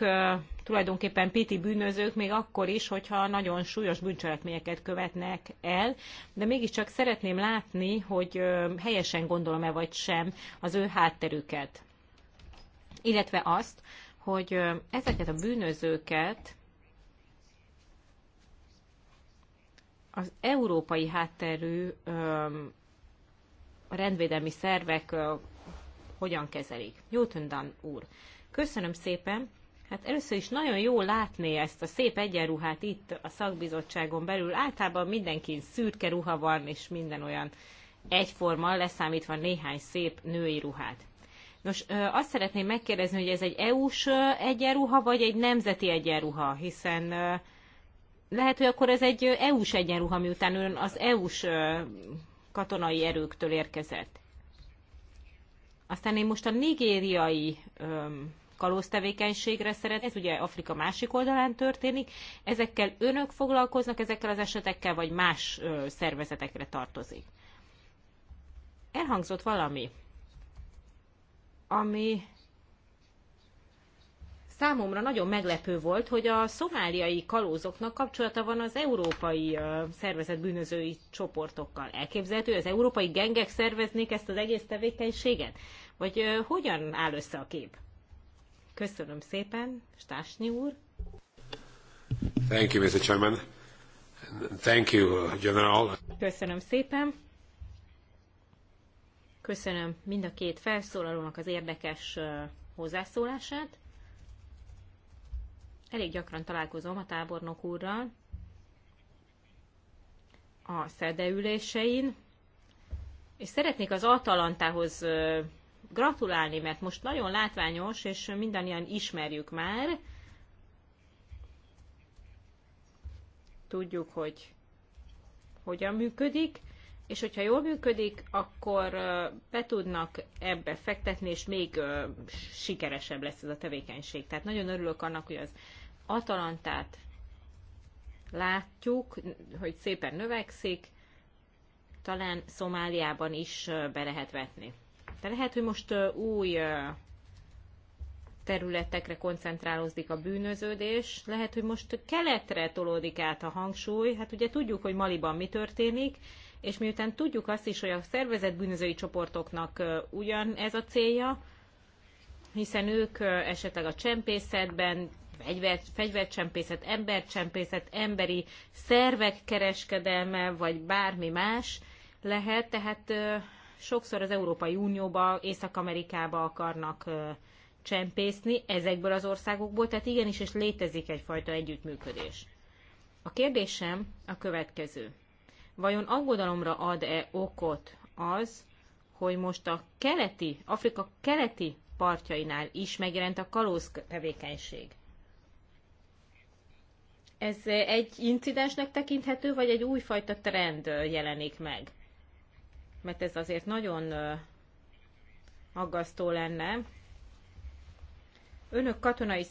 tulajdonképpen piti bűnözők, még akkor is, hogyha nagyon súlyos bűncselekményeket követnek el, de mégiscsak szeretném látni, hogy helyesen gondolom-e vagy sem az ő hátterüket. Illetve azt, hogy ezeket a bűnözőket az európai hátterű rendvédelmi szervek hogyan kezelik. Jótöndan úr, köszönöm szépen. Hát először is nagyon jó látni ezt a szép egyenruhát itt a szakbizottságon belül. Általában mindenki szürke ruha van, és minden olyan egyforma, leszámítva néhány szép női ruhát. Nos, azt szeretném megkérdezni, hogy ez egy EU-s egyenruha, vagy egy nemzeti egyenruha, hiszen lehet, hogy akkor ez egy EU-s egyenruha, miután ön az EU-s katonai erőktől érkezett. Aztán én most a nigériai kalóztevékenységre szeret, ez ugye Afrika másik oldalán történik, ezekkel önök foglalkoznak, ezekkel az esetekkel, vagy más szervezetekre tartozik. Elhangzott valami, ami Számomra nagyon meglepő volt, hogy a szomáliai kalózoknak kapcsolata van az európai szervezet bűnözői csoportokkal. Elképzelhető, az európai gengek szerveznék ezt az egész tevékenységet? Vagy hogyan áll össze a kép? Köszönöm szépen, Stásnyi úr. Thank you, Mr. Chairman. Thank you, General. Köszönöm szépen. Köszönöm mind a két felszólalónak az érdekes hozzászólását. Elég gyakran találkozom a tábornok úrral a szedeülésein, és szeretnék az Atalantához gratulálni, mert most nagyon látványos, és mindannyian ismerjük már. Tudjuk, hogy hogyan működik, és hogyha jól működik, akkor be tudnak ebbe fektetni, és még sikeresebb lesz ez a tevékenység. Tehát nagyon örülök annak, hogy az Atalantát látjuk, hogy szépen növekszik, talán Szomáliában is be lehet vetni. De lehet, hogy most új területekre koncentrálódik a bűnöződés, lehet, hogy most keletre tolódik át a hangsúly, hát ugye tudjuk, hogy Maliban mi történik, és miután tudjuk azt is, hogy a szervezett bűnözői csoportoknak ugyan ez a célja, hiszen ők esetleg a csempészetben, fegyver, fegyvercsempészet, embercsempészet, emberi szervek kereskedelme, vagy bármi más lehet, tehát sokszor az Európai Unióba, Észak-Amerikába akarnak csempészni ezekből az országokból, tehát igenis, és létezik egyfajta együttműködés. A kérdésem a következő. Vajon aggodalomra ad-e okot az, hogy most a keleti, Afrika keleti partjainál is megjelent a kalóz tevékenység? ez egy incidensnek tekinthető, vagy egy újfajta trend jelenik meg? Mert ez azért nagyon aggasztó lenne. Önök katonai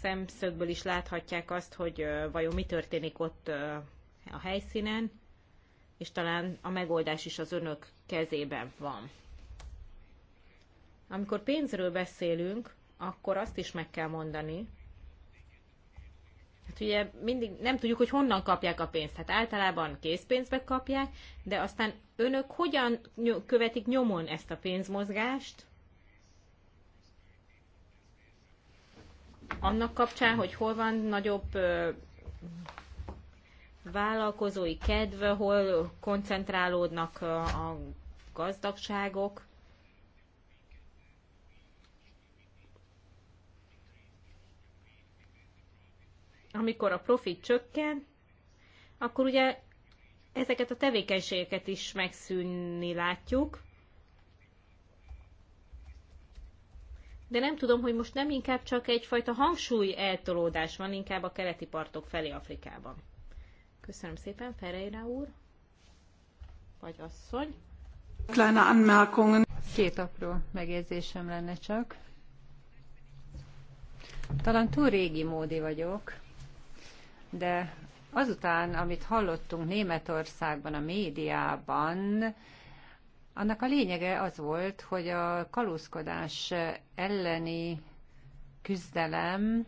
szemszögből is láthatják azt, hogy vajon mi történik ott a helyszínen, és talán a megoldás is az önök kezében van. Amikor pénzről beszélünk, akkor azt is meg kell mondani, Hát ugye mindig nem tudjuk, hogy honnan kapják a pénzt. Hát általában készpénzbe kapják, de aztán önök hogyan követik nyomon ezt a pénzmozgást? Annak kapcsán, hogy hol van nagyobb ö, vállalkozói kedve, hol koncentrálódnak a gazdagságok. amikor a profit csökken, akkor ugye ezeket a tevékenységeket is megszűnni látjuk. De nem tudom, hogy most nem inkább csak egyfajta hangsúly eltolódás van inkább a keleti partok felé Afrikában. Köszönöm szépen, Ferreira úr. Vagy asszony. Kleine Anmerkungen. Két apró megjegyzésem lenne csak. Talán túl régi módi vagyok, de azután, amit hallottunk Németországban, a médiában, annak a lényege az volt, hogy a kalózkodás elleni küzdelem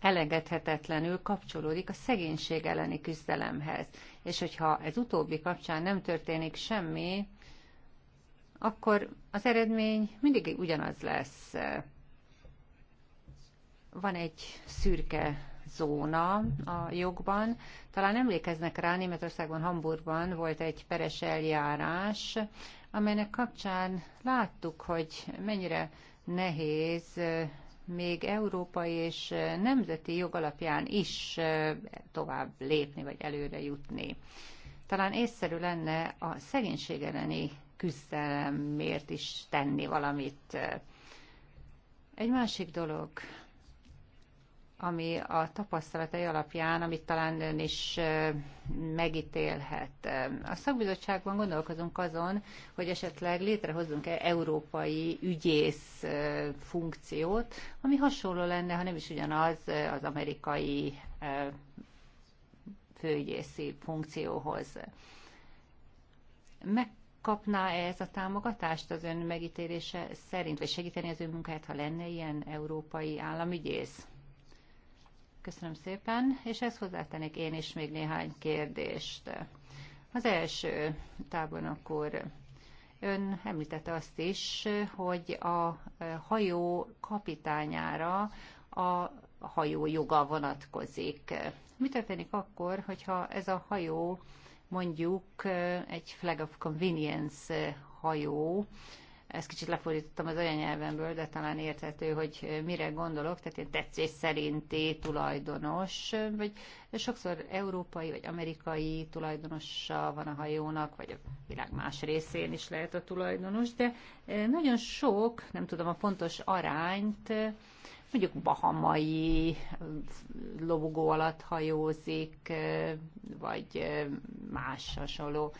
elengedhetetlenül kapcsolódik a szegénység elleni küzdelemhez. És hogyha ez utóbbi kapcsán nem történik semmi, akkor az eredmény mindig ugyanaz lesz. Van egy szürke zóna a jogban. Talán emlékeznek rá, Németországban, Hamburgban volt egy peres eljárás, amelynek kapcsán láttuk, hogy mennyire nehéz még európai és nemzeti jog alapján is tovább lépni vagy előre jutni. Talán észszerű lenne a szegénység elleni küzdelemért is tenni valamit. Egy másik dolog, ami a tapasztalatai alapján, amit talán ön is megítélhet. A szakbizottságban gondolkozunk azon, hogy esetleg létrehozzunk-e európai ügyész funkciót, ami hasonló lenne, ha nem is ugyanaz az amerikai főügyészi funkcióhoz. Megkapná-e ez a támogatást az ön megítélése szerint, vagy segíteni az ön munkáját, ha lenne ilyen európai államügyész? Köszönöm szépen, és ezt hozzátennék én is még néhány kérdést. Az első tábornok akkor ön említette azt is, hogy a eh, hajó kapitányára a hajó joga vonatkozik. Mi történik akkor, hogyha ez a hajó mondjuk eh, egy flag of convenience eh, hajó, ezt kicsit lefordítottam az anyanyelvemből, de talán érthető, hogy mire gondolok, tehát ilyen tetszés szerinti tulajdonos, vagy sokszor európai vagy amerikai tulajdonossa van a hajónak, vagy a világ más részén is lehet a tulajdonos, de eh, nagyon sok, nem tudom a pontos arányt, eh, mondjuk bahamai eh, lobogó alatt hajózik, vagy más hasonló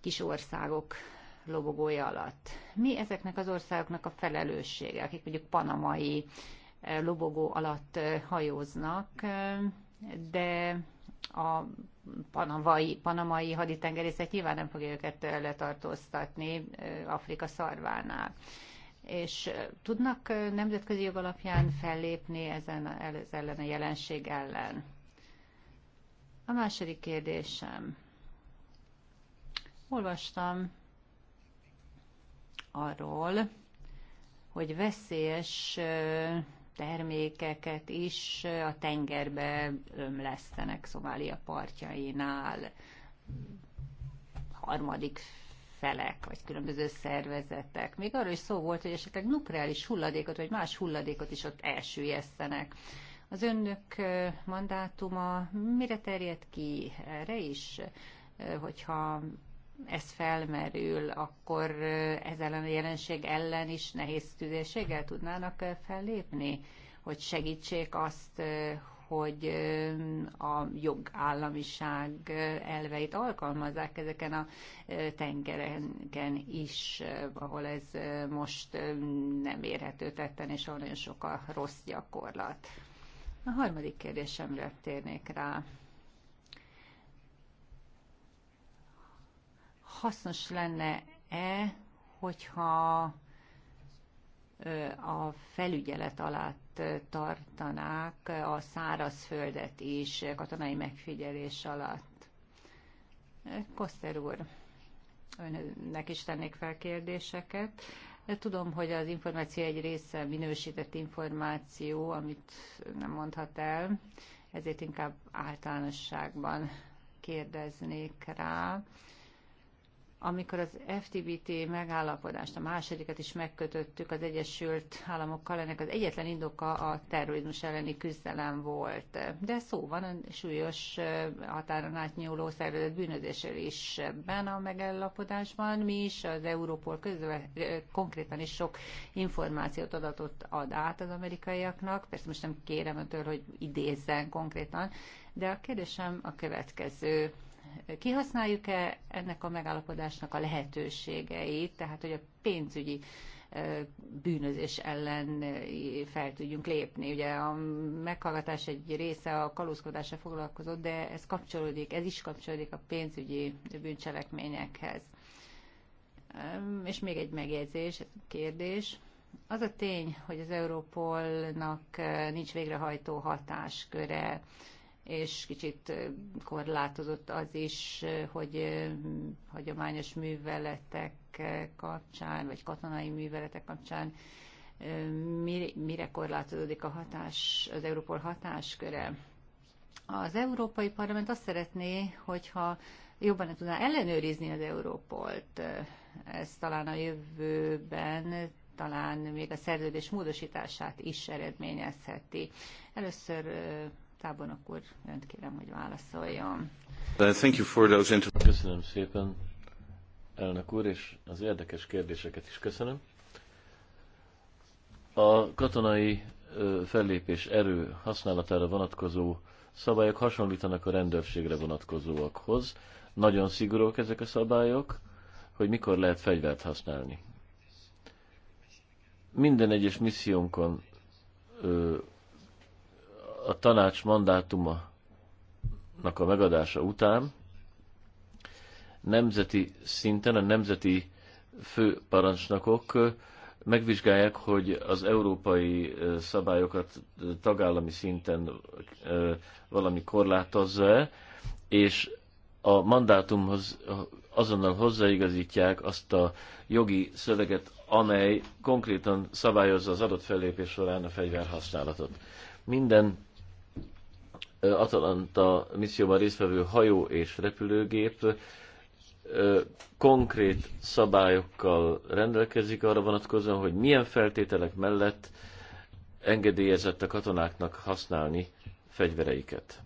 kis országok lobogója alatt. Mi ezeknek az országoknak a felelőssége, akik mondjuk panamai eh, lobogó alatt eh, hajóznak, eh, de a panamai, panamai haditengerészet nyilván nem fogja őket letartóztatni Afrika szarvánál. És tudnak nemzetközi jog alapján fellépni ezen, ez ellen a jelenség ellen? A második kérdésem. Olvastam arról, hogy veszélyes termékeket is a tengerbe ömlesztenek Szomália partjainál harmadik felek, vagy különböző szervezetek. Még arról is szó volt, hogy esetleg nukleáris hulladékot, vagy más hulladékot is ott elsüllyesztenek. Az önök mandátuma mire terjed ki erre is, hogyha ez felmerül, akkor ez ellen a jelenség ellen is nehéz tüzéséggel tudnának fellépni, hogy segítsék azt, hogy a jogállamiság elveit alkalmazzák ezeken a tengereken is, ahol ez most nem érhető tetten, és ahol nagyon sok a rossz gyakorlat. A harmadik kérdésemre térnék rá. hasznos lenne-e, hogyha a felügyelet alatt tartanák a szárazföldet is katonai megfigyelés alatt. Koszter úr, önnek is tennék fel kérdéseket. Tudom, hogy az információ egy része minősített információ, amit nem mondhat el, ezért inkább általánosságban kérdeznék rá amikor az FTBT megállapodást, a másodikat is megkötöttük az Egyesült Államokkal, ennek az egyetlen indoka a terrorizmus elleni küzdelem volt. De szó van a súlyos határon átnyúló szervezet bűnözésről is ebben a megállapodásban. Mi is az Európol közve konkrétan is sok információt, adatot ad át az amerikaiaknak. Persze most nem kérem öntől, hogy idézzen konkrétan, de a kérdésem a következő kihasználjuk-e ennek a megállapodásnak a lehetőségeit, tehát hogy a pénzügyi bűnözés ellen fel tudjunk lépni. Ugye a meghallgatás egy része a kalózkodásra foglalkozott, de ez kapcsolódik, ez is kapcsolódik a pénzügyi bűncselekményekhez. És még egy megjegyzés, kérdés. Az a tény, hogy az Európolnak nincs végrehajtó hatásköre, és kicsit korlátozott az is, hogy hagyományos műveletek kapcsán, vagy katonai műveletek kapcsán mire korlátozódik a hatás, az Európol hatásköre. Az Európai Parlament azt szeretné, hogyha jobban tudná ellenőrizni az Európolt. Ez talán a jövőben talán még a szerződés módosítását is eredményezheti. Először tábornok akkor önt kérem, hogy válaszoljon. Uh, thank you for those köszönöm szépen, elnök úr, és az érdekes kérdéseket is köszönöm. A katonai fellépés erő használatára vonatkozó szabályok hasonlítanak a rendőrségre vonatkozóakhoz. Nagyon szigorúak ezek a szabályok, hogy mikor lehet fegyvert használni. Minden egyes missziónkon a tanács mandátumának a megadása után nemzeti szinten a nemzeti főparancsnokok megvizsgálják, hogy az európai szabályokat tagállami szinten valami korlátozza-e, és a mandátumhoz azonnal hozzáigazítják azt a jogi szöveget, amely konkrétan szabályozza az adott fellépés során a fegyverhasználatot. Minden Atalanta misszióban résztvevő hajó és repülőgép konkrét szabályokkal rendelkezik arra vonatkozóan, hogy milyen feltételek mellett engedélyezett a katonáknak használni fegyvereiket.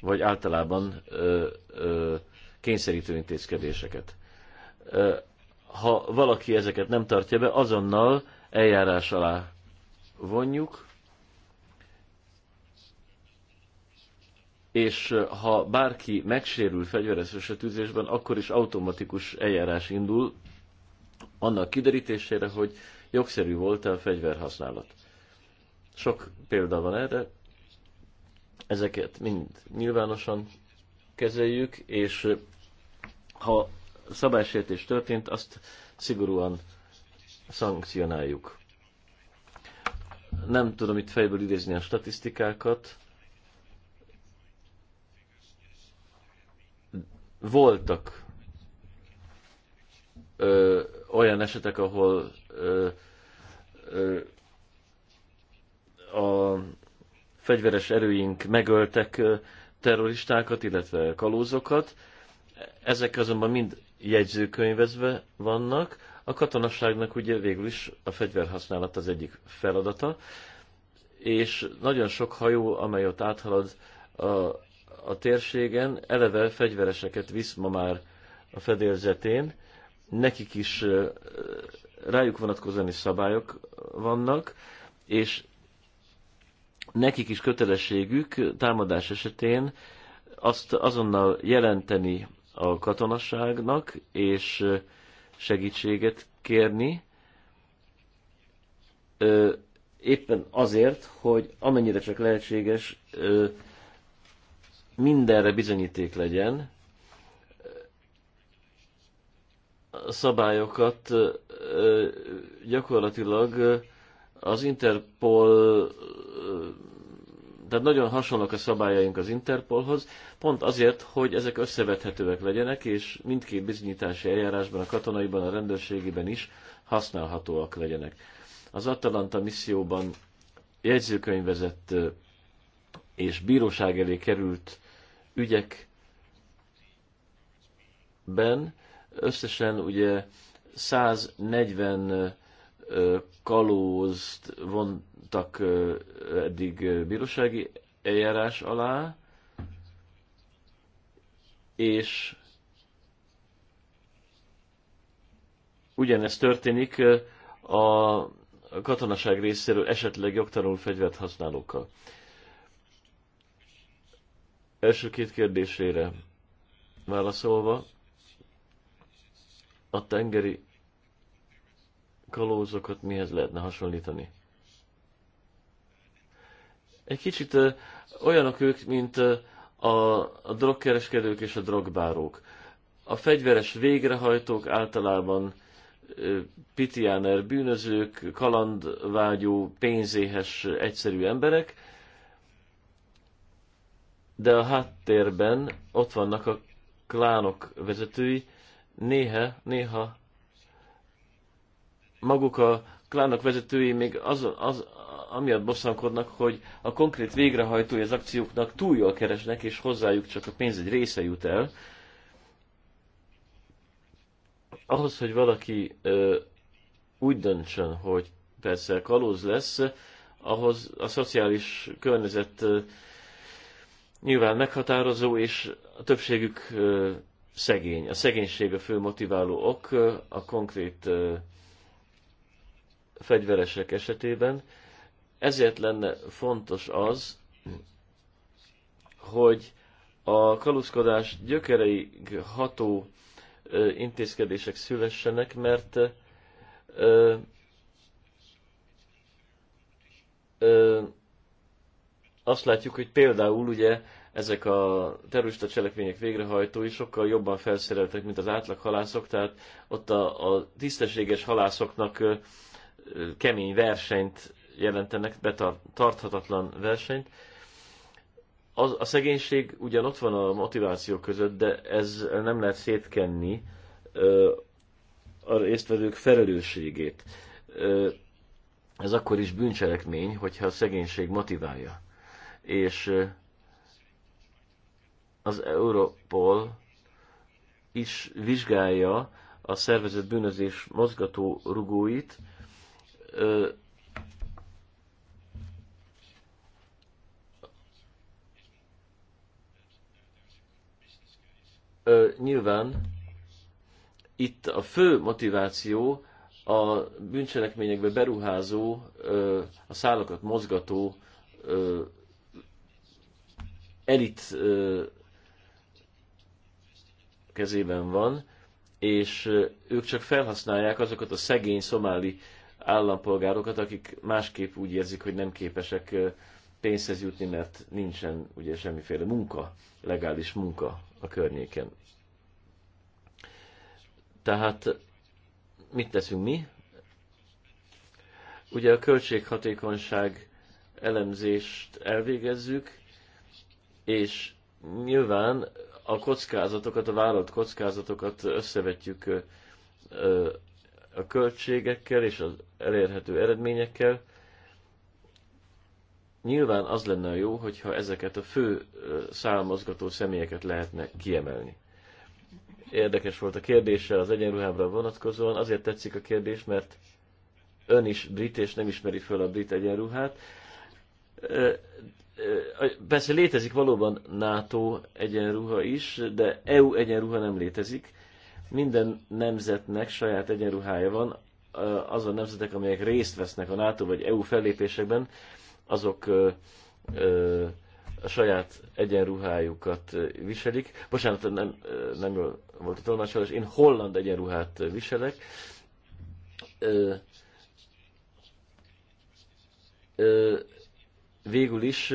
Vagy általában ö, ö, kényszerítő intézkedéseket. Ö, ha valaki ezeket nem tartja be, azonnal eljárás alá vonjuk, és ha bárki megsérül fegyveres összetűzésben, akkor is automatikus eljárás indul annak kiderítésére, hogy jogszerű volt-e a fegyverhasználat. Sok példa van erre, ezeket mind nyilvánosan kezeljük, és ha szabálysértés történt, azt szigorúan szankcionáljuk. Nem tudom itt fejből idézni a statisztikákat, voltak ö, olyan esetek, ahol ö, ö, a fegyveres erőink megöltek terroristákat, illetve kalózokat. Ezek azonban mind jegyzőkönyvezve vannak. A katonasságnak ugye végül is a fegyverhasználat az egyik feladata, és nagyon sok hajó, amely ott áthalad a a térségen eleve fegyvereseket visz ma már a fedélzetén, nekik is rájuk vonatkozóan is szabályok vannak, és nekik is kötelességük támadás esetén azt azonnal jelenteni a katonaságnak és segítséget kérni, éppen azért, hogy amennyire csak lehetséges, mindenre bizonyíték legyen, a szabályokat gyakorlatilag az Interpol, tehát nagyon hasonlók a szabályaink az Interpolhoz, pont azért, hogy ezek összevethetőek legyenek, és mindkét bizonyítási eljárásban, a katonaiban, a rendőrségiben is használhatóak legyenek. Az Atalanta misszióban jegyzőkönyvezett és bíróság elé került ügyekben. Összesen ugye 140 kalózt vontak eddig bírósági eljárás alá, és ugyanez történik a katonaság részéről esetleg jogtanul fegyvert használókkal. Első két kérdésére válaszolva, a tengeri kalózokat mihez lehetne hasonlítani? Egy kicsit ö, olyanok ők, mint ö, a, a drogkereskedők és a drogbárók. A fegyveres végrehajtók általában pitiáner bűnözők, kalandvágyó, pénzéhes, egyszerű emberek, de a háttérben ott vannak a klánok vezetői, néha, néha maguk a klánok vezetői még az, az, amiatt bosszankodnak, hogy a konkrét végrehajtói az akcióknak túl jól keresnek, és hozzájuk csak a pénz egy része jut el. Ahhoz, hogy valaki ö, úgy döntsön, hogy persze kalóz lesz, ahhoz a szociális környezet nyilván meghatározó, és a többségük szegény. A szegénység a fő motiváló ok a konkrét fegyveresek esetében. Ezért lenne fontos az, hogy a kaluszkodás gyökereig ható intézkedések szülessenek, mert ö, ö, azt látjuk, hogy például ugye ezek a terrorista cselekmények végrehajtói sokkal jobban felszereltek, mint az átlag halászok, tehát ott a, a tisztességes halászoknak kemény versenyt jelentenek, betarthatatlan versenyt. Az, a szegénység ugyan ott van a motiváció között, de ez nem lehet szétkenni ö, a résztvevők felelősségét. Ö, ez akkor is bűncselekmény, hogyha a szegénység motiválja és az Europol is vizsgálja a szervezett bűnözés mozgató rugóit, Ö, nyilván itt a fő motiváció a bűncselekményekbe beruházó, ö, a szálakat mozgató ö, elit kezében van, és ők csak felhasználják azokat a szegény szomáli állampolgárokat, akik másképp úgy érzik, hogy nem képesek pénzhez jutni, mert nincsen ugye semmiféle munka, legális munka a környéken. Tehát mit teszünk mi? Ugye a költséghatékonyság elemzést elvégezzük, és nyilván a kockázatokat, a vállalt kockázatokat összevetjük a költségekkel és az elérhető eredményekkel. Nyilván az lenne a jó, hogyha ezeket a fő számozgató személyeket lehetne kiemelni. Érdekes volt a kérdése az egyenruhámra vonatkozóan. Azért tetszik a kérdés, mert ön is brit, és nem ismeri föl a brit egyenruhát persze létezik valóban NATO egyenruha is, de EU egyenruha nem létezik. Minden nemzetnek saját egyenruhája van. a nemzetek, amelyek részt vesznek a NATO vagy EU fellépésekben, azok ö, ö, a saját egyenruhájukat viselik. Bocsánat, nem, nem volt a tolmácsolás, én holland egyenruhát viselek. Ö, ö, végül is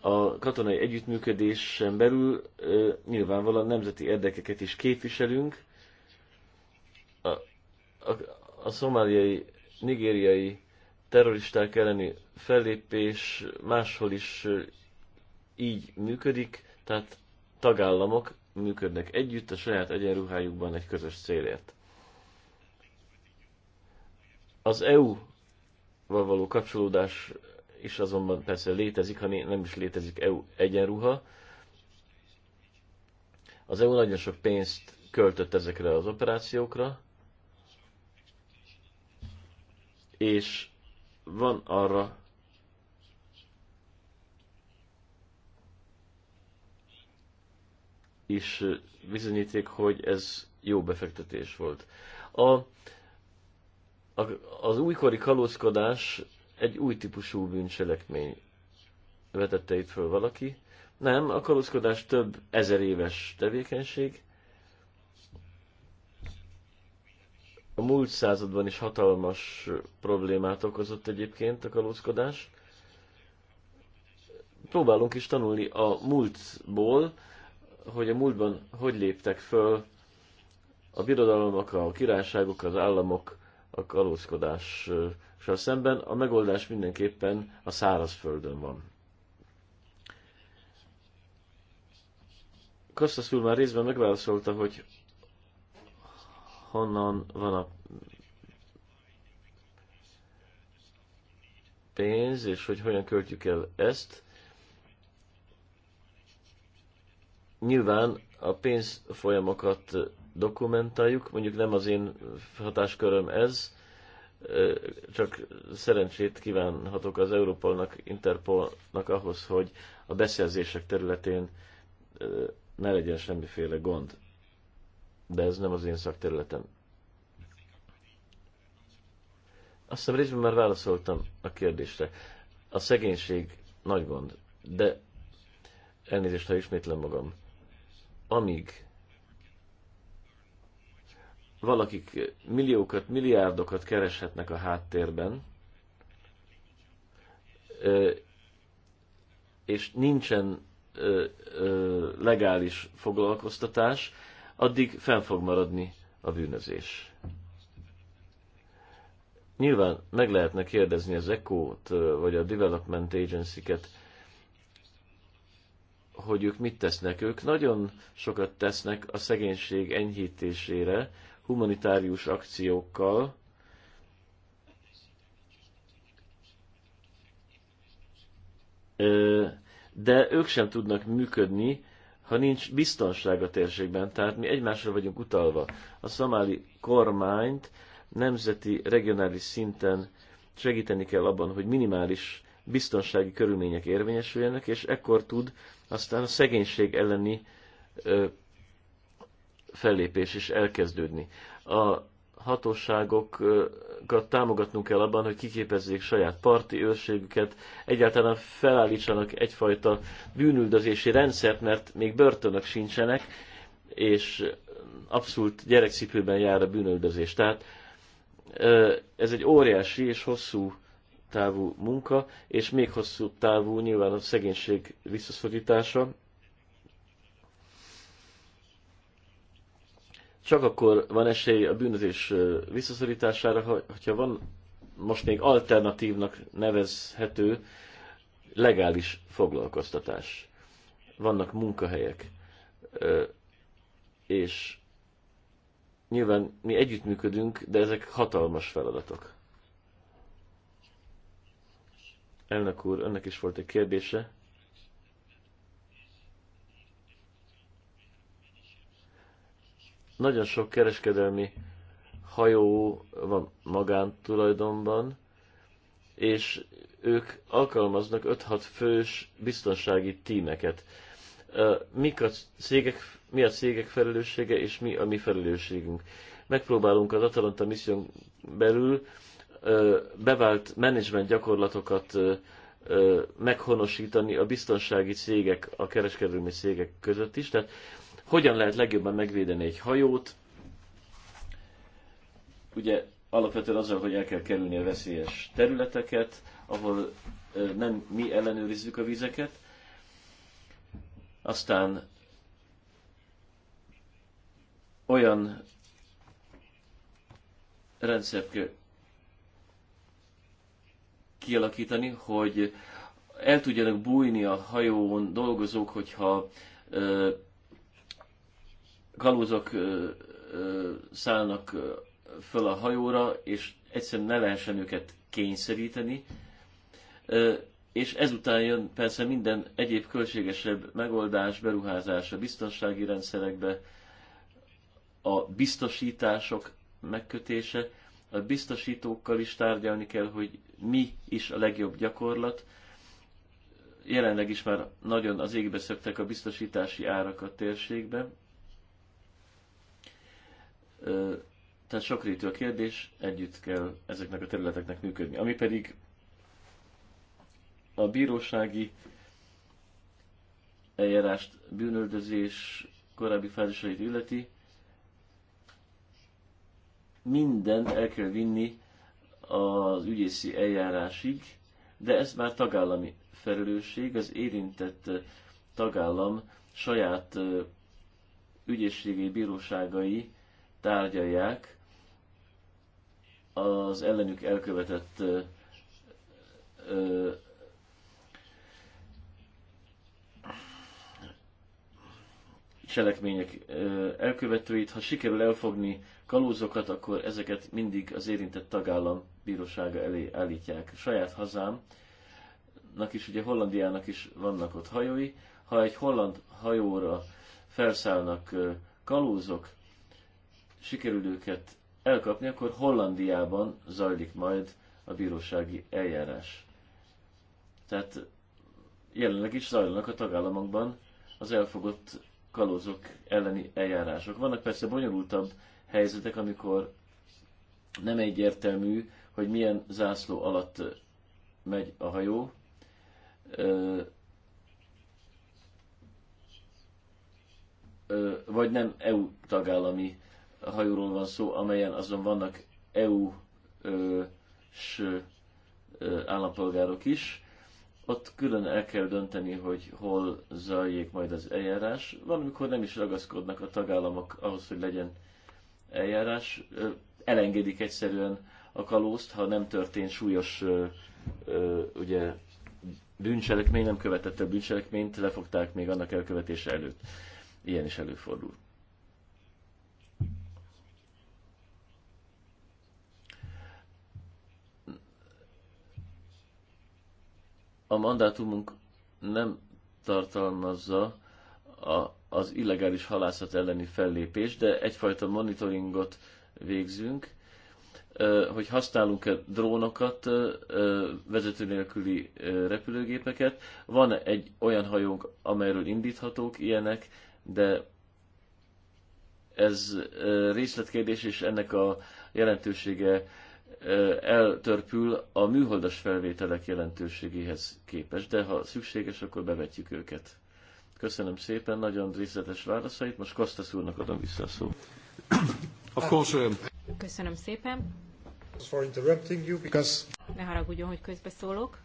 a katonai együttműködésen belül nyilvánvalóan nemzeti érdekeket is képviselünk. A, a, a szomáliai, nigériai terroristák elleni fellépés máshol is így működik, tehát tagállamok működnek együtt a saját egyenruhájukban egy közös célért. Az EU-val való kapcsolódás is azonban persze létezik, ha nem is létezik EU egyenruha. Az EU nagyon sok pénzt költött ezekre az operációkra, és van arra is bizonyíték, hogy ez jó befektetés volt. A, a, az újkori kalózkodás egy új típusú bűncselekmény vetette itt föl valaki. Nem, a kalózkodás több ezer éves tevékenység. A múlt században is hatalmas problémát okozott egyébként a kalózkodás. Próbálunk is tanulni a múltból, hogy a múltban hogy léptek föl a birodalomok, a királyságok, az államok a kalózkodás szemben a megoldás mindenképpen a szárazföldön van. Kostas úr már részben megválaszolta, hogy honnan van a pénz, és hogy hogyan költjük el ezt. Nyilván a pénzfolyamokat dokumentáljuk, mondjuk nem az én hatásköröm ez, csak szerencsét kívánhatok az Európolnak, Interpolnak ahhoz, hogy a beszerzések területén ne legyen semmiféle gond. De ez nem az én szakterületem. Azt hiszem részben már válaszoltam a kérdésre. A szegénység nagy gond, de elnézést, ha ismétlem magam. Amíg valakik milliókat, milliárdokat kereshetnek a háttérben, és nincsen legális foglalkoztatás, addig fenn fog maradni a bűnözés. Nyilván meg lehetne kérdezni az ECO-t, vagy a Development Agency-ket, hogy ők mit tesznek. Ők nagyon sokat tesznek a szegénység enyhítésére, humanitárius akciókkal, de ők sem tudnak működni, ha nincs biztonság a térségben, tehát mi egymásra vagyunk utalva. A szamáli kormányt nemzeti, regionális szinten segíteni kell abban, hogy minimális biztonsági körülmények érvényesüljenek, és ekkor tud aztán a szegénység elleni fellépés is elkezdődni. A hatóságokat támogatnunk kell abban, hogy kiképezzék saját parti őrségüket, egyáltalán felállítsanak egyfajta bűnüldözési rendszert, mert még börtönök sincsenek, és abszolút gyerekcipőben jár a bűnöldözés. Tehát ez egy óriási és hosszú távú munka, és még hosszú távú nyilván a szegénység visszaszorítása, Csak akkor van esély a bűnözés visszaszorítására, hogyha van most még alternatívnak nevezhető legális foglalkoztatás. Vannak munkahelyek, és nyilván mi együttműködünk, de ezek hatalmas feladatok. Elnök úr, önnek is volt egy kérdése. Nagyon sok kereskedelmi hajó van magántulajdonban, és ők alkalmaznak 5-6 fős biztonsági tímeket. Mik a cégek, mi a cégek felelőssége, és mi a mi felelősségünk? Megpróbálunk az Atalanta misszión belül bevált menedzsment gyakorlatokat meghonosítani a biztonsági cégek, a kereskedelmi cégek között is. Tehát hogyan lehet legjobban megvédeni egy hajót. Ugye alapvetően azzal, hogy el kell kerülni a veszélyes területeket, ahol nem mi ellenőrizzük a vizeket. Aztán olyan rendszert kell kialakítani, hogy el tudjanak bújni a hajón dolgozók, hogyha kalózok szállnak föl a hajóra, és egyszerűen ne lehessen őket kényszeríteni. És ezután jön persze minden egyéb költségesebb megoldás, beruházás a biztonsági rendszerekbe, a biztosítások megkötése. A biztosítókkal is tárgyalni kell, hogy mi is a legjobb gyakorlat. Jelenleg is már nagyon az égbe szöktek a biztosítási árak a térségben, tehát sokrétű a kérdés, együtt kell ezeknek a területeknek működni. Ami pedig a bírósági eljárást bűnöldözés korábbi fázisait illeti, minden el kell vinni az ügyészi eljárásig, de ez már tagállami felelősség, az érintett tagállam saját ügyészségei, bíróságai tárgyalják az ellenük elkövetett ö, ö, cselekmények ö, elkövetőit. Ha sikerül elfogni kalózokat, akkor ezeket mindig az érintett tagállam bírósága elé állítják. Saját hazámnak is, ugye Hollandiának is vannak ott hajói. Ha egy holland hajóra felszállnak kalózok, sikerül őket elkapni, akkor Hollandiában zajlik majd a bírósági eljárás. Tehát jelenleg is zajlanak a tagállamokban az elfogott kalózok elleni eljárások. Vannak persze bonyolultabb helyzetek, amikor nem egyértelmű, hogy milyen zászló alatt megy a hajó. vagy nem EU tagállami hajóról van szó, amelyen azon vannak EU-s állampolgárok is. Ott külön el kell dönteni, hogy hol zajlik majd az eljárás. Van amikor nem is ragaszkodnak a tagállamok ahhoz, hogy legyen eljárás. Elengedik egyszerűen a kalózt, ha nem történt súlyos ugye, bűncselekmény, nem követett el bűncselekményt, lefogták még annak elkövetése előtt. Ilyen is előfordul. a mandátumunk nem tartalmazza a, az illegális halászat elleni fellépést, de egyfajta monitoringot végzünk, hogy használunk-e drónokat, vezető nélküli repülőgépeket. Van egy olyan hajónk, amelyről indíthatók ilyenek, de ez részletkérdés, és ennek a jelentősége eltörpül a műholdas felvételek jelentőségéhez képest, de ha szükséges, akkor bevetjük őket. Köszönöm szépen, nagyon részletes válaszait, most Kostas úrnak adom vissza a szót. Of course. Köszönöm szépen. Ne haragudjon, hogy közbeszólok.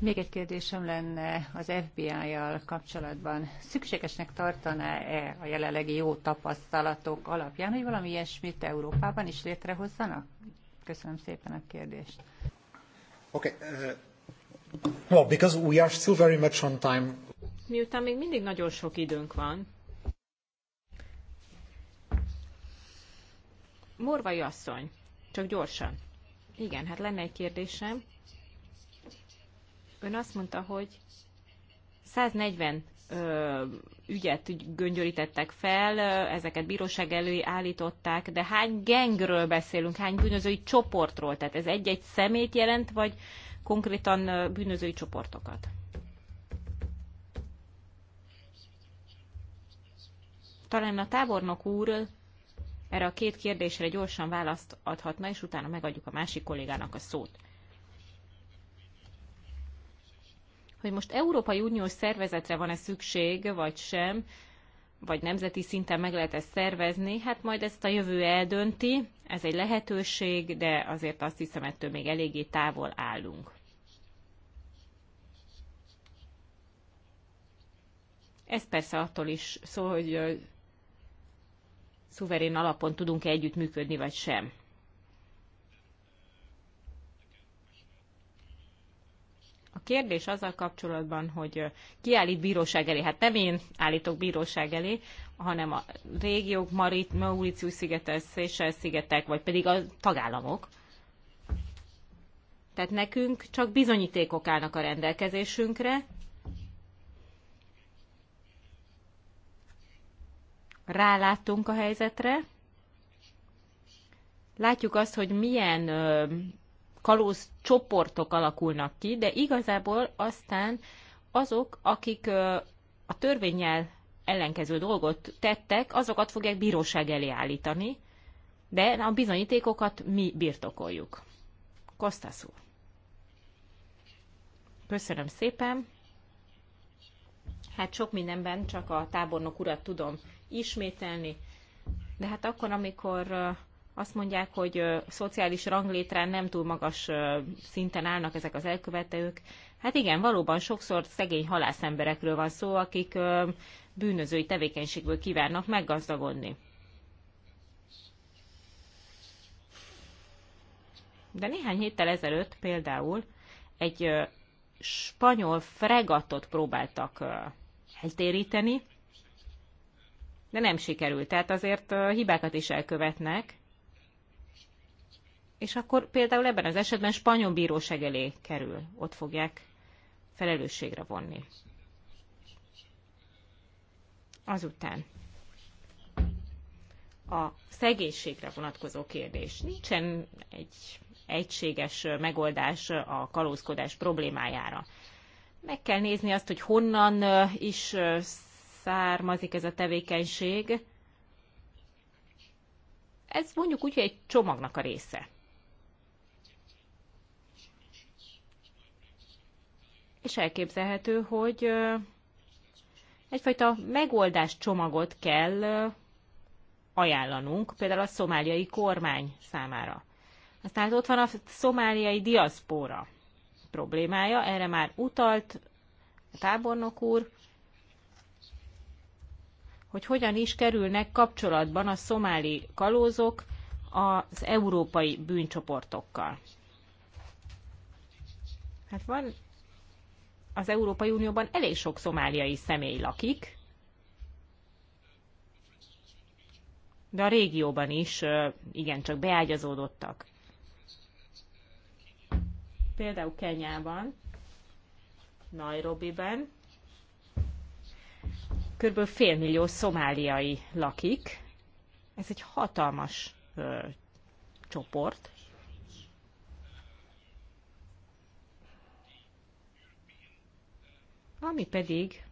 Még egy kérdésem lenne az FBI-jal kapcsolatban. Szükségesnek tartaná-e a jelenlegi jó tapasztalatok alapján, hogy valami ilyesmit Európában is létrehozzanak? Köszönöm szépen a kérdést. Okay, uh... Well, because we are still very much on time. Miután még mindig nagyon sok időnk van. Morvai asszony, csak gyorsan. Igen, hát lenne egy kérdésem. Ön azt mondta, hogy 140 ö, ügyet göngyörítettek fel, ezeket bíróság elő állították, de hány gengről beszélünk, hány bűnözői csoportról? Tehát ez egy-egy szemét jelent, vagy konkrétan bűnözői csoportokat? Talán a tábornok úr erre a két kérdésre gyorsan választ adhatna, és utána megadjuk a másik kollégának a szót. hogy most Európai Uniós szervezetre van-e szükség, vagy sem, vagy nemzeti szinten meg lehet ezt szervezni, hát majd ezt a jövő eldönti, ez egy lehetőség, de azért azt hiszem, ettől még eléggé távol állunk. Ez persze attól is szól, hogy szuverén alapon tudunk-e együttműködni, vagy sem. kérdés azzal kapcsolatban, hogy ki állít bíróság elé? Hát nem én állítok bíróság elé, hanem a régiók, Marit, Mauritius szigetek, Seychelles szigetek, vagy pedig a tagállamok. Tehát nekünk csak bizonyítékok állnak a rendelkezésünkre, ráláttunk a helyzetre, látjuk azt, hogy milyen kalóz csoportok alakulnak ki, de igazából aztán azok, akik a törvényel ellenkező dolgot tettek, azokat fogják bíróság elé állítani, de a bizonyítékokat mi birtokoljuk. Kostaszú. Köszönöm szépen. Hát sok mindenben csak a tábornok urat tudom ismételni, de hát akkor, amikor azt mondják, hogy szociális ranglétrán nem túl magas szinten állnak ezek az elkövetők. Hát igen, valóban sokszor szegény halászemberekről van szó, akik bűnözői tevékenységből kívánnak meggazdagodni. De néhány héttel ezelőtt például egy spanyol fregatot próbáltak eltéríteni, de nem sikerült. Tehát azért hibákat is elkövetnek és akkor például ebben az esetben spanyol bíróság elé kerül. Ott fogják felelősségre vonni. Azután a szegénységre vonatkozó kérdés. Nincsen egy egységes megoldás a kalózkodás problémájára. Meg kell nézni azt, hogy honnan is származik ez a tevékenység. Ez mondjuk úgy, hogy egy csomagnak a része. és elképzelhető, hogy egyfajta megoldás csomagot kell ajánlanunk, például a szomáliai kormány számára. Aztán hát ott van a szomáliai diaszpóra problémája, erre már utalt a tábornok úr, hogy hogyan is kerülnek kapcsolatban a szomáli kalózok az európai bűncsoportokkal. Hát van az Európai Unióban elég sok szomáliai személy lakik, de a régióban is igencsak beágyazódottak. Például Kenyában, Nairobiben kb. félmillió szomáliai lakik. Ez egy hatalmas ö, csoport. Ami pedig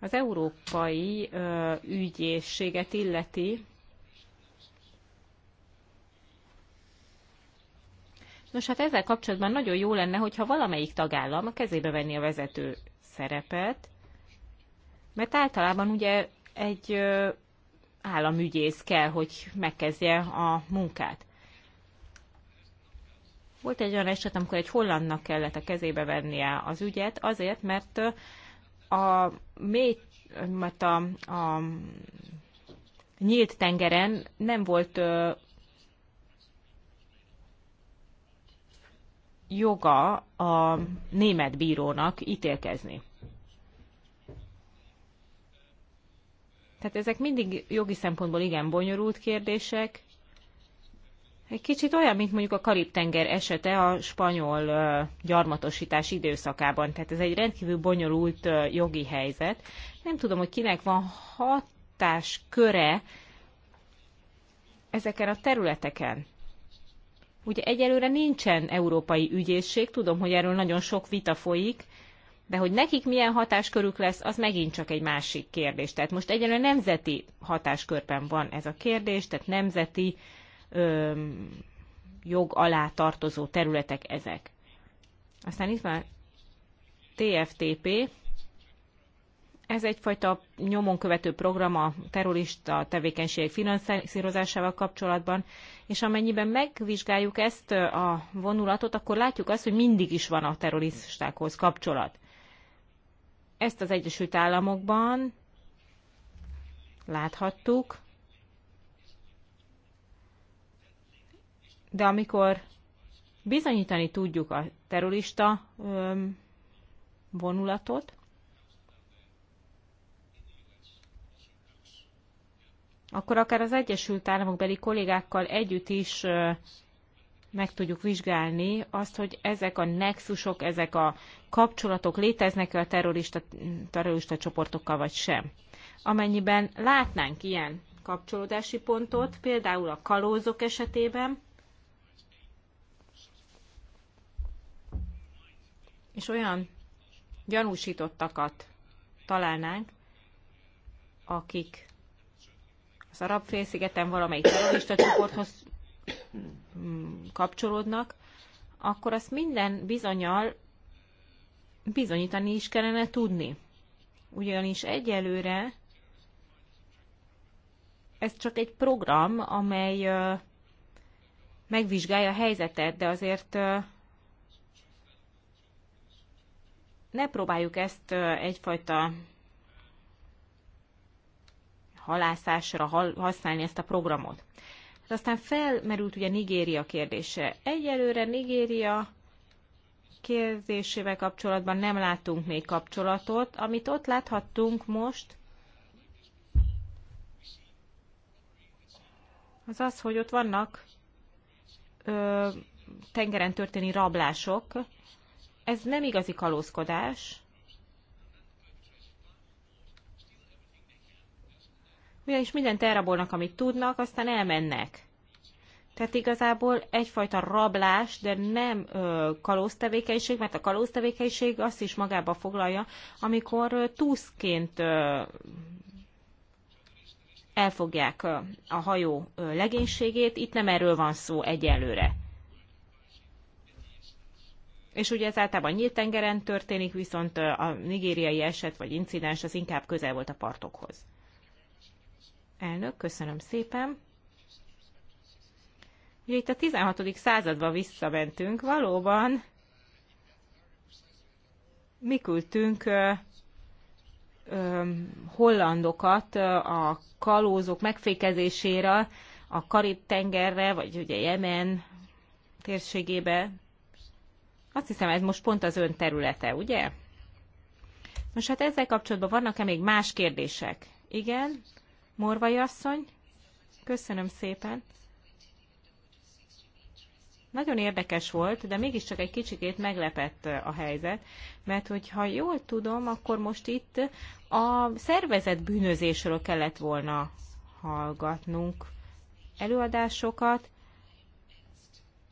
az európai ö, ügyészséget illeti, Nos, hát ezzel kapcsolatban nagyon jó lenne, hogyha valamelyik tagállam a kezébe venni a vezető szerepet, mert általában ugye egy államügyész kell, hogy megkezdje a munkát. Volt egy olyan eset, amikor egy hollandnak kellett a kezébe vennie az ügyet, azért, mert a mély, mert a, a nyílt tengeren nem volt ö, joga a német bírónak ítélkezni. Tehát ezek mindig jogi szempontból igen bonyolult kérdések, egy kicsit olyan, mint mondjuk a Karib-tenger esete a spanyol gyarmatosítás időszakában. Tehát ez egy rendkívül bonyolult jogi helyzet. Nem tudom, hogy kinek van hatásköre ezeken a területeken. Ugye egyelőre nincsen európai ügyészség, tudom, hogy erről nagyon sok vita folyik, de hogy nekik milyen hatáskörük lesz, az megint csak egy másik kérdés. Tehát most egyelőre nemzeti hatáskörben van ez a kérdés, tehát nemzeti uh, jog alá tartozó területek ezek. Aztán itt van TFTP, ez egyfajta nyomon követő program a terrorista tevékenység finanszírozásával kapcsolatban, és amennyiben megvizsgáljuk ezt a vonulatot, akkor látjuk azt, hogy mindig is van a terroristákhoz kapcsolat. Ezt az Egyesült Államokban láthattuk, de amikor bizonyítani tudjuk a terrorista vonulatot, akkor akár az Egyesült Államok beli kollégákkal együtt is meg tudjuk vizsgálni azt, hogy ezek a nexusok, ezek a kapcsolatok léteznek-e a terrorista, terrorista csoportokkal, vagy sem. Amennyiben látnánk ilyen kapcsolódási pontot, például a kalózok esetében, és olyan gyanúsítottakat találnánk, akik az arab félszigeten valamelyik terrorista csoporthoz kapcsolódnak, akkor azt minden bizonyal bizonyítani is kellene tudni. Ugyanis egyelőre ez csak egy program, amely megvizsgálja a helyzetet, de azért ne próbáljuk ezt egyfajta halászásra használni ezt a programot. Hát aztán felmerült ugye Nigéria kérdése. Egyelőre Nigéria kérdésével kapcsolatban nem látunk még kapcsolatot. Amit ott láthattunk most, az az, hogy ott vannak ö, tengeren történi rablások, ez nem igazi kalózkodás, ugyanis mindent elrabolnak, amit tudnak, aztán elmennek. Tehát igazából egyfajta rablás, de nem ö, kalóztevékenység, mert a kalóztevékenység azt is magába foglalja, amikor ö, túszként ö, elfogják ö, a hajó ö, legénységét. Itt nem erről van szó egyelőre és ugye ez általában nyílt tengeren történik, viszont a nigériai eset vagy incidens az inkább közel volt a partokhoz. Elnök, köszönöm szépen. Ugye itt a 16. századba visszamentünk, valóban mi küldtünk ö, ö, hollandokat a kalózok megfékezésére a Karib-tengerre, vagy ugye Jemen térségébe, azt hiszem, ez most pont az ön területe, ugye? Most hát ezzel kapcsolatban vannak-e még más kérdések? Igen, Morvai asszony, köszönöm szépen. Nagyon érdekes volt, de mégiscsak egy kicsikét meglepett a helyzet, mert hogyha jól tudom, akkor most itt a szervezet bűnözésről kellett volna hallgatnunk előadásokat,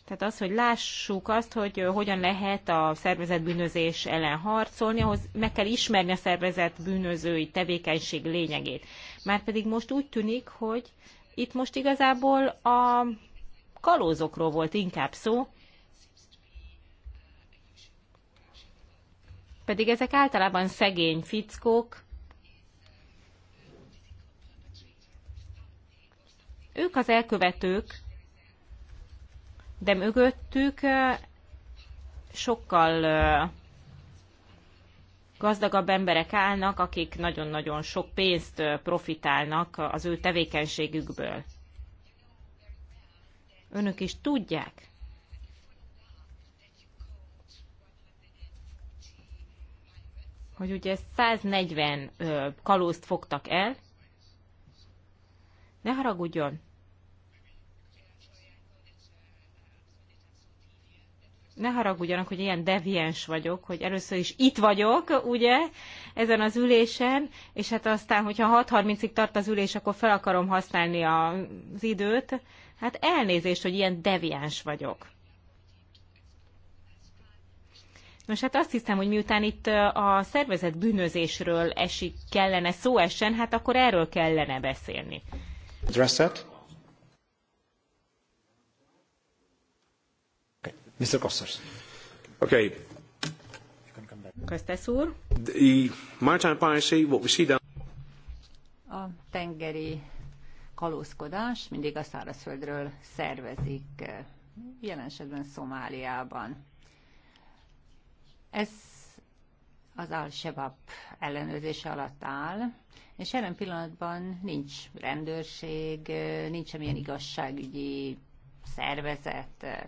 tehát az, hogy lássuk azt, hogy hogyan lehet a szervezet bűnözés ellen harcolni, ahhoz meg kell ismerni a szervezet bűnözői tevékenység lényegét. Márpedig most úgy tűnik, hogy itt most igazából a kalózokról volt inkább szó, pedig ezek általában szegény fickók, ők az elkövetők, de mögöttük sokkal gazdagabb emberek állnak, akik nagyon-nagyon sok pénzt profitálnak az ő tevékenységükből. Önök is tudják, hogy ugye 140 kalózt fogtak el. Ne haragudjon, ne haragudjanak, hogy ilyen deviens vagyok, hogy először is itt vagyok, ugye, ezen az ülésen, és hát aztán, hogyha 6.30-ig tart az ülés, akkor fel akarom használni az időt. Hát elnézést, hogy ilyen deviáns vagyok. Nos, hát azt hiszem, hogy miután itt a szervezet bűnözésről esik, kellene szó essen, hát akkor erről kellene beszélni. Address Mr. Costas. Okay. Kostas úr. The maritime piracy, what we see down... A tengeri kalózkodás mindig a szárazföldről szervezik, eh, jelen esetben Szomáliában. Ez az al ellenőrzése alatt áll, és jelen pillanatban nincs rendőrség, eh, nincs semmilyen igazságügyi szervezet. Eh,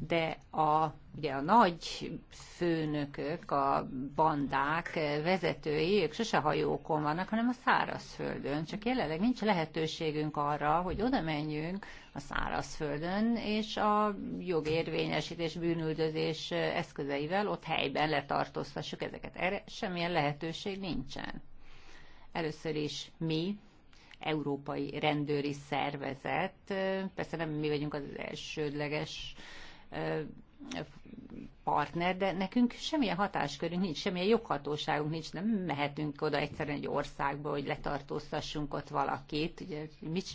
de a, ugye a nagy főnökök, a bandák vezetői, ők sose hajókon vannak, hanem a szárazföldön. Csak jelenleg nincs lehetőségünk arra, hogy oda menjünk a szárazföldön, és a jogérvényesítés, bűnüldözés eszközeivel ott helyben letartóztassuk ezeket. Erre semmilyen lehetőség nincsen. Először is mi, európai rendőri szervezet. Persze nem mi vagyunk az elsődleges partner, de nekünk semmilyen hatáskörünk nincs, semmilyen joghatóságunk nincs, nem mehetünk oda egyszerűen egy országba, hogy letartóztassunk ott valakit. Ugye, mit,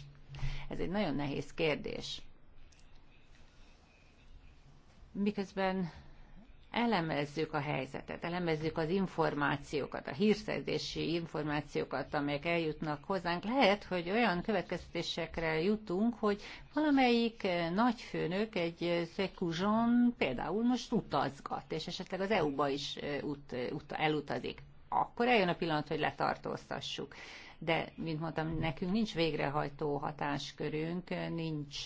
ez egy nagyon nehéz kérdés. Miközben elemezzük a helyzetet, elemezzük az információkat, a hírszerzési információkat, amelyek eljutnak hozzánk, lehet, hogy olyan következtetésekre jutunk, hogy valamelyik nagyfőnök egy Szekuzson például most utazgat, és esetleg az EU-ba is ut, ut, elutazik. Akkor eljön a pillanat, hogy letartóztassuk de, mint mondtam, nekünk nincs végrehajtó hatáskörünk, nincs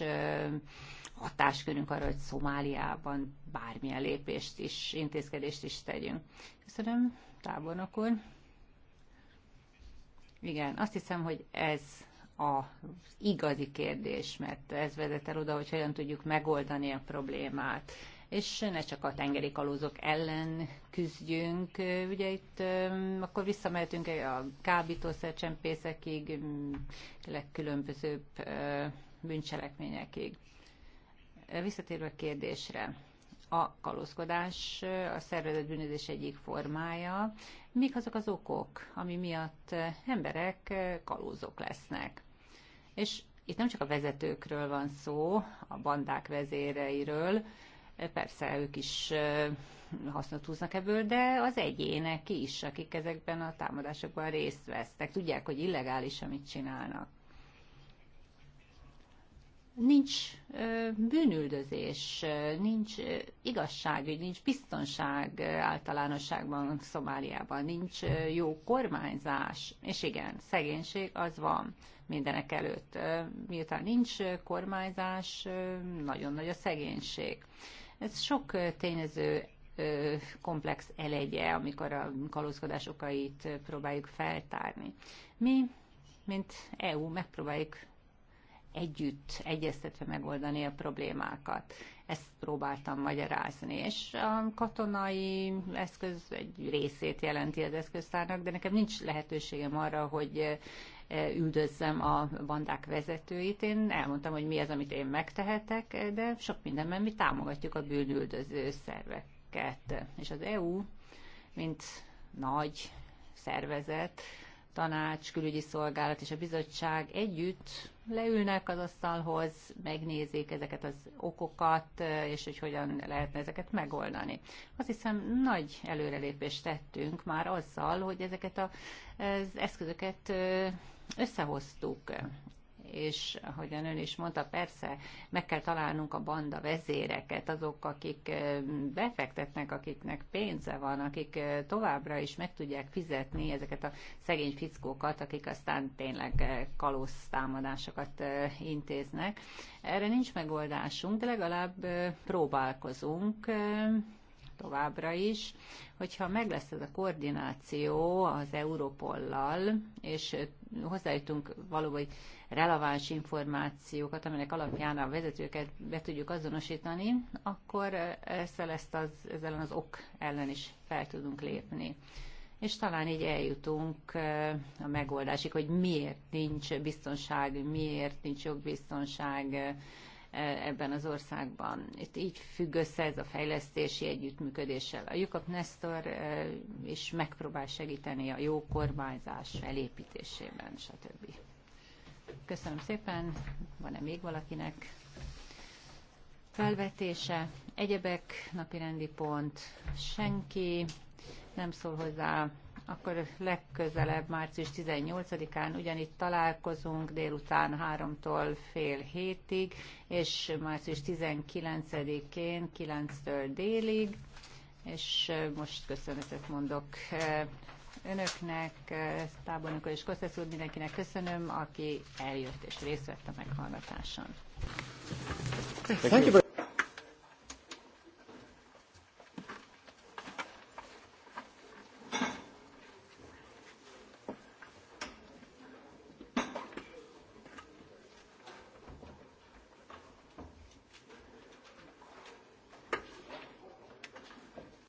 hatáskörünk arra, hogy Szomáliában bármilyen lépést is, intézkedést is tegyünk. Köszönöm, tábornok úr. Igen, azt hiszem, hogy ez az igazi kérdés, mert ez vezet el oda, hogy hogyan tudjuk megoldani a problémát és ne csak a tengeri kalózok ellen küzdjünk. Ugye itt akkor visszamehetünk a kábítószercsempészekig, legkülönbözőbb bűncselekményekig visszatérve a kérdésre, a kalózkodás a szervezet bűnözés egyik formája. Mik azok az okok, ami miatt emberek kalózok lesznek? És itt nem csak a vezetőkről van szó, a bandák vezéreiről, persze ők is hasznot húznak ebből, de az egyének is, akik ezekben a támadásokban részt vesznek, tudják, hogy illegális, amit csinálnak nincs bűnüldözés, nincs igazságügy, nincs biztonság általánosságban Szomáliában, nincs jó kormányzás, és igen, szegénység az van mindenek előtt. Miután nincs kormányzás, nagyon nagy a szegénység. Ez sok tényező komplex elegye, amikor a kalózkodás okait próbáljuk feltárni. Mi, mint EU, megpróbáljuk együtt, egyeztetve megoldani a problémákat. Ezt próbáltam magyarázni, és a katonai eszköz egy részét jelenti az eszköztárnak, de nekem nincs lehetőségem arra, hogy eh, üldözzem a bandák vezetőit. Én elmondtam, hogy mi az, amit én megtehetek, de sok mindenben mi támogatjuk a bűnüldöző szerveket. És az EU, mint nagy szervezet, tanács, külügyi szolgálat és a bizottság együtt leülnek az asztalhoz, megnézik ezeket az okokat, eh, és hogy hogyan lehetne ezeket megoldani. Azt hiszem, nagy előrelépést tettünk már azzal, hogy ezeket az eszközöket eh, összehoztuk és ahogyan ön is mondta, persze meg kell találnunk a banda vezéreket, azok, akik befektetnek, akiknek pénze van, akik továbbra is meg tudják fizetni ezeket a szegény fickókat, akik aztán tényleg kalosz támadásokat intéznek. Erre nincs megoldásunk, de legalább próbálkozunk továbbra is, hogyha meg lesz ez a koordináció az Európollal, és hozzájutunk valóban hogy releváns információkat, aminek alapján a vezetőket be tudjuk azonosítani, akkor ezzel, ezt az, ezzel az ok ellen is fel tudunk lépni és talán így eljutunk a megoldásig, hogy miért nincs biztonság, miért nincs jogbiztonság ebben az országban. Itt így függ össze ez a fejlesztési együttműködéssel. A Jukap Nestor is megpróbál segíteni a jó kormányzás felépítésében, stb. Köszönöm szépen. Van-e még valakinek felvetése? Egyebek, napirendi pont, senki nem szól hozzá, akkor legközelebb március 18-án ugyanitt találkozunk délután 3-tól fél hétig, és március 19-én 9-től délig, és most köszönetet mondok eh, önöknek, eh, tábornokkal és Kosszesz úr, mindenkinek köszönöm, aki eljött és részt vett a meghallgatáson. Thank you.